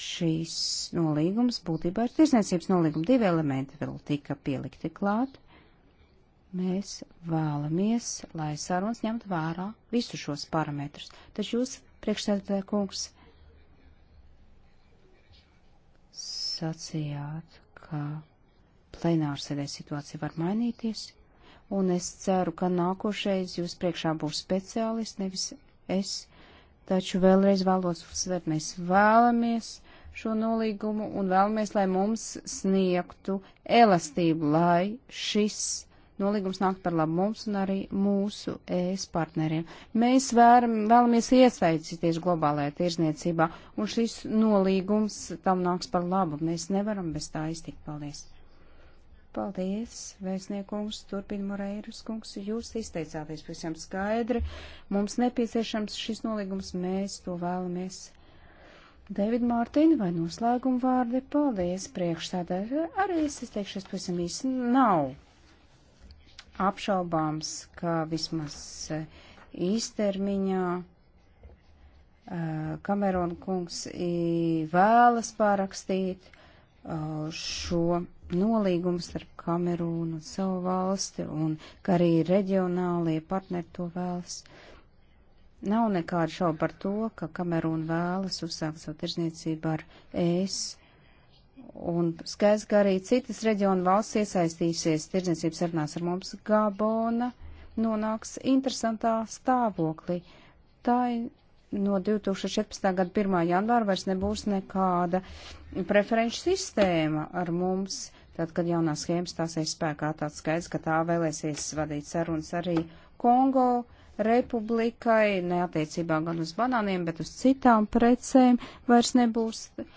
Šīs nolīgums būtībā ir tirsniecības nolīguma divi elementi vēl tika pielikti klāt. Mēs vēlamies, lai sarunas ņemtu vērā visu šos parametrus, taču jūs, priekšsēdētāja kungs, sacījāt, ka plenārsēdē situācija var mainīties, un es ceru, ka nākošais jūs priekšā būs speciālists, nevis es, taču vēlreiz vēlos uzsvērt, mēs vēlamies šo nolīgumu un vēlamies, lai mums sniegtu elastību, lai šis nolīgums nākt par labu mums un arī mūsu ES partneriem. Mēs vēram, vēlamies iesaistīties globālajā tirzniecībā, un šis nolīgums tam nāks par labu. Mēs nevaram bez tā iztikt. Paldies! Paldies, vēstniekums, turpina Moreiras kungs, jūs izteicāties visiem skaidri. Mums nepieciešams šis nolīgums, mēs to vēlamies. David Mārtiņa vai noslēguma vārdi, paldies priekšstādā. Arī es izteikšos pavisam īsi nav apšaubāms, ka vismaz eh, īstermiņā eh, Kamerona kungs vēlas pārakstīt eh, šo nolīgumu starp Kamerūnu un savu valsti, un ka arī reģionālie partneri to vēlas. Nav nekāda šauba par to, ka Kamerūna vēlas uzsākt savu tirzniecību ar ES Un skaidrs, ka arī citas reģionu valsts iesaistīsies tirdzniecības sarunās ar mums. Gabona nonāks interesantā stāvoklī. Tā no 2014. gada 1. janvāra vairs nebūs nekāda preferenču sistēma ar mums. Tad, kad jaunā schēma stāsies spēkā, tāds skaidrs, ka tā vēlēsies vadīt sarunas arī Kongo republikai, neatiecībā gan uz banāniem, bet uz citām precēm vairs nebūs. Uh,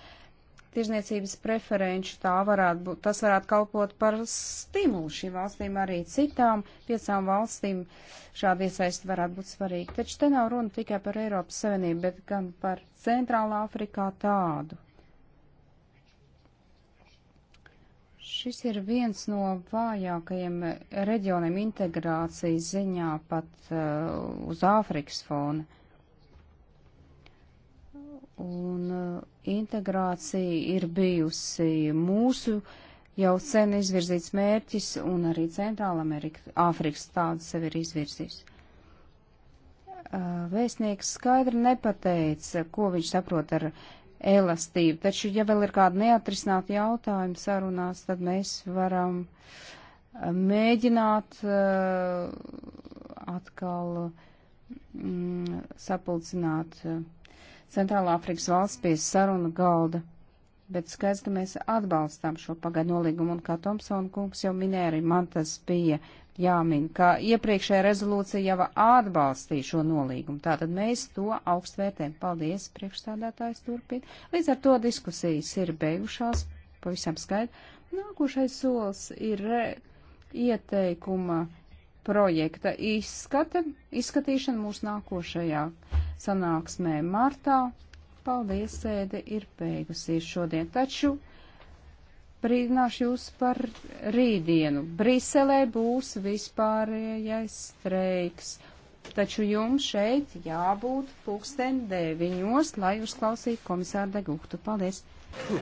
tirzniecības preferenču, tā varētu būt, tas varētu kalpot par stimulu šīm valstīm, arī citām piecām valstīm šādi iesaisti varētu būt svarīgi. Taču te nav runa tikai par Eiropas Savienību, bet gan par Centrālā Afrikā tādu. Šis ir viens no vājākajiem reģioniem integrācijas ziņā pat uh, uz Āfrikas fona. Un uh, integrācija ir bijusi mūsu jau sen izvirzīts mērķis, un arī Centrāla Amerika, Āfrikas tādu sev ir izvirzījis. Uh, vēstnieks skaidri nepateica, ko viņš saprot ar elastību, taču, ja vēl ir kādi neatrisināti jautājumi sarunās, tad mēs varam uh, mēģināt atkal mm, sapulcināt. Uh, Centrālā Afrikas valsts pie saruna galda. Bet skaidrs, ka mēs atbalstām šo pagaidu nolīgumu, un kā Tomsona kungs jau minēja, arī man tas bija jāmin, ka iepriekšējā rezolūcija jau atbalstīja šo nolīgumu. Tātad mēs to augstvērtējam. Paldies, priekšstādātājs turpina. Līdz ar to diskusijas ir beigušās, pavisam skaidri. Nākošais solis ir ieteikuma projekta izskate, izskatīšana mūsu nākošajā sanāksmē martā. Paldies, sēde ir beigusies šodien, taču brīdināšu jūs par rītdienu. Briselē būs vispārējais streiks, taču jums šeit jābūt pulksten deviņos, lai uzklausītu komisāru Deguktu. Paldies!